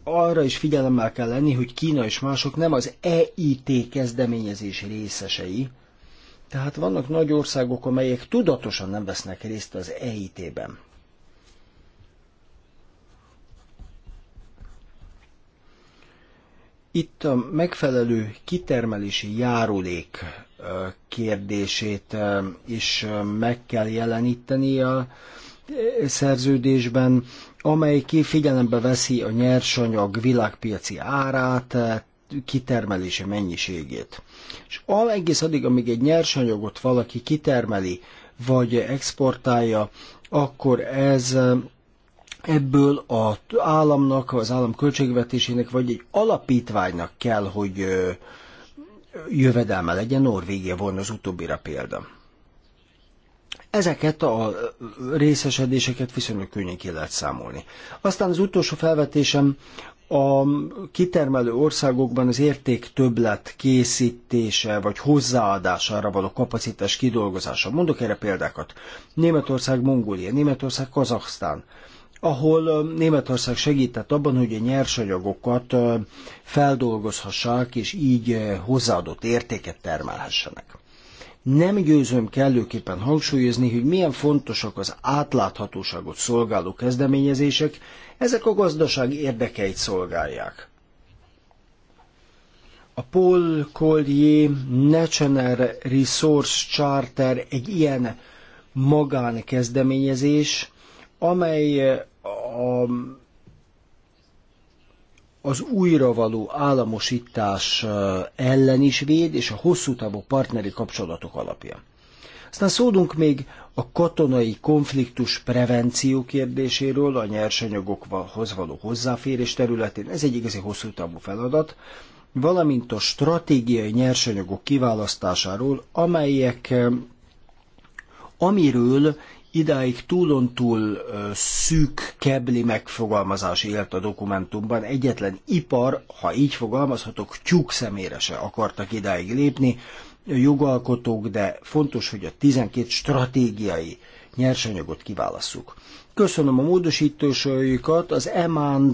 arra is figyelemmel kell lenni, hogy Kína és mások nem az EIT kezdeményezés részesei, tehát vannak nagy országok, amelyek tudatosan nem vesznek részt az EIT-ben. Itt a megfelelő kitermelési járulék kérdését is meg kell jeleníteni a szerződésben, amely ki figyelembe veszi a nyersanyag világpiaci árát, kitermelése mennyiségét. És al egész addig, amíg egy nyersanyagot valaki kitermeli, vagy exportálja, akkor ez eh, ebből az államnak, az állam költségvetésének, vagy egy alapítványnak kell, hogy eh, jövedelme legyen, Norvégia volna az utóbbira példa. Ezeket a eh, részesedéseket viszonylag könnyen ki lehet számolni. Aztán az utolsó felvetésem a kitermelő országokban az érték többlet készítése vagy hozzáadására való kapacitás kidolgozása. Mondok erre példákat. Németország, Mongólia, Németország, Kazaksztán ahol Németország segített abban, hogy a nyersanyagokat feldolgozhassák, és így hozzáadott értéket termelhessenek nem győzöm kellőképpen hangsúlyozni, hogy milyen fontosak az átláthatóságot szolgáló kezdeményezések, ezek a gazdaság érdekeit szolgálják. A Paul Collier National Resource Charter egy ilyen magánkezdeményezés, amely a az újra való államosítás eh, ellen is véd, és a hosszú távú partneri kapcsolatok alapja. Aztán szólunk még a katonai konfliktus prevenció kérdéséről, a nyersanyagokhoz való hozzáférés területén. Ez egy igazi hosszú távú feladat, valamint a stratégiai nyersanyagok kiválasztásáról, amelyek eh, amiről idáig túlontúl szűk kebli megfogalmazás élt a dokumentumban. Egyetlen ipar, ha így fogalmazhatok, tyúk szemére se akartak idáig lépni, a jogalkotók, de fontos, hogy a 12 stratégiai nyersanyagot kiválasszuk. Köszönöm a módosítósaikat, az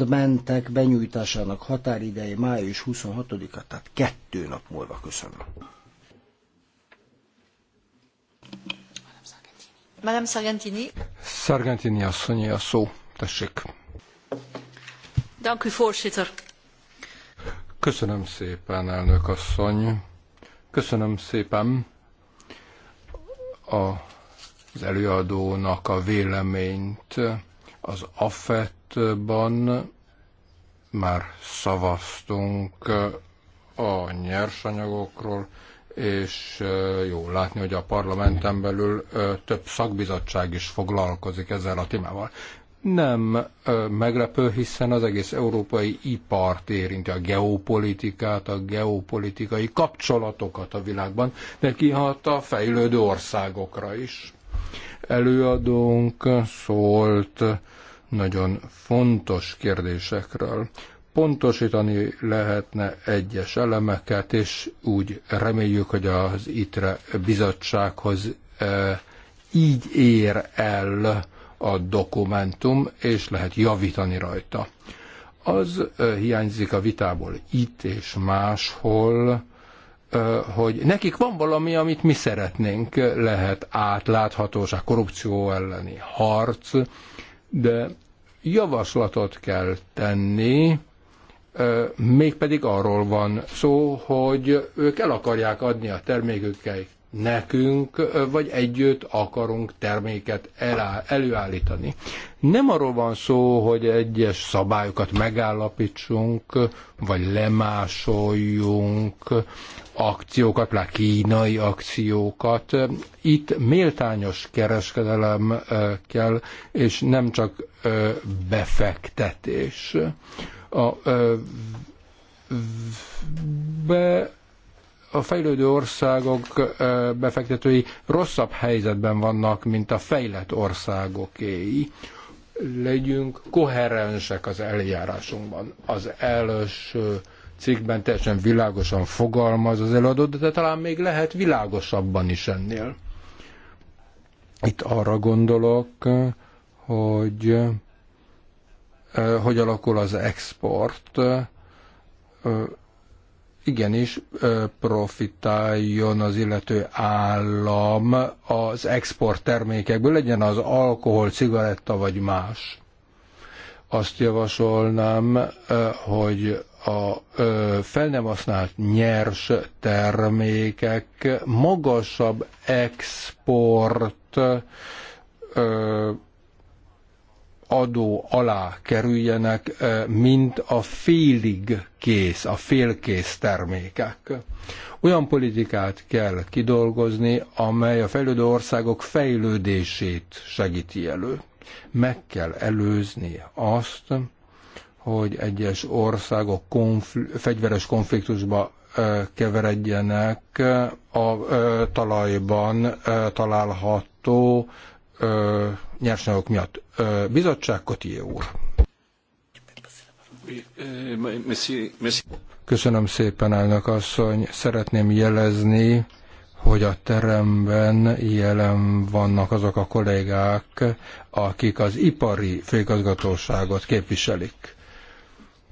mentek benyújtásának határideje május 26-a, tehát kettő nap múlva köszönöm. Madame Sargentini. Sargentini asszonyi a szó. Tessék. Dank u, voorzitter. Köszönöm szépen, elnök asszony. Köszönöm szépen a, az előadónak a véleményt. Az AFET-ban már szavaztunk a nyersanyagokról, és jó látni, hogy a parlamenten belül több szakbizottság is foglalkozik ezzel a témával. Nem meglepő, hiszen az egész európai ipart érinti a geopolitikát, a geopolitikai kapcsolatokat a világban, de kihat a fejlődő országokra is. Előadónk szólt nagyon fontos kérdésekről pontosítani lehetne egyes elemeket, és úgy reméljük, hogy az ITRE bizottsághoz e, így ér el a dokumentum, és lehet javítani rajta. Az e, hiányzik a vitából itt és máshol, e, hogy nekik van valami, amit mi szeretnénk, lehet átláthatóság, korrupció elleni harc, de javaslatot kell tenni, Mégpedig arról van szó, hogy ők el akarják adni a terméküket nekünk, vagy együtt akarunk terméket előállítani. Nem arról van szó, hogy egyes szabályokat megállapítsunk, vagy lemásoljunk akciókat, például kínai akciókat. Itt méltányos kereskedelem kell, és nem csak befektetés. A, be, a fejlődő országok befektetői rosszabb helyzetben vannak, mint a fejlett országokéi. Legyünk koherensek az eljárásunkban. Az első cikkben teljesen világosan fogalmaz az előadó, de talán még lehet világosabban is ennél. Itt arra gondolok, hogy hogy alakul az export, igenis profitáljon az illető állam az export termékekből, legyen az alkohol, cigaretta vagy más. Azt javasolnám, hogy a fel nem használt nyers termékek magasabb export adó alá kerüljenek, mint a félig kész, a félkész termékek. Olyan politikát kell kidolgozni, amely a fejlődő országok fejlődését segíti elő. Meg kell előzni azt, hogy egyes országok konfl- fegyveres konfliktusba keveredjenek a talajban található nyersanyagok miatt. Ö, bizottság Kotié úr. Euh, Köszönöm szépen, elnök asszony. Szeretném jelezni, hogy a teremben jelen vannak azok a kollégák, akik az ipari főigazgatóságot képviselik,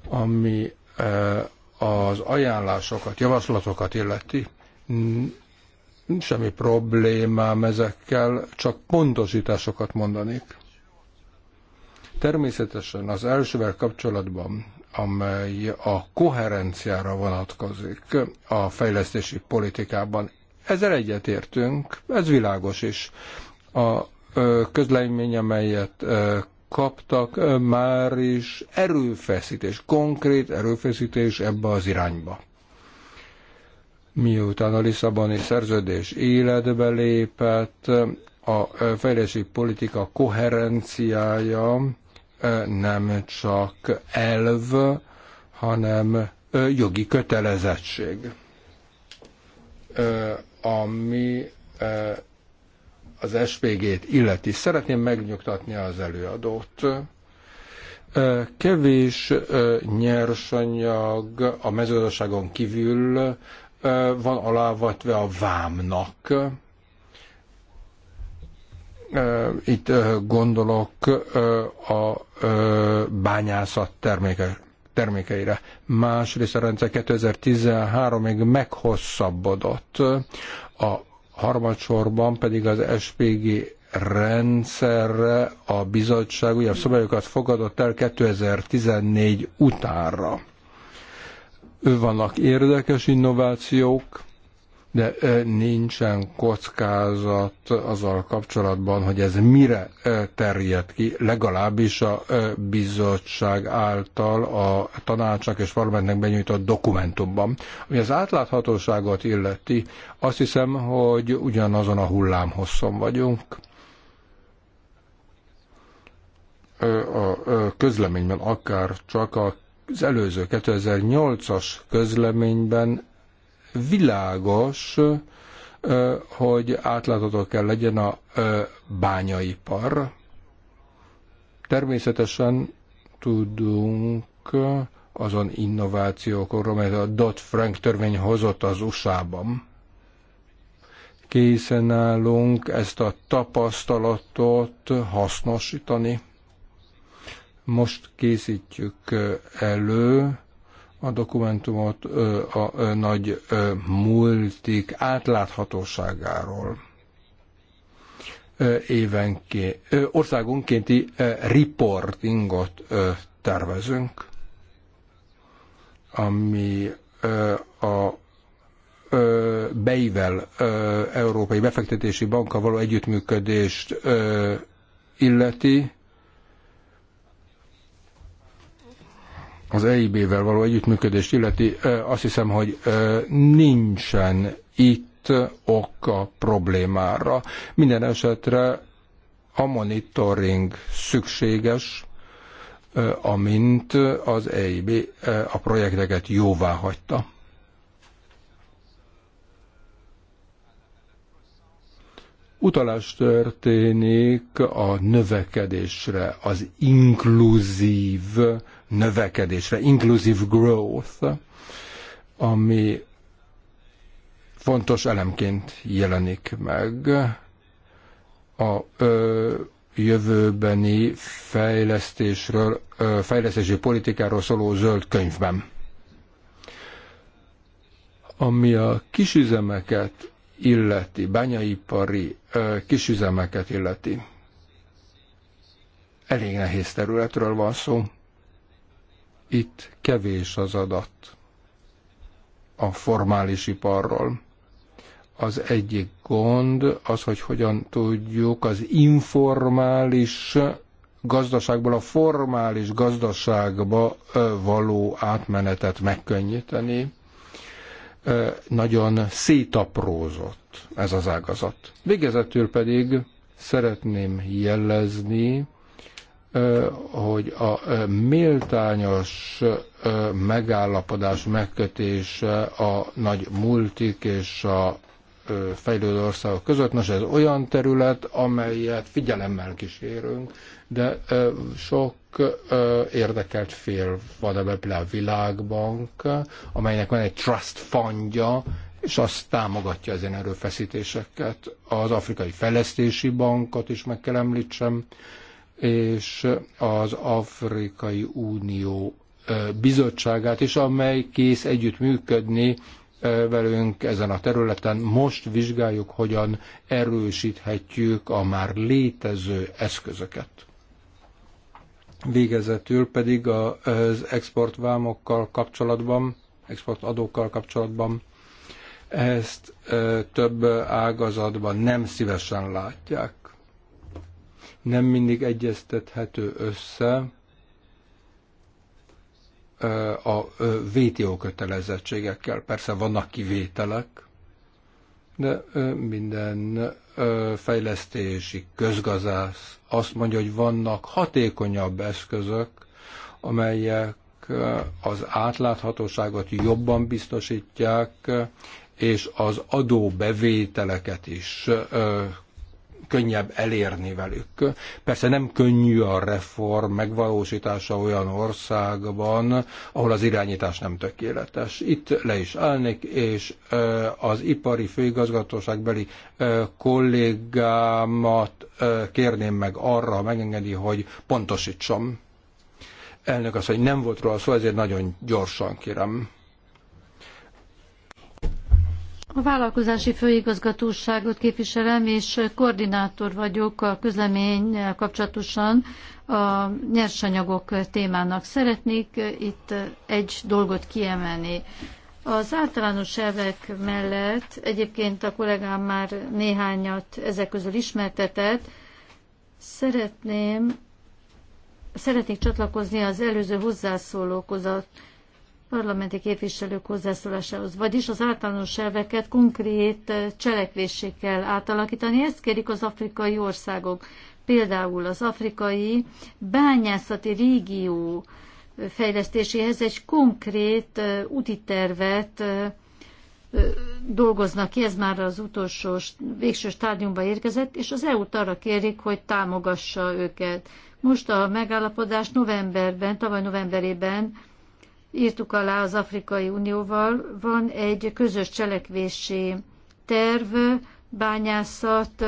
ami az ajánlásokat, javaslatokat illeti Semmi problémám ezekkel, csak pontosításokat mondanék. Természetesen az elsővel kapcsolatban, amely a koherenciára vonatkozik a fejlesztési politikában, ezzel egyetértünk, ez világos is. A közlemény, amelyet kaptak, már is erőfeszítés, konkrét erőfeszítés ebbe az irányba. Miután a Lisszaboni szerződés életbe lépett, a fejlesztési politika koherenciája nem csak elv, hanem jogi kötelezettség, ami az SPG-t illeti. Szeretném megnyugtatni az előadót. Kevés nyersanyag a mezőgazdaságon kívül van alávatva a vámnak. Itt gondolok a bányászat terméke, termékeire. Másrészt a rendszer 2013-ig meghosszabbodott. A harmadsorban pedig az SPG rendszerre a bizottság újabb szabályokat fogadott el 2014 utánra vannak érdekes innovációk, de e, nincsen kockázat azzal kapcsolatban, hogy ez mire e, terjed ki, legalábbis a e, bizottság által a tanácsnak és parlamentnek benyújtott dokumentumban. Ami az átláthatóságot illeti, azt hiszem, hogy ugyanazon a hullámhosszon vagyunk. A közleményben akár csak a az előző 2008-as közleményben világos, hogy átlátható kell legyen a bányaipar. Természetesen tudunk azon innovációkról, amelyet a Dodd-Frank törvény hozott az USA-ban. Készen állunk ezt a tapasztalatot hasznosítani. Most készítjük elő a dokumentumot a nagy multik átláthatóságáról évenként, országonkénti reportingot tervezünk, ami a Beivel Európai Befektetési Bankkal való együttműködést illeti, az EIB-vel való együttműködést illeti, azt hiszem, hogy nincsen itt ok a problémára. Minden esetre a monitoring szükséges, amint az EIB a projekteket jóvá hagyta. utalás történik a növekedésre, az inkluzív növekedésre, inclusive growth, ami fontos elemként jelenik meg a ö, jövőbeni fejlesztésről, ö, fejlesztési politikáról szóló zöld könyvben. Ami a kisüzemeket illeti, bányaipari ö, kisüzemeket illeti, elég nehéz területről van szó. Itt kevés az adat a formális iparról. Az egyik gond az, hogy hogyan tudjuk az informális gazdaságból a formális gazdaságba való átmenetet megkönnyíteni. Nagyon szétaprózott ez az ágazat. Végezetül pedig szeretném jelezni, hogy a méltányos megállapodás megkötése a nagy multik és a fejlődő országok között. Nos, ez olyan terület, amelyet figyelemmel kísérünk, de sok érdekelt fél van például a világbank, amelynek van egy trust fundja, és azt támogatja az erőfeszítéseket. Az Afrikai Fejlesztési Bankot is meg kell említsem, és az Afrikai Unió bizottságát is, amely kész együttműködni velünk ezen a területen. Most vizsgáljuk, hogyan erősíthetjük a már létező eszközöket. Végezetül pedig az exportvámokkal kapcsolatban, exportadókkal kapcsolatban ezt több ágazatban nem szívesen látják nem mindig egyeztethető össze a VTO kötelezettségekkel. Persze vannak kivételek, de minden fejlesztési közgazász azt mondja, hogy vannak hatékonyabb eszközök, amelyek az átláthatóságot jobban biztosítják, és az adóbevételeket is könnyebb elérni velük. Persze nem könnyű a reform megvalósítása olyan országban, ahol az irányítás nem tökéletes. Itt le is állnék, és az ipari főigazgatóságbeli kollégámat kérném meg arra, ha megengedi, hogy pontosítsam. Elnök azt, hogy nem volt róla szó, ezért nagyon gyorsan kérem. A vállalkozási főigazgatóságot képviselem, és koordinátor vagyok a közlemény kapcsolatosan a nyersanyagok témának. Szeretnék itt egy dolgot kiemelni. Az általános elvek mellett egyébként a kollégám már néhányat ezek közül ismertetett, szeretném, szeretnék csatlakozni az előző hozzászólókhoz, parlamenti képviselők hozzászólásához. Vagyis az általános elveket konkrét eh, cselekvéssé kell átalakítani. Ezt kérik az afrikai országok. Például az afrikai bányászati régió eh, fejlesztéséhez egy konkrét eh, úti tervet dolgoznak ki, ez már az utolsó, végső stádiumba érkezett, és az EU-t arra kérik, hogy támogassa őket. Most a megállapodás novemberben, tavaly novemberében írtuk alá az Afrikai Unióval, van egy közös cselekvési terv, bányászat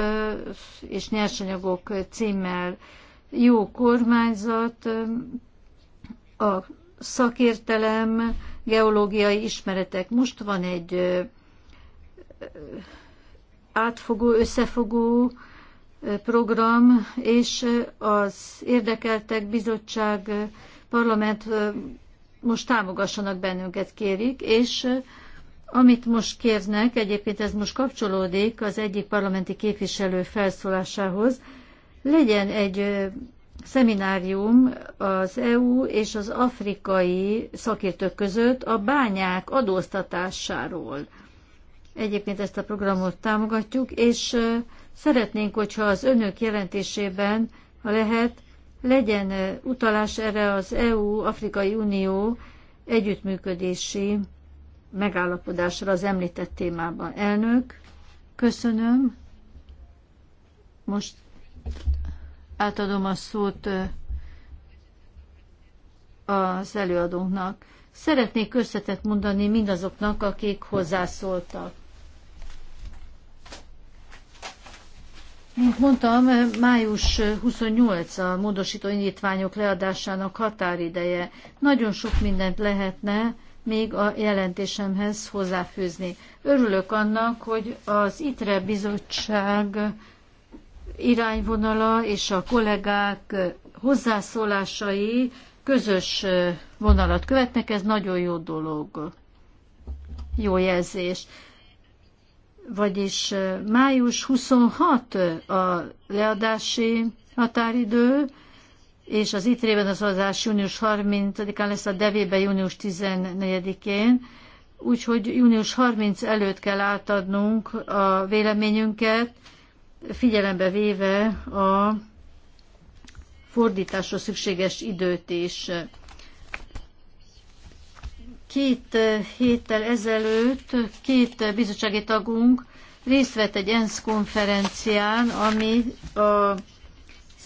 és nyersanyagok címmel jó kormányzat, a szakértelem, geológiai ismeretek. Most van egy átfogó, összefogó program, és az érdekeltek bizottság parlament most támogassanak bennünket, kérik, és amit most kérnek, egyébként ez most kapcsolódik az egyik parlamenti képviselő felszólásához, legyen egy szeminárium az EU és az afrikai szakértők között a bányák adóztatásáról. Egyébként ezt a programot támogatjuk, és szeretnénk, hogyha az önök jelentésében, ha lehet, legyen utalás erre az EU-Afrikai Unió együttműködési megállapodásra az említett témában. Elnök, köszönöm. Most átadom a szót az előadónknak. Szeretnék összetett mondani mindazoknak, akik hozzászóltak. Mint mondtam, május 28 a módosító indítványok leadásának határideje. Nagyon sok mindent lehetne még a jelentésemhez hozzáfűzni. Örülök annak, hogy az ITRE bizottság irányvonala és a kollégák hozzászólásai közös vonalat követnek, ez nagyon jó dolog, jó jelzés vagyis május 26 a leadási határidő, és az ITRE-ben az adás június 30-án lesz, a devébe június 14-én, úgyhogy június 30 előtt kell átadnunk a véleményünket, figyelembe véve a fordításra szükséges időt is. Két eh, héttel ezelőtt két eh, bizottsági tagunk részt vett egy ENSZ konferencián, ami a az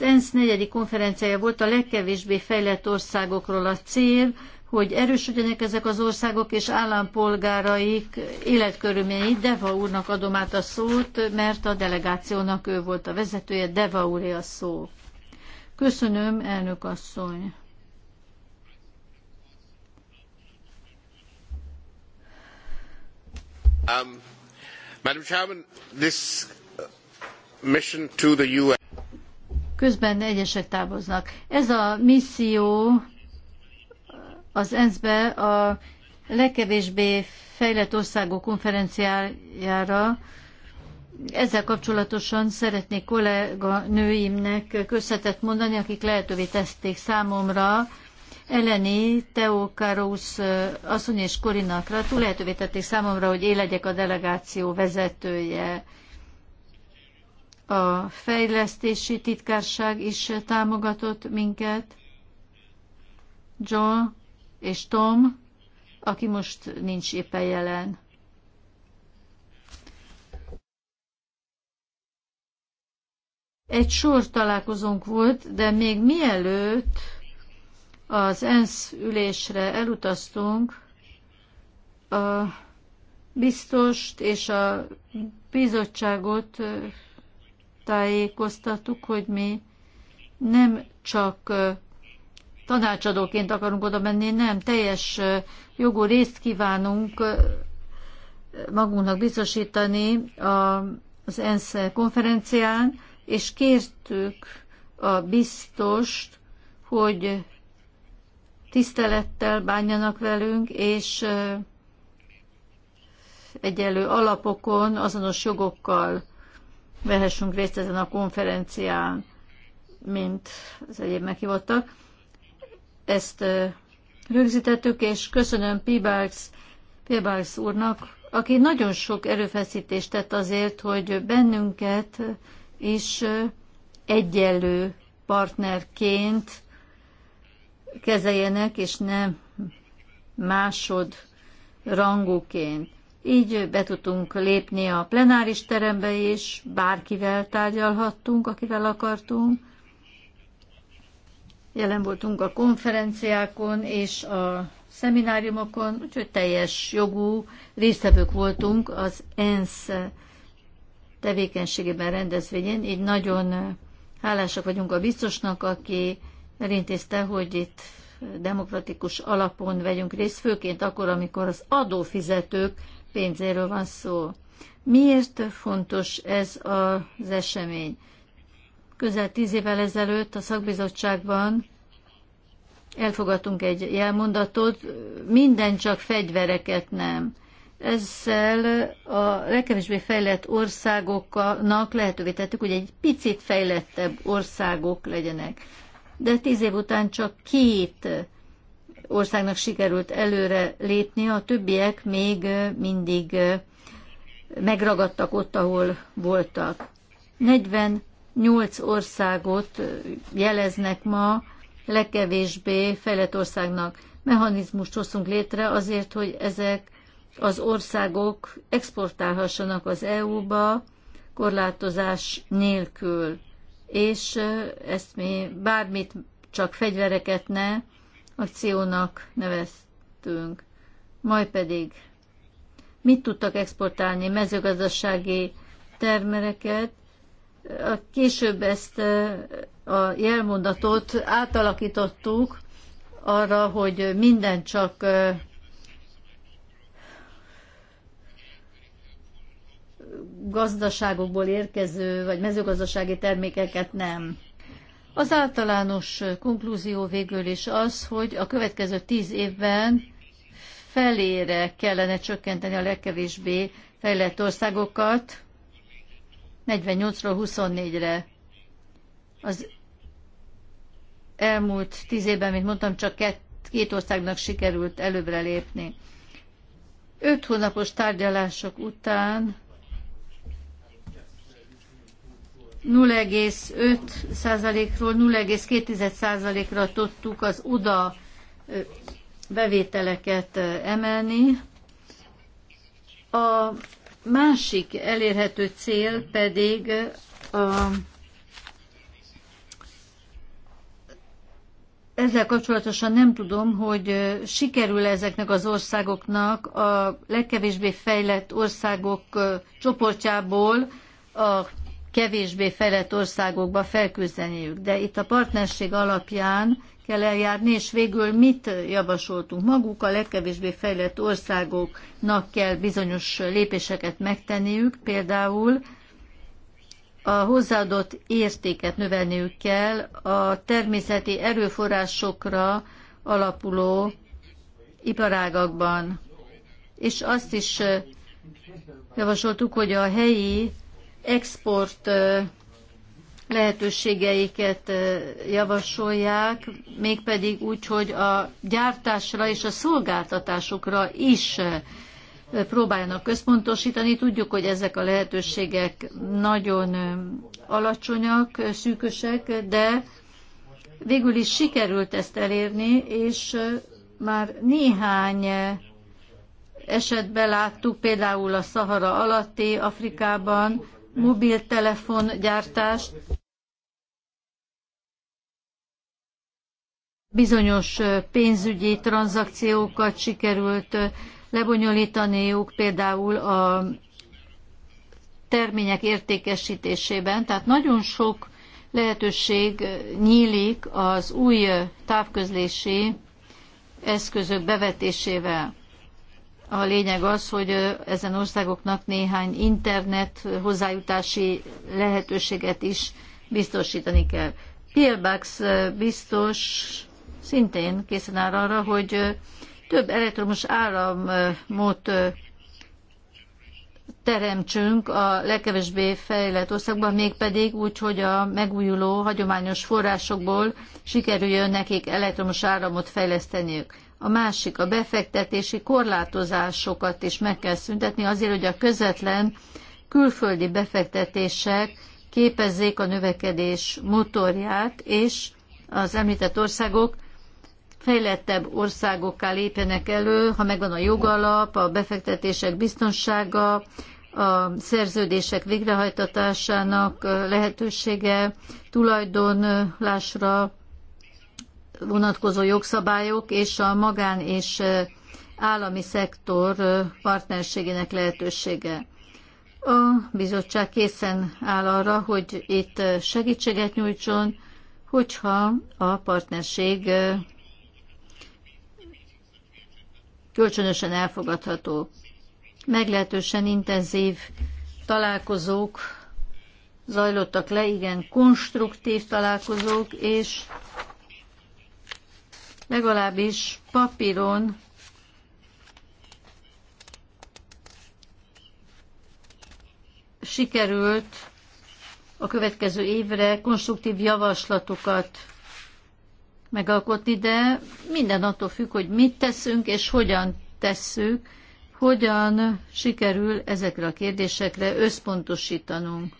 ENSZ negyedik konferenciája volt a legkevésbé fejlett országokról a cél, hogy erősödjenek ezek az országok és állampolgáraik életkörülményei. Deva úrnak adom át a szót, mert a delegációnak ő volt a vezetője. Deva úr a szó. Köszönöm, elnök asszony. Um, Madam Chairman, this uh, mission to the UN. Közben egyesek távoznak. Ez a misszió uh, az ENSZ-be a legkevésbé fejlett országok konferenciájára. Ezzel kapcsolatosan szeretnék kollega nőimnek köszönetet mondani, akik lehetővé tették számomra, Eleni, Teokarusz asszony és Korina Kratú lehetővé tették számomra, hogy én legyek a delegáció vezetője. A fejlesztési titkárság is támogatott minket. John és Tom, aki most nincs éppen jelen. Egy sor találkozónk volt, de még mielőtt az ENSZ ülésre elutaztunk, a biztost és a bizottságot tájékoztattuk, hogy mi nem csak tanácsadóként akarunk oda menni, nem, teljes jogú részt kívánunk magunknak biztosítani az ENSZ konferencián, és kértük a biztost, hogy tisztelettel bánjanak velünk, és egyelő alapokon, azonos jogokkal vehessünk részt ezen a konferencián, mint az egyéb meghívottak. Ezt rögzítettük, és köszönöm Pibalks, Pibalks úrnak, aki nagyon sok erőfeszítést tett azért, hogy bennünket is egyenlő partnerként kezeljenek, és ne másod rangúként. Így be tudtunk lépni a plenáris terembe is, bárkivel tárgyalhattunk, akivel akartunk. Jelen voltunk a konferenciákon és a szemináriumokon, úgyhogy teljes jogú résztvevők voltunk az ENSZ tevékenységében rendezvényen, így nagyon hálásak vagyunk a biztosnak, aki elintézte, hogy itt demokratikus alapon vegyünk részt, főként akkor, amikor az adófizetők pénzéről van szó. Miért fontos ez az esemény? Közel tíz évvel ezelőtt a szakbizottságban elfogadtunk egy jelmondatot, minden csak fegyvereket nem. Ezzel a legkevésbé fejlett országoknak lehetővé tettük, hogy egy picit fejlettebb országok legyenek de tíz év után csak két országnak sikerült előre lépni, a többiek még mindig megragadtak ott, ahol voltak. 48 országot jeleznek ma legkevésbé fejlett országnak. Mechanizmust hozunk létre azért, hogy ezek az országok exportálhassanak az EU-ba korlátozás nélkül és ezt mi bármit, csak fegyvereket ne akciónak neveztünk. Majd pedig mit tudtak exportálni? Mezőgazdasági termereket. Később ezt a jelmondatot átalakítottuk arra, hogy minden csak gazdaságokból érkező vagy mezőgazdasági termékeket nem. Az általános konklúzió végül is az, hogy a következő tíz évben felére kellene csökkenteni a legkevésbé fejlett országokat, 48-ról 24-re. Az elmúlt tíz évben, mint mondtam, csak két, két országnak sikerült előbbre lépni. Öt hónapos tárgyalások után 0,5%-ról 0,2%-ra tudtuk az oda bevételeket emelni. A másik elérhető cél pedig a Ezzel kapcsolatosan nem tudom, hogy sikerül ezeknek az országoknak a legkevésbé fejlett országok csoportjából a kevésbé fejlett országokba felküzdeniük. De itt a partnerség alapján kell eljárni, és végül mit javasoltunk? Maguk a legkevésbé fejlett országoknak kell bizonyos lépéseket megtenniük, például a hozzáadott értéket növelniük kell a természeti erőforrásokra alapuló iparágakban. És azt is javasoltuk, hogy a helyi export lehetőségeiket javasolják, mégpedig úgy, hogy a gyártásra és a szolgáltatásokra is próbáljanak központosítani. Tudjuk, hogy ezek a lehetőségek nagyon alacsonyak, szűkösek, de végül is sikerült ezt elérni, és már néhány esetben láttuk, például a Szahara alatti Afrikában, mobiltelefongyártás bizonyos pénzügyi tranzakciókat sikerült lebonyolítaniuk, például a termények értékesítésében, tehát nagyon sok lehetőség nyílik az új távközlési eszközök bevetésével. A lényeg az, hogy ezen országoknak néhány internet hozzájutási lehetőséget is biztosítani kell. Pilbax biztos szintén készen áll arra, hogy több elektromos áramot teremtsünk a legkevésbé fejlett országban, mégpedig úgy, hogy a megújuló hagyományos forrásokból sikerüljön nekik elektromos áramot fejleszteniük. A másik, a befektetési korlátozásokat is meg kell szüntetni azért, hogy a közvetlen külföldi befektetések képezzék a növekedés motorját, és az említett országok fejlettebb országokká lépjenek elő, ha megvan a jogalap, a befektetések biztonsága, a szerződések végrehajtatásának lehetősége, tulajdonlásra vonatkozó jogszabályok és a magán és állami szektor partnerségének lehetősége. A bizottság készen áll arra, hogy itt segítséget nyújtson, hogyha a partnerség kölcsönösen elfogadható. Meglehetősen intenzív találkozók zajlottak le, igen, konstruktív találkozók, és legalábbis papíron sikerült a következő évre konstruktív javaslatokat megalkotni, de minden attól függ, hogy mit teszünk és hogyan tesszük, hogyan sikerül ezekre a kérdésekre összpontosítanunk.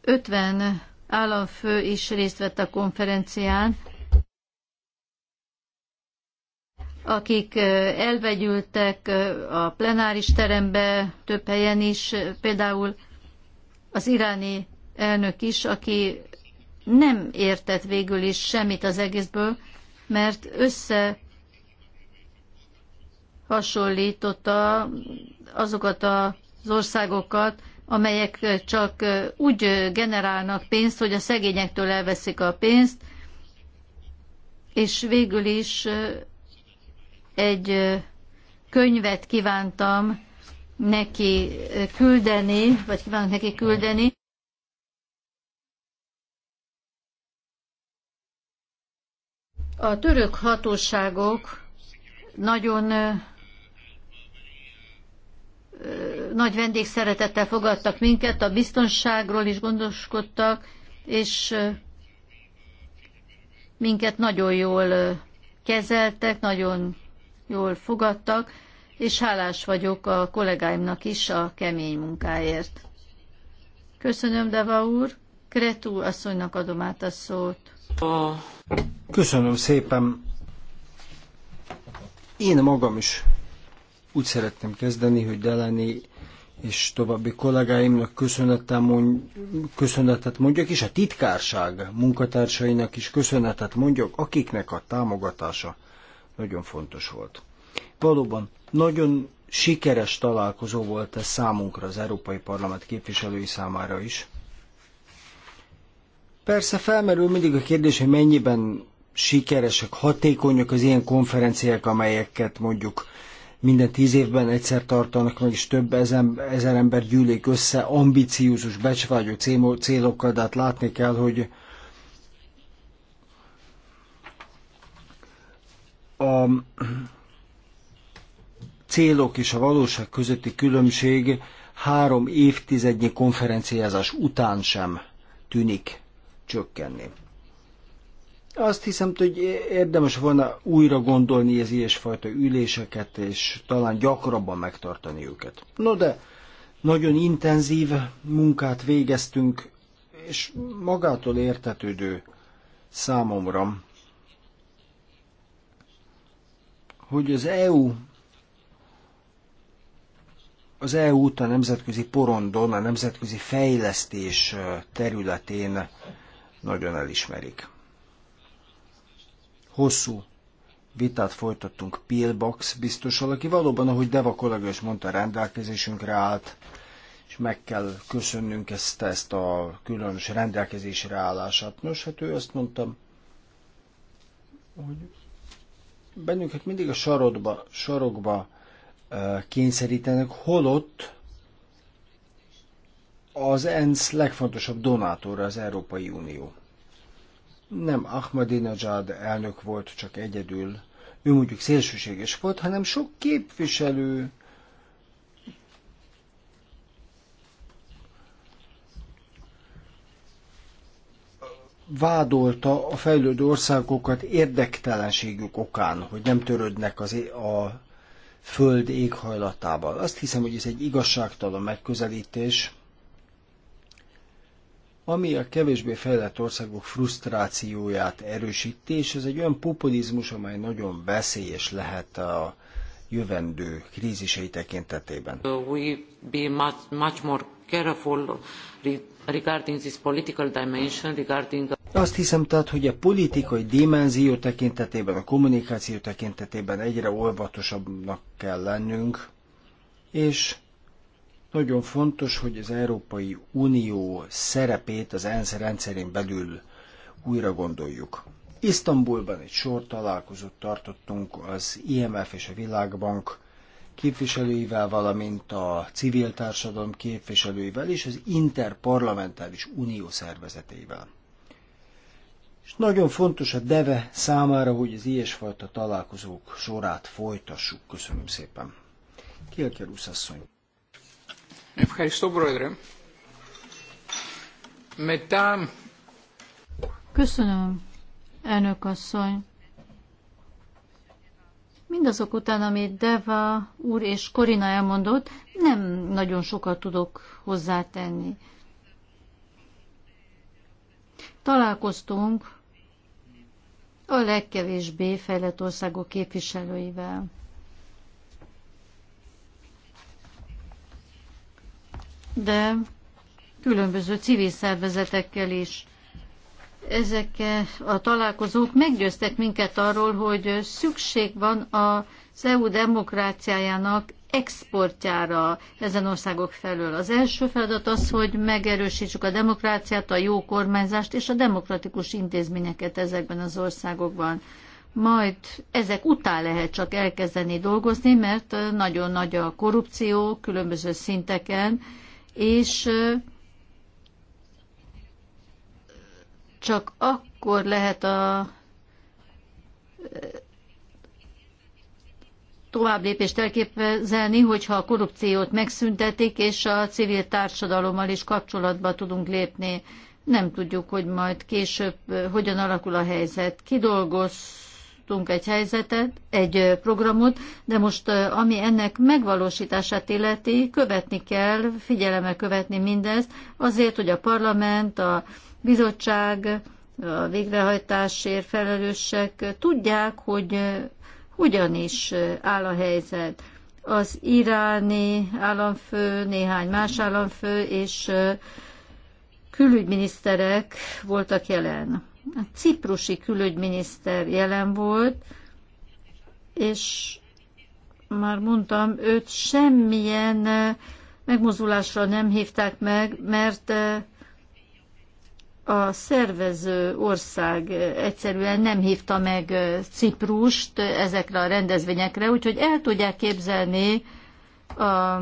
50 államfő is részt vett a konferencián, akik elvegyültek a plenáris terembe több helyen is, például az iráni elnök is, aki nem értett végül is semmit az egészből, mert össze hasonlította azokat az országokat, amelyek csak úgy generálnak pénzt, hogy a szegényektől elveszik a pénzt, és végül is egy könyvet kívántam neki küldeni, vagy kívánok neki küldeni. A török hatóságok nagyon nagy vendégszeretettel fogadtak minket, a biztonságról is gondoskodtak, és minket nagyon jól kezeltek, nagyon jól fogadtak, és hálás vagyok a kollégáimnak is a kemény munkáért. Köszönöm, Deva úr. Kretú asszonynak adom át a szót. Köszönöm szépen. Én magam is úgy szeretném kezdeni, hogy Deleni és további kollégáimnak köszönetet mondjak, és a titkárság munkatársainak is köszönetet mondjak, akiknek a támogatása nagyon fontos volt. Valóban nagyon sikeres találkozó volt ez számunkra, az Európai Parlament képviselői számára is. Persze felmerül mindig a kérdés, hogy mennyiben sikeresek, hatékonyak az ilyen konferenciák, amelyeket mondjuk minden tíz évben egyszer tartanak meg, és több ezen, ezer ember gyűlik össze ambiciózus, becsvágyó célokkal, de hát látni kell, hogy a célok és a valóság közötti különbség három évtizednyi konferenciázás után sem tűnik csökkenni. Azt hiszem, hogy érdemes volna újra gondolni az ilyesfajta üléseket, és talán gyakrabban megtartani őket. No de, nagyon intenzív munkát végeztünk, és magától értetődő számomra, hogy az EU az EU a nemzetközi porondon, a nemzetközi fejlesztés területén nagyon elismerik hosszú vitát folytattunk Pillbox biztossal, aki valóban, ahogy Deva kollega is mondta, rendelkezésünkre állt, és meg kell köszönnünk ezt, ezt a különös rendelkezésre állását. Nos, hát ő azt mondtam. hogy bennünket mindig a sarodba, sarokba kényszerítenek, holott az ENSZ legfontosabb donátora az Európai Unió nem Ahmadinejad elnök volt csak egyedül, ő mondjuk szélsőséges volt, hanem sok képviselő vádolta a fejlődő országokat érdektelenségük okán, hogy nem törődnek az, a föld éghajlatával. Azt hiszem, hogy ez egy igazságtalan megközelítés, ami a kevésbé fejlett országok frusztrációját erősíti, és ez egy olyan populizmus, amely nagyon veszélyes lehet a jövendő krízisei tekintetében. We be much, much more careful regarding this political dimension, regarding azt hiszem tehát, hogy a politikai dimenzió tekintetében, a kommunikáció tekintetében egyre óvatosabbnak kell lennünk, és nagyon fontos, hogy az Európai Unió szerepét az ENSZ rendszerén belül újra gondoljuk. Isztambulban egy sor találkozót tartottunk az IMF és a Világbank képviselőivel, valamint a civil társadalom képviselőivel és az interparlamentáris unió szervezeteivel. És nagyon fontos a DEVE számára, hogy az ilyesfajta találkozók sorát folytassuk. Köszönöm szépen. Kilker úszasszony. Ευχαριστώ, Πρόεδρε. Μετά... Köszönöm, elnök asszony. Mindazok után, amit Deva úr és Korina elmondott, nem nagyon sokat tudok hozzátenni. Találkoztunk a legkevésbé fejlett országok képviselőivel. de különböző civil szervezetekkel is. Ezek e, a találkozók meggyőztek minket arról, hogy szükség van az EU demokráciájának exportjára ezen országok felől. Az első feladat az, hogy megerősítsük a demokráciát, a jó kormányzást és a demokratikus intézményeket ezekben az országokban. Majd ezek után lehet csak elkezdeni dolgozni, mert nagyon nagy a korrupció különböző szinteken, és csak akkor lehet a tovább lépést elképzelni, hogyha a korrupciót megszüntetik, és a civil társadalommal is kapcsolatba tudunk lépni. Nem tudjuk, hogy majd később hogyan alakul a helyzet. Kidolgoz tudtunk egy helyzetet, egy programot, de most ami ennek megvalósítását illeti, követni kell, figyelemmel követni mindezt, azért, hogy a parlament, a bizottság, a végrehajtásért felelősek tudják, hogy hogyan is áll a helyzet. Az iráni államfő, néhány más államfő és külügyminiszterek voltak jelen a ciprusi külügyminiszter jelen volt, és már mondtam, őt semmilyen megmozulásra nem hívták meg, mert a szervező ország egyszerűen nem hívta meg Ciprust ezekre a rendezvényekre, úgyhogy el tudják képzelni, a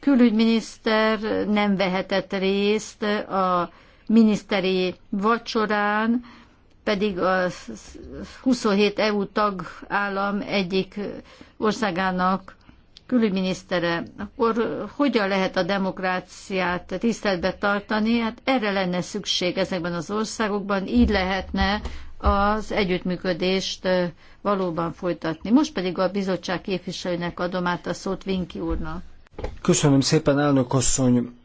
külügyminiszter nem vehetett részt a miniszteri vacsorán, pedig a 27 EU tagállam egyik országának külügyminisztere, akkor hogyan lehet a demokráciát tiszteletbe tartani? Hát erre lenne szükség ezekben az országokban, így lehetne az együttműködést valóban folytatni. Most pedig a bizottság képviselőnek adom át a szót Vinki úrnak. Köszönöm szépen, elnök asszony.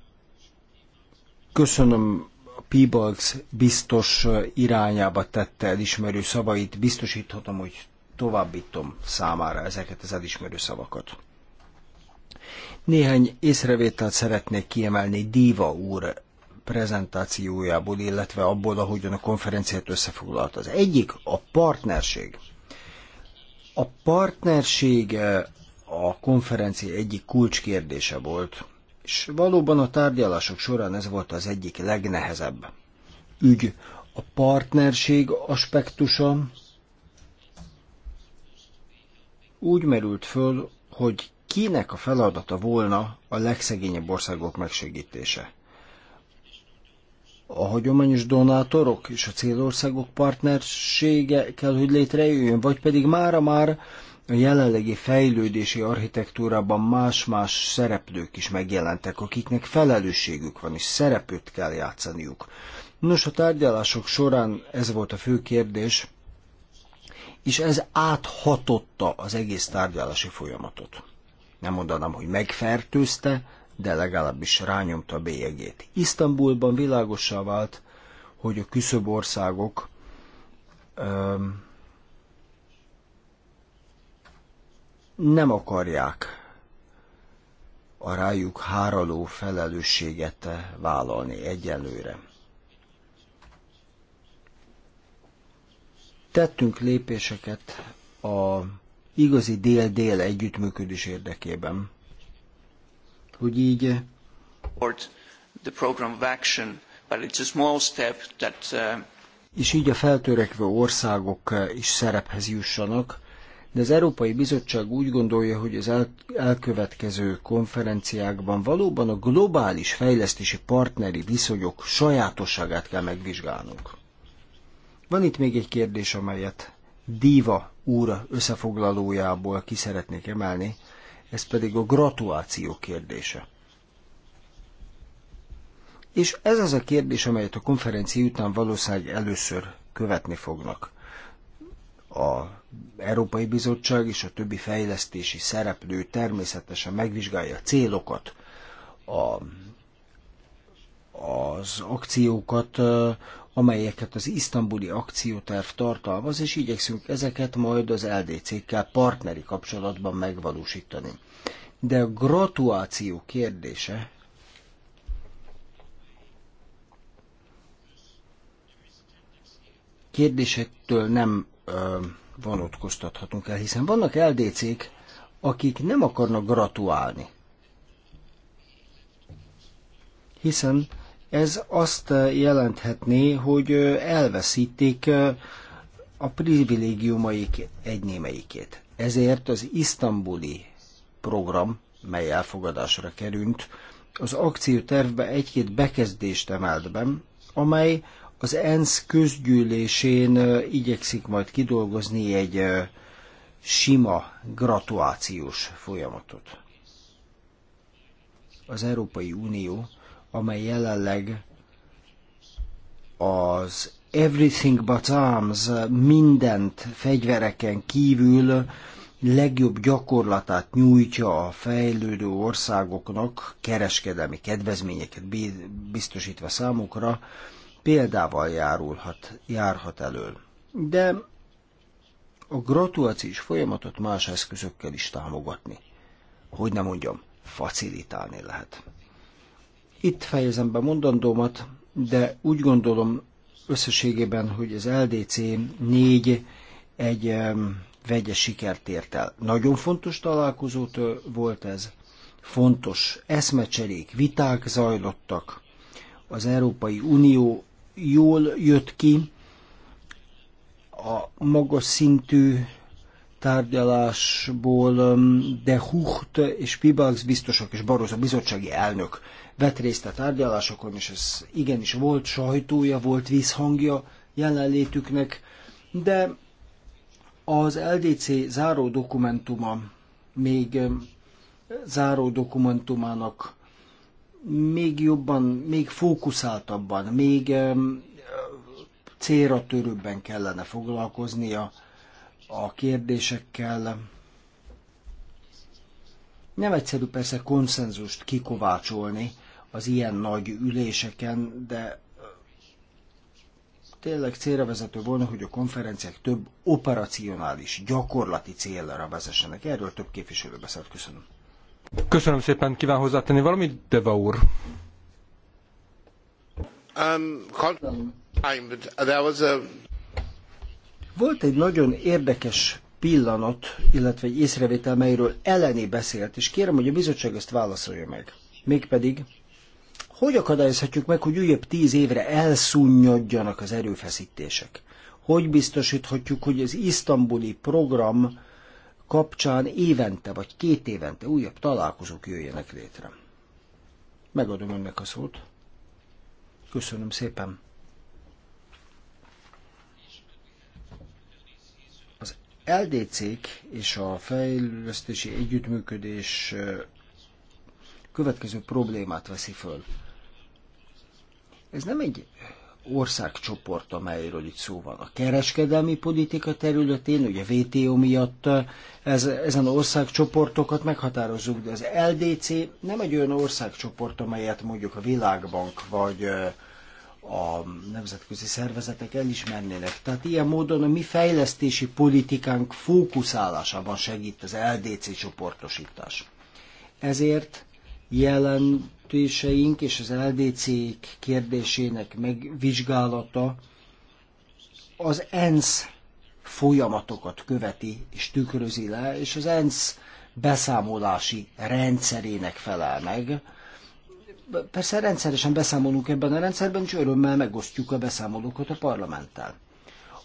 Köszönöm Peebles biztos irányába tette elismerő szavait, biztosíthatom, hogy továbbítom számára ezeket az elismerő szavakat. Néhány észrevételt szeretnék kiemelni diva úr prezentációjából, illetve abból, ahogyan a konferenciát összefoglalt. Az egyik a partnerség. A partnerség a konferencia egyik kulcskérdése volt. És valóban a tárgyalások során ez volt az egyik legnehezebb ügy. A partnerség aspektusa úgy merült föl, hogy kinek a feladata volna a legszegényebb országok megsegítése. A hagyományos donátorok és a célországok partnersége kell, hogy létrejöjjön, vagy pedig mára már a jelenlegi fejlődési architektúrában más-más szereplők is megjelentek, akiknek felelősségük van, és szerepőt kell játszaniuk. Nos, a tárgyalások során ez volt a fő kérdés, és ez áthatotta az egész tárgyalási folyamatot. Nem mondanám, hogy megfertőzte, de legalábbis rányomta a bélyegét. Isztambulban világosá vált, hogy a küszöbországok országok öm, nem akarják a rájuk háraló felelősséget vállalni egyelőre. Tettünk lépéseket a igazi dél-dél együttműködés érdekében, hogy így the program of action, but it's a small step that, uh... és így a feltörekvő országok is szerephez jussanak, de az Európai Bizottság úgy gondolja, hogy az el, elkövetkező konferenciákban valóban a globális fejlesztési partneri viszonyok sajátosságát kell megvizsgálnunk. Van itt még egy kérdés, amelyet Diva úr összefoglalójából ki szeretnék emelni, ez pedig a gratuláció kérdése. És ez az a kérdés, amelyet a konferencia után valószínűleg először követni fognak a Európai Bizottság és a többi fejlesztési szereplő természetesen megvizsgálja a célokat, a, az akciókat, amelyeket az isztambuli akcióterv tartalmaz, és igyekszünk ezeket majd az LDC-kkel partneri kapcsolatban megvalósítani. De a gratuláció kérdése kérdésettől nem vonatkoztathatunk el, hiszen vannak LDC-k, akik nem akarnak gratulálni. Hiszen ez azt jelenthetné, hogy elveszítik a privilégiumaik egy némelyikét. Ezért az isztambuli program, mely elfogadásra került, az akciótervbe egy-két bekezdést emelt be, amely az ENSZ közgyűlésén igyekszik majd kidolgozni egy sima gratuációs folyamatot. Az Európai Unió, amely jelenleg az Everything but Arms mindent fegyvereken kívül legjobb gyakorlatát nyújtja a fejlődő országoknak, kereskedelmi kedvezményeket biztosítva számukra, példával járulhat, járhat elől. De a gratulációs folyamatot más eszközökkel is támogatni. Hogy nem mondjam, facilitálni lehet. Itt fejezem be mondandómat, de úgy gondolom összességében, hogy az LDC 4 egy um, vegyes sikert ért el. Nagyon fontos találkozót volt ez, fontos eszmecserék, viták zajlottak, az Európai Unió jól jött ki a magas szintű tárgyalásból um, de Hucht és Pibax biztosak és Barroso bizottsági elnök vett részt a tárgyalásokon, és ez igenis volt sajtója, volt vízhangja jelenlétüknek, de az LDC záró dokumentuma még um, záró dokumentumának még jobban, még fókuszáltabban, még célra törőbben kellene foglalkoznia a kérdésekkel. Nem egyszerű persze konszenzust kikovácsolni az ilyen nagy üléseken, de tényleg célra vezető volna, hogy a konferenciák több operacionális, gyakorlati célra vezessenek. Erről több képviselő beszélt. Köszönöm. Köszönöm szépen, kíván hozzátenni valamit, Deva úr. Um, Volt egy nagyon érdekes pillanat, illetve egy észrevétel, melyről Eleni beszélt, és kérem, hogy a bizottság ezt válaszolja meg. Mégpedig, hogy akadályozhatjuk meg, hogy újabb tíz évre elszunnyadjanak az erőfeszítések? Hogy biztosíthatjuk, hogy az isztambuli program kapcsán évente vagy két évente újabb találkozók jöjjenek létre. Megadom önnek a szót. Köszönöm szépen. Az ldc és a fejlesztési együttműködés következő problémát veszi föl. Ez nem egy országcsoport, amelyről itt szó van. A kereskedelmi politika területén, ugye VTO miatt eh, ez, ezen országcsoportokat meghatározunk, de az LDC nem egy olyan országcsoport, amelyet mondjuk a Világbank vagy eh, a nemzetközi szervezetek elismernének. Tehát ilyen módon a mi fejlesztési politikánk fókuszálásában segít az LDC csoportosítás. Ezért jelen felvetéseink és az ldc kérdésének megvizsgálata az ENSZ folyamatokat követi és tükrözi le, és az ENSZ beszámolási rendszerének felel meg. Persze rendszeresen beszámolunk ebben a rendszerben, és örömmel megosztjuk a beszámolókat a parlamenttel.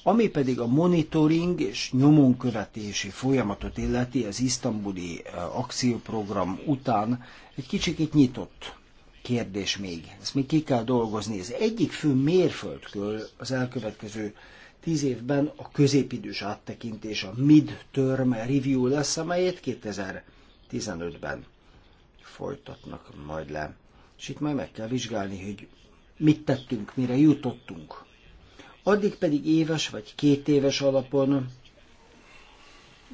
Ami pedig a monitoring és nyomonkövetési folyamatot illeti az isztambuli e, akcióprogram után, egy kicsikét nyitott kérdés még. Ezt még ki kell dolgozni. Ez egyik fő mérföldkől az elkövetkező tíz évben a középidős áttekintés, a mid-term review lesz, amelyet 2015-ben folytatnak majd le. És itt majd meg kell vizsgálni, hogy mit tettünk, mire jutottunk addig pedig éves vagy két éves alapon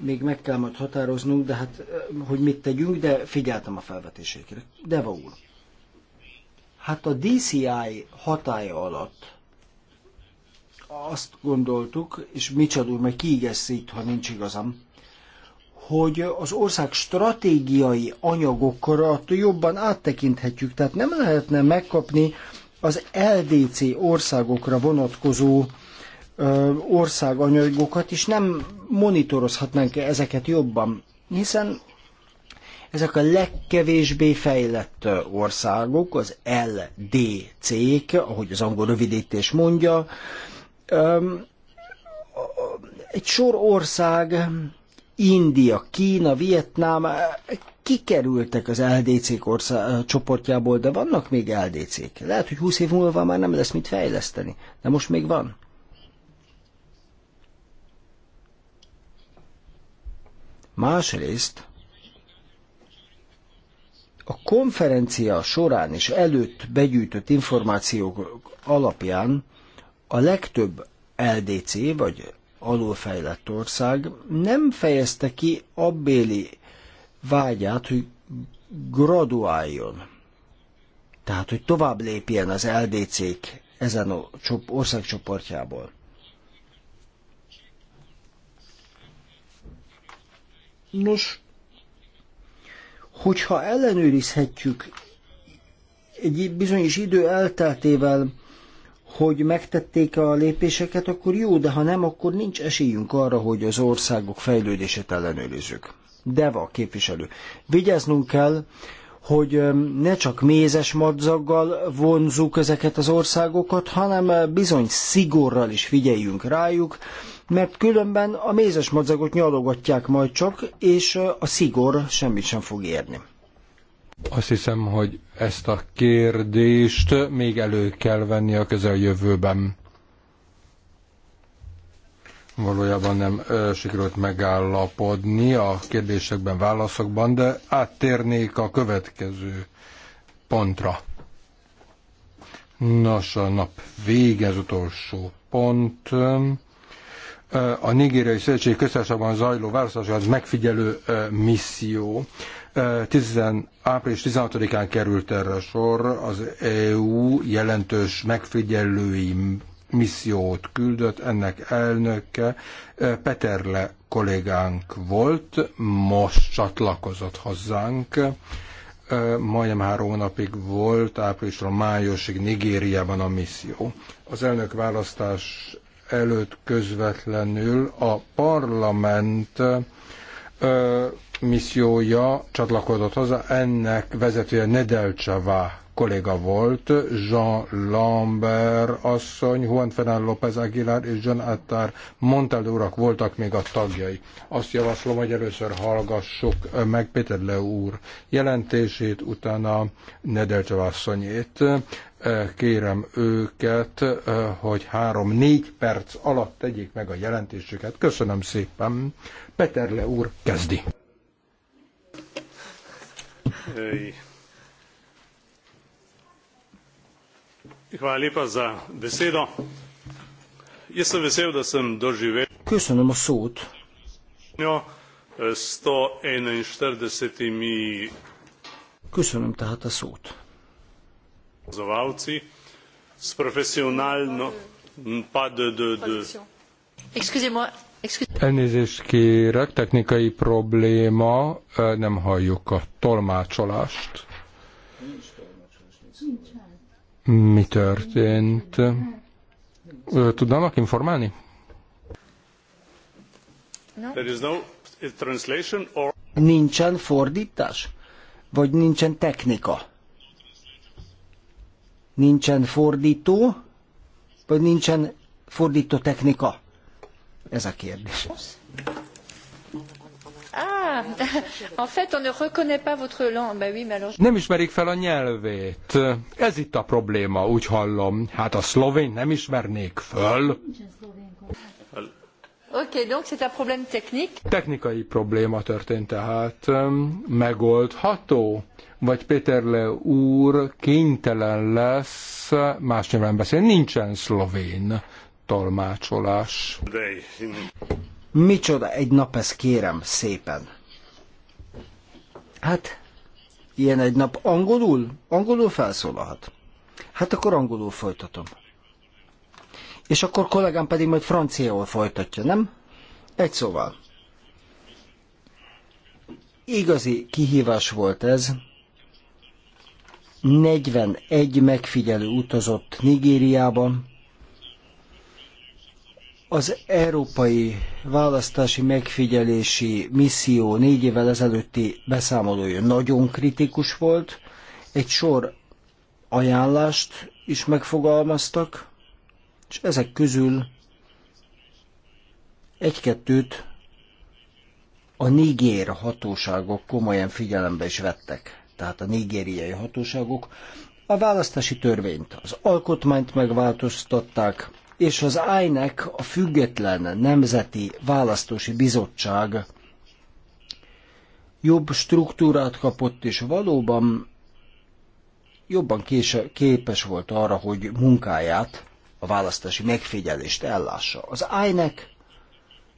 még meg kell majd határoznunk, de hát, hogy mit tegyünk, de figyeltem a felvetésekre. Deva úr, hát a DCI hatája alatt azt gondoltuk, és micsoda úr meg kiígesz itt, ha nincs igazam, hogy az ország stratégiai anyagokra jobban áttekinthetjük. Tehát nem lehetne megkapni az LDC országokra vonatkozó országanyagokat, és nem monitorozhatnánk -e ezeket jobban, hiszen ezek a legkevésbé fejlett országok, az LDC-k, ahogy az angol rövidítés mondja, egy sor ország, India, Kína, Vietnám kikerültek az LDC ország, csoportjából, de vannak még LDC-k. Lehet, hogy 20 év múlva már nem lesz mit fejleszteni, de most még van. Másrészt a konferencia során és előtt begyűjtött információk alapján a legtöbb LDC vagy alulfejlett ország nem fejezte ki abbéli vágyát, hogy graduáljon. Tehát, hogy tovább lépjen az LDC-k ezen a országcsoportjából. Nos, hogyha ellenőrizhetjük egy bizonyos idő elteltével, hogy megtették a lépéseket, akkor jó, de ha nem, akkor nincs esélyünk arra, hogy az országok fejlődését ellenőrizzük. Deva képviselő. Vigyáznunk kell, hogy ne csak mézes madzaggal vonzuk ezeket az országokat, hanem bizony szigorral is figyeljünk rájuk, mert különben a mézes madzagot nyalogatják majd csak, és a szigor semmit sem fog érni. Azt hiszem, hogy ezt a kérdést még elő kell venni a közeljövőben valójában nem sikerült megállapodni a kérdésekben, válaszokban, de áttérnék a következő pontra. Nos, a nap vége az utolsó pont. A Nigériai Szövetség köztársaságban zajló az megfigyelő misszió. 10, április 16-án került erre sor az EU jelentős megfigyelői missziót küldött, ennek elnöke Peterle kollégánk volt, most csatlakozott hozzánk. Majdnem három hónapig volt, áprilisról májusig Nigériában a misszió. Az elnök választás előtt közvetlenül a parlament missziója csatlakozott hozzá, ennek vezetője Nedelcsavá kolléga volt, Jean Lambert asszony, Juan Fernando López Aguilar és Jean Attar Montel urak voltak még a tagjai. Azt javaslom, hogy először hallgassuk meg Péter Le úr jelentését, utána Nedelcsev asszonyét. Kérem őket, hogy három-négy perc alatt tegyék meg a jelentésüket. Köszönöm szépen. Peterle úr kezdi. Hey. Köszönöm a szót. Eh, Köszönöm tehát a szót. Excusez-moi, Elnézést kérek, technikai probléma, eh, nem halljuk a tolmácsolást mi történt. Tudnának informálni? No. Or... Nincsen fordítás? Vagy nincsen technika? Nincsen fordító? Vagy nincsen fordító technika? Ez a kérdés. Ah, en fait, on ne reconnaît pas votre langue. oui, mais alors... Nem ismerik fel a nyelvét. Ez itt a probléma, úgy hallom. Hát a szlovén nem ismernék föl. Okay, donc c'est un problème technique. Technikai probléma történt tehát. Megoldható? Vagy Péter Le úr kénytelen lesz más nyelven beszélni? Nincsen szlovén tolmácsolás. De... Micsoda egy nap ez kérem szépen. Hát, ilyen egy nap angolul? Angolul felszólalhat. Hát akkor angolul folytatom. És akkor kollégám pedig majd franciául folytatja, nem? Egy szóval. Igazi kihívás volt ez. 41 megfigyelő utazott Nigériában, az Európai Választási Megfigyelési Misszió négy évvel ezelőtti beszámolója nagyon kritikus volt, egy sor ajánlást is megfogalmaztak, és ezek közül egy-kettőt a nigér hatóságok komolyan figyelembe is vettek, tehát a nigériai hatóságok. A választási törvényt, az alkotmányt megváltoztatták, és az INEC a független nemzeti Választási bizottság jobb struktúrát kapott, és valóban jobban kése, képes volt arra, hogy munkáját, a választási megfigyelést ellássa. Az INEC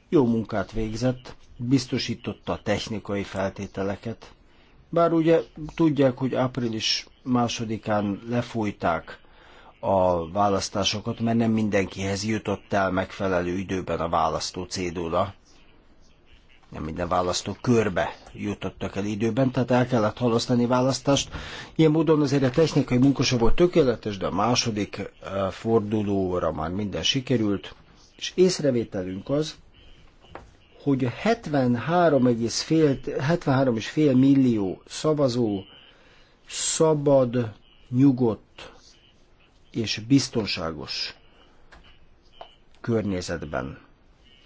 jó munkát végzett, biztosította a technikai feltételeket, bár ugye tudják, hogy április másodikán lefújták a választásokat, mert nem mindenkihez jutott el megfelelő időben a választó cédula. Nem minden választó körbe jutottak el időben, tehát el kellett halasztani választást. Ilyen módon azért a technikai munkosa volt tökéletes, de a második eh, fordulóra már minden sikerült, és észrevételünk az, hogy 73,5 73 millió szavazó szabad, nyugodt és biztonságos környezetben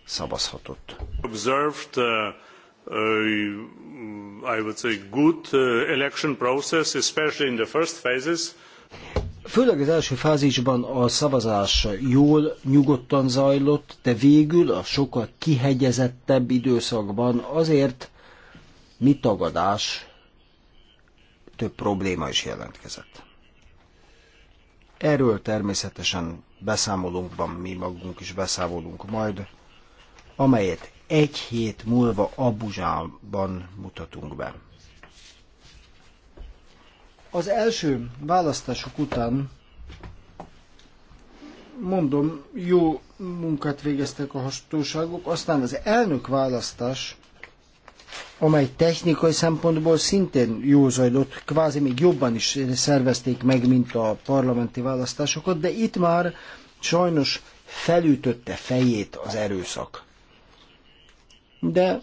szavazhatott. Observed, uh, uh, I would say good uh, election process, especially in the first phases. Főleg az első fázisban a szavazás jól, nyugodtan zajlott, de végül a sokkal kihegyezettebb időszakban azért mi tagadás több probléma is jelentkezett. Erről természetesen beszámolunk van mi magunk is beszámolunk majd, amelyet egy hét múlva Abuzsában mutatunk be. Az első választások után mondom, jó munkát végeztek a hatóságok, aztán az elnök választás amely technikai szempontból szintén jó zajlott, kvázi még jobban is szervezték meg, mint a parlamenti választásokat, de itt már sajnos felütötte fejét az erőszak. De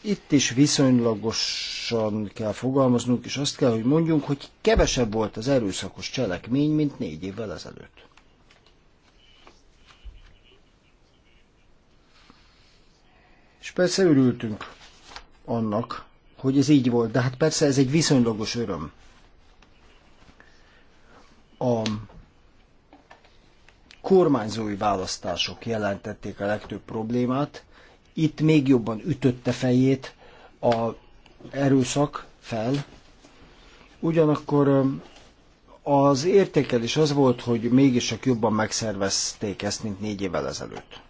itt is viszonylagosan kell fogalmaznunk, és azt kell, hogy mondjunk, hogy kevesebb volt az erőszakos cselekmény, mint négy évvel ezelőtt. És persze örültünk annak, hogy ez így volt, de hát persze ez egy viszonylagos öröm. A kormányzói választások jelentették a legtöbb problémát, itt még jobban ütötte fejét a erőszak fel, ugyanakkor az értékelés az volt, hogy mégis csak jobban megszervezték ezt, mint négy évvel ezelőtt.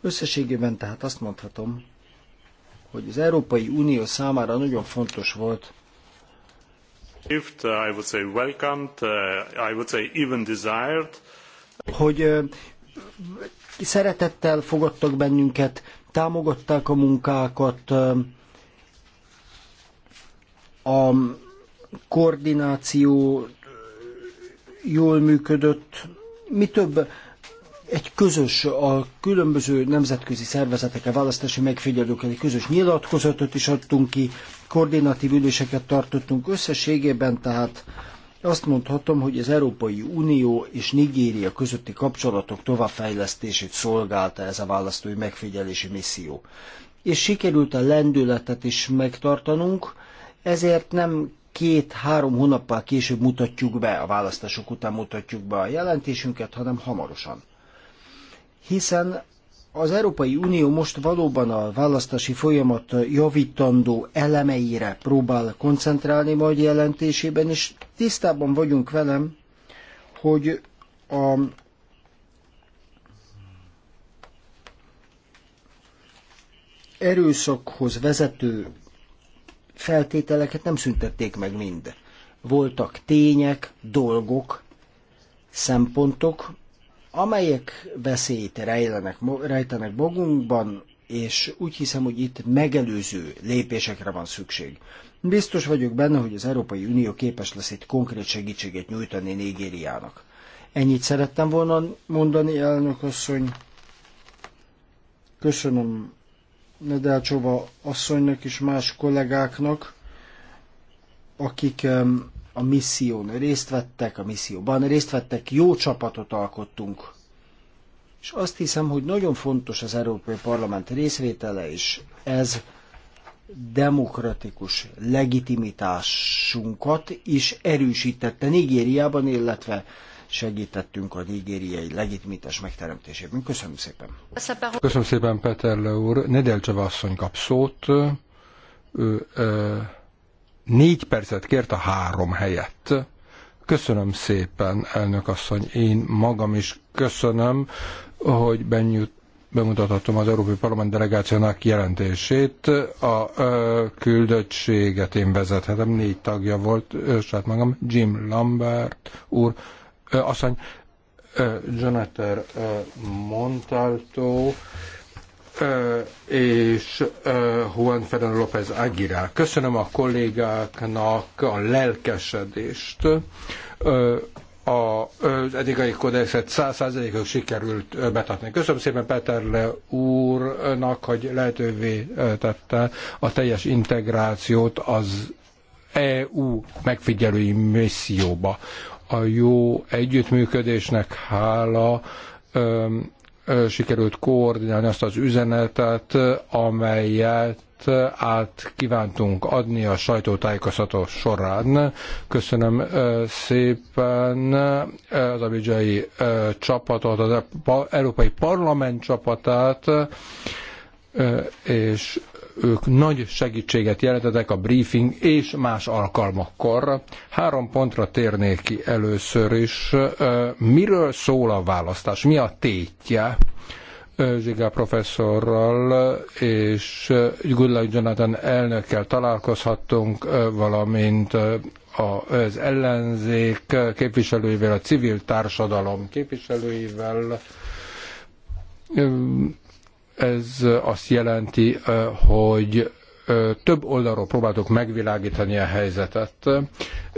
Összességében tehát azt mondhatom, hogy az Európai Unió számára nagyon fontos volt, uh, uh, hogy uh, szeretettel fogadtak bennünket, támogatták a munkákat, a koordináció jól működött, mi több, egy közös, a különböző nemzetközi szervezetekkel, választási megfigyelőkkel egy közös nyilatkozatot is adtunk ki, koordinatív üléseket tartottunk összességében, tehát azt mondhatom, hogy az Európai Unió és Nigéria közötti kapcsolatok továbbfejlesztését szolgálta ez a választói megfigyelési misszió. És sikerült a lendületet is megtartanunk, ezért nem két-három hónappal később mutatjuk be, a választások után mutatjuk be a jelentésünket, hanem hamarosan hiszen az Európai Unió most valóban a választási folyamat javítandó elemeire próbál koncentrálni majd jelentésében, és tisztában vagyunk velem, hogy a erőszakhoz vezető feltételeket nem szüntették meg mind. Voltak tények, dolgok, szempontok, amelyek veszélyt rejlenek, rejtenek magunkban, és úgy hiszem, hogy itt megelőző lépésekre van szükség. Biztos vagyok benne, hogy az Európai Unió képes lesz itt konkrét segítséget nyújtani Nigériának. Ennyit szerettem volna mondani, elnök asszony. Köszönöm Nedelcsova asszonynak és más kollégáknak, akik a misszión részt vettek, a misszióban részt vettek, jó csapatot alkottunk. És azt hiszem, hogy nagyon fontos az Európai Parlament részvétele, és ez demokratikus legitimitásunkat is erősítette Nigériában, illetve segítettünk a nigériai legitimitás megteremtésében. Köszönöm szépen. Köszönöm szépen, Peter Le úr. Nedelcseva asszony kap szót. Ő, ö, négy percet kért a három helyett. Köszönöm szépen, elnök asszony, én magam is köszönöm, hogy benyújt bemutathatom az Európai Parlament delegációnak jelentését. A ö, küldöttséget én vezethetem, négy tagja volt, ö, saját magam, Jim Lambert úr, ö, asszony, ö, Jonathan ö, Montalto, és Juan Fernando López Aguirre. Köszönöm a kollégáknak a lelkesedést. Az etikai 100 százszázalékig sikerült betartani. Köszönöm szépen Peterle úrnak, hogy lehetővé tette a teljes integrációt az EU megfigyelői misszióba. A jó együttműködésnek hála sikerült koordinálni azt az üzenetet, amelyet át kívántunk adni a sajtótájékoztató során. Köszönöm szépen az abidzsai csapatot, az Európai Parlament csapatát, és ők nagy segítséget jelentettek a briefing és más alkalmakkor. Három pontra térnék ki először is. Miről szól a választás? Mi a tétje? Zsigá professzorral és Goodluck Jonathan elnökkel találkozhattunk, valamint az ellenzék képviselőivel, a civil társadalom képviselőivel ez azt jelenti, hogy több oldalról próbáltuk megvilágítani a helyzetet.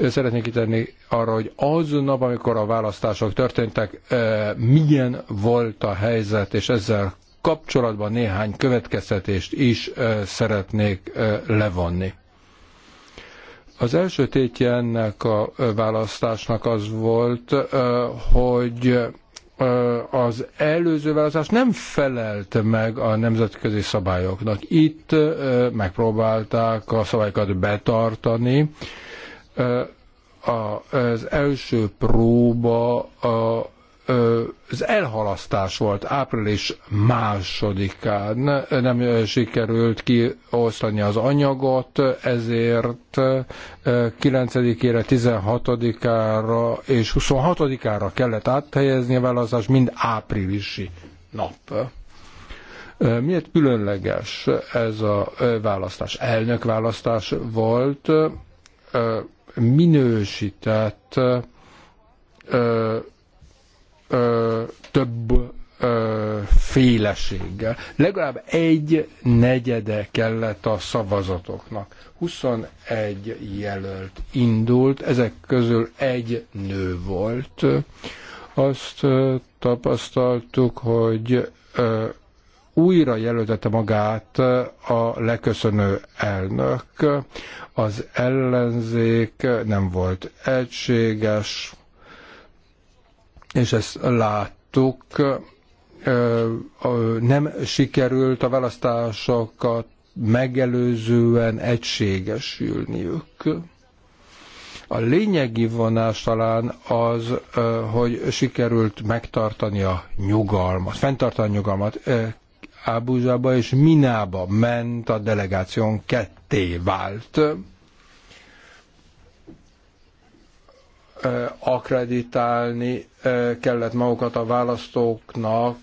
Szeretnék kitenni arra, hogy aznap, amikor a választások történtek, milyen volt a helyzet, és ezzel kapcsolatban néhány következtetést is szeretnék levonni. Az első tétje ennek a választásnak az volt, hogy az előző választás nem felelt meg a nemzetközi szabályoknak. Itt megpróbálták a szabályokat betartani. Az első próba a az elhalasztás volt április másodikán, nem sikerült kiosztani az anyagot, ezért 9-ére, 16-ára és 26-ára kellett áthelyezni a választás mind áprilisi nap. Miért különleges ez a választás? Elnök választás volt, minősített ö, több ö, féleséggel. Legalább egy negyede kellett a szavazatoknak. 21 jelölt indult, ezek közül egy nő volt. Azt tapasztaltuk, hogy ö, újra jelöltette magát a leköszönő elnök. Az ellenzék nem volt egységes, és ezt láttuk, nem sikerült a választásokat megelőzően egységesülniük. A lényegi vonás talán az, hogy sikerült megtartani a nyugalmat, fenntartani a nyugalmat. Ábuzsába és Minába ment a delegáción ketté vált akreditálni kellett magukat a választóknak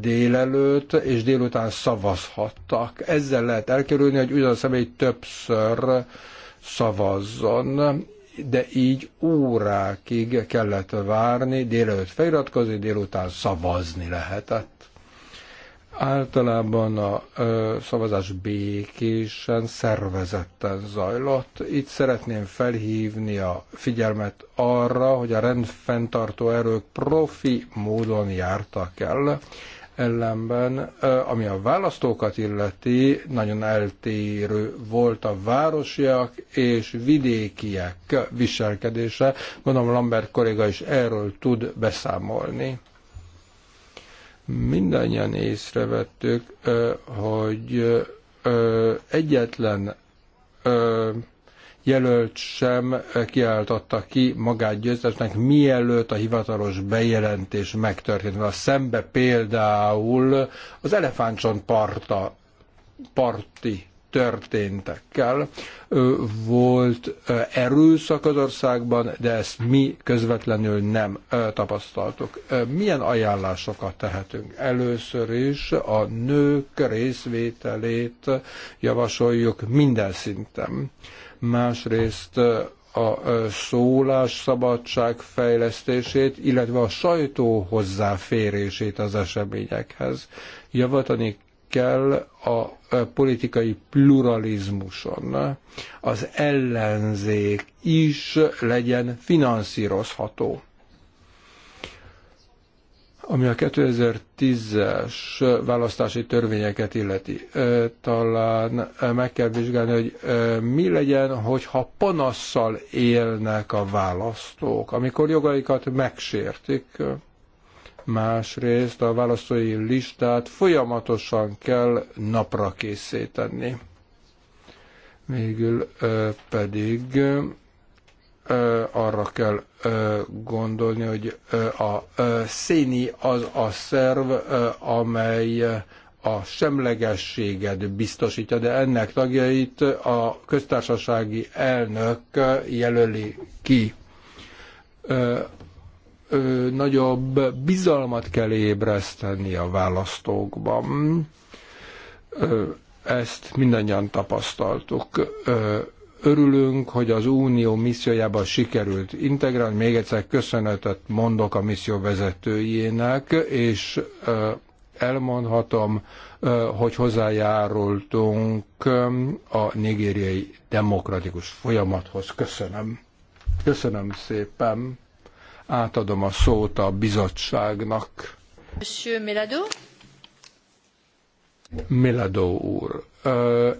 délelőtt és délután szavazhattak. Ezzel lehet elkerülni, hogy ugyan a személy többször szavazzon, de így órákig kellett várni, délelőtt feliratkozni, délután szavazni lehetett. Általában a szavazás békésen, szervezetten zajlott. Itt szeretném felhívni a figyelmet arra, hogy a rendfenntartó erők profi módon jártak el, ellenben, ami a választókat illeti, nagyon eltérő volt a városiak és vidékiek viselkedése. Gondolom Lambert kolléga is erről tud beszámolni mindannyian észrevettük, hogy egyetlen jelölt sem kiáltotta ki magát győztesnek, mielőtt a hivatalos bejelentés megtörtént. A szembe például az elefántcsont parta, parti történtekkel. Volt erőszak az országban, de ezt mi közvetlenül nem tapasztaltuk. Milyen ajánlásokat tehetünk? Először is a nők részvételét javasoljuk minden szinten. Másrészt a szólás szabadság fejlesztését, illetve a sajtó hozzáférését az eseményekhez. Javatani kell a politikai pluralizmuson. Az ellenzék is legyen finanszírozható. Ami a 2010-es választási törvényeket illeti, talán meg kell vizsgálni, hogy mi legyen, hogyha panasszal élnek a választók, amikor jogaikat megsértik másrészt a választói listát folyamatosan kell napra készíteni. Végül pedig arra kell gondolni, hogy a széni az a szerv, amely a semlegességet biztosítja, de ennek tagjait a köztársasági elnök jelöli ki ö, nagyobb bizalmat kell ébreszteni a választókban. Ö, ezt mindannyian tapasztaltuk. Ö, örülünk, hogy az Unió missziójában sikerült integrálni. Még egyszer köszönetet mondok a misszió vezetőjének, és elmondhatom, hogy hozzájárultunk a nigériai demokratikus folyamathoz. Köszönöm. Köszönöm szépen. Átadom a szót a bizottságnak. Monsieur Melado? Melado úr.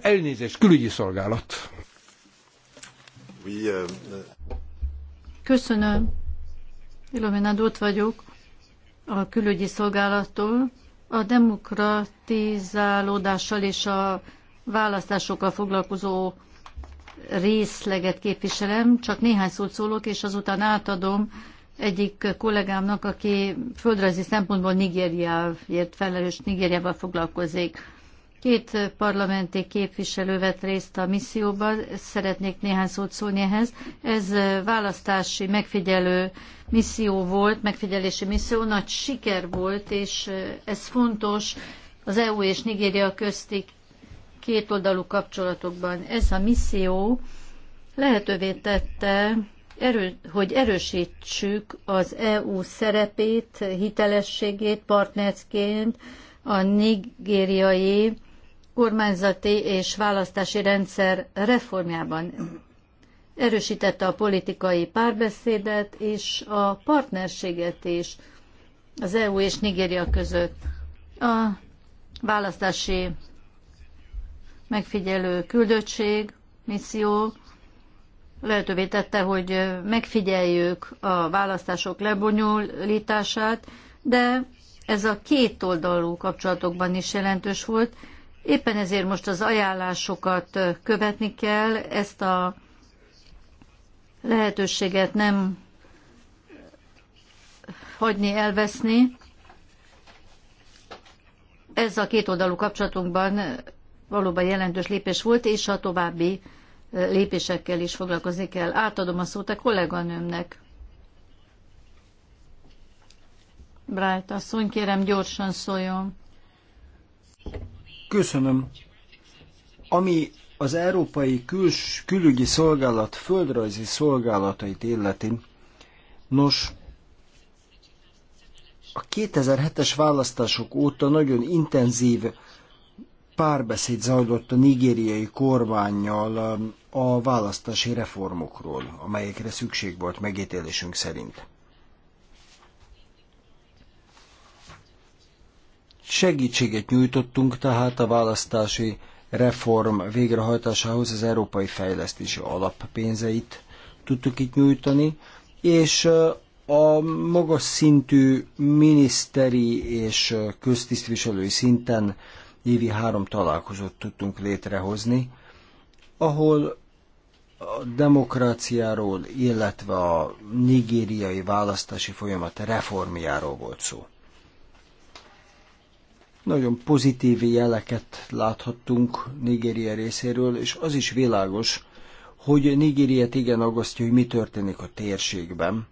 Elnézést, külügyi szolgálat. Euh, Köszönöm. Ilominád ott vagyok a külügyi szolgálattól. A demokratizálódással és a választásokkal foglalkozó részleget képviselem, csak néhány szót szólok, és azután átadom egyik kollégámnak, aki földrajzi szempontból Nigériáért felelős Nigériával foglalkozik. Két parlamenti képviselő vett részt a misszióban, szeretnék néhány szót szólni ehhez. Ez választási megfigyelő misszió volt, megfigyelési misszió, nagy siker volt, és ez fontos az EU és Nigéria közti kétoldalú kapcsolatokban. Ez a misszió lehetővé tette erő, hogy erősítsük az EU szerepét, hitelességét partnerként a nigériai kormányzati és választási rendszer reformjában. Erősítette a politikai párbeszédet és a partnerséget is az EU és Nigéria között. A választási megfigyelő küldöttség, misszió lehetővé tette, hogy megfigyeljük a választások lebonyolítását, de ez a két oldalú kapcsolatokban is jelentős volt. Éppen ezért most az ajánlásokat követni kell, ezt a lehetőséget nem hagyni elveszni. Ez a két oldalú kapcsolatunkban valóban jelentős lépés volt, és a további lépésekkel is foglalkozni kell. Átadom a szót a kolléganőmnek. Bright asszony, kérem gyorsan szóljon. Köszönöm. Ami az Európai Küls, Külügyi Szolgálat földrajzi szolgálatait illeti, nos, a 2007-es választások óta nagyon intenzív párbeszéd zajlott a nigériai kormányjal a választási reformokról, amelyekre szükség volt megítélésünk szerint. Segítséget nyújtottunk tehát a választási reform végrehajtásához az Európai Fejlesztési Alappénzeit tudtuk itt nyújtani, és a magas szintű miniszteri és köztisztviselői szinten évi három találkozót tudtunk létrehozni, ahol a demokráciáról, illetve a nigériai választási folyamat reformjáról volt szó. Nagyon pozitív jeleket láthattunk Nigéria részéről, és az is világos, hogy Nigériát igen aggasztja, hogy mi történik a térségben,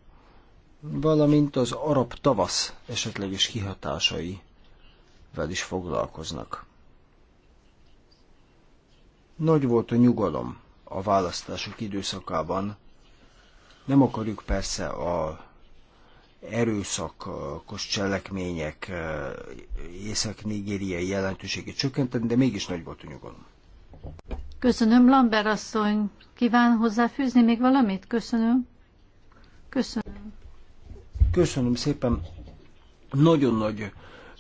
valamint az arab tavasz esetleges vel is foglalkoznak. Nagy volt a nyugalom a választások időszakában. Nem akarjuk persze a erőszakos cselekmények eh, észak-nigériai jelentőségét csökkenteni, de mégis nagy volt a nyugalom. Köszönöm, Lambert asszony. Kíván hozzáfűzni még valamit? Köszönöm. Köszönöm. Köszönöm szépen. Nagyon nagy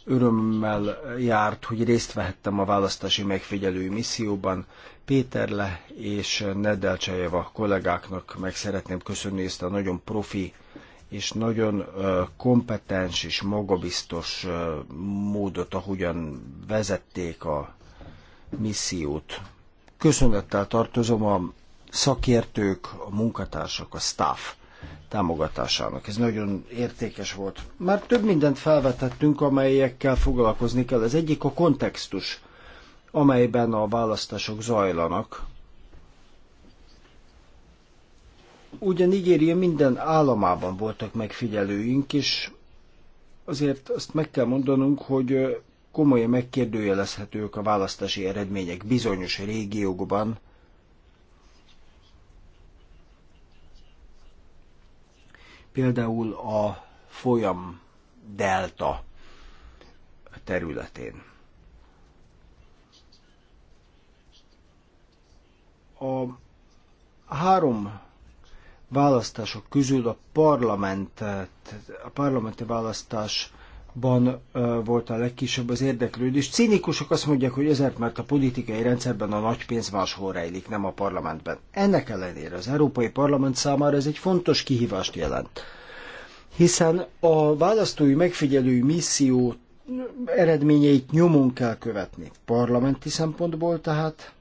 örömmel járt, hogy részt vehettem a választási megfigyelői misszióban. Péterle és Nedelcsajeva kollégáknak meg szeretném köszönni ezt a nagyon profi és nagyon kompetens és magabiztos módot, ahogyan vezették a missziót. Köszönettel tartozom a szakértők, a munkatársak, a staff támogatásának. Ez nagyon értékes volt. Már több mindent felvetettünk, amelyekkel foglalkozni kell. Ez egyik a kontextus, amelyben a választások zajlanak. Ugye Nigéria minden államában voltak megfigyelőink, és azért azt meg kell mondanunk, hogy komolyan megkérdőjelezhetők a választási eredmények bizonyos régiókban, például a folyam delta területén. A három választások közül a, parlament, a parlamenti választás ban volt a legkisebb az érdeklődés. Cínikusok azt mondják, hogy ezért, mert a politikai rendszerben a nagy pénz máshol rejlik, nem a parlamentben. Ennek ellenére az Európai Parlament számára ez egy fontos kihívást jelent. Hiszen a választói megfigyelői misszió eredményeit nyomon kell követni. Parlamenti szempontból tehát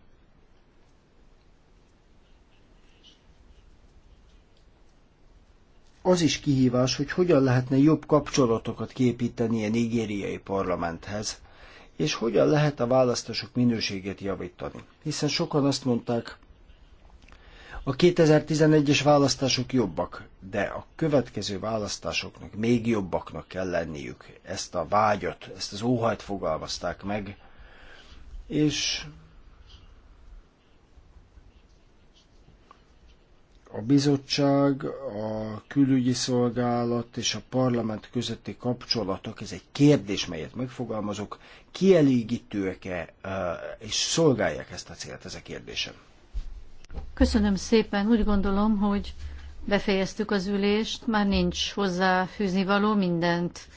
az is kihívás, hogy hogyan lehetne jobb kapcsolatokat képíteni a nigériai parlamenthez, és hogyan lehet a választások minőségét javítani. Hiszen sokan azt mondták, a 2011-es választások jobbak, de a következő választásoknak még jobbaknak kell lenniük. Ezt a vágyat, ezt az óhajt fogalmazták meg, és a bizottság, a külügyi szolgálat és a parlament közötti kapcsolatok, ez egy kérdés, melyet megfogalmazok, kielégítőek-e eh, és szolgálják ezt a célt, ez a kérdésem. Köszönöm szépen, úgy gondolom, hogy befejeztük az ülést, már nincs hozzá fűzni való mindent.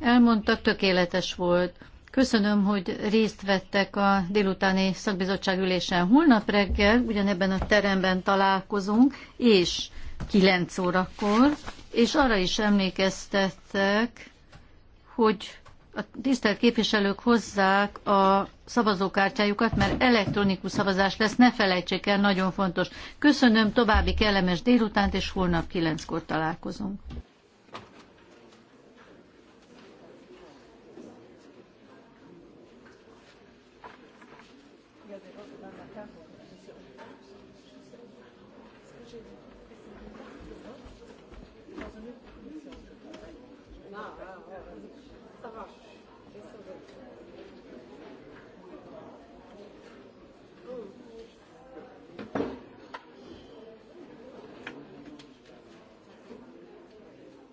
Elmondtak, tökéletes volt. Köszönöm, hogy részt vettek a délutáni szakbizottság ülésen. Holnap reggel ugyanebben a teremben találkozunk, és 9 órakor, és arra is emlékeztettek, hogy a tisztelt képviselők hozzák a szavazókártyájukat, mert elektronikus szavazás lesz, ne felejtsék el, nagyon fontos. Köszönöm, további kellemes délutánt, és holnap kilenckor találkozunk.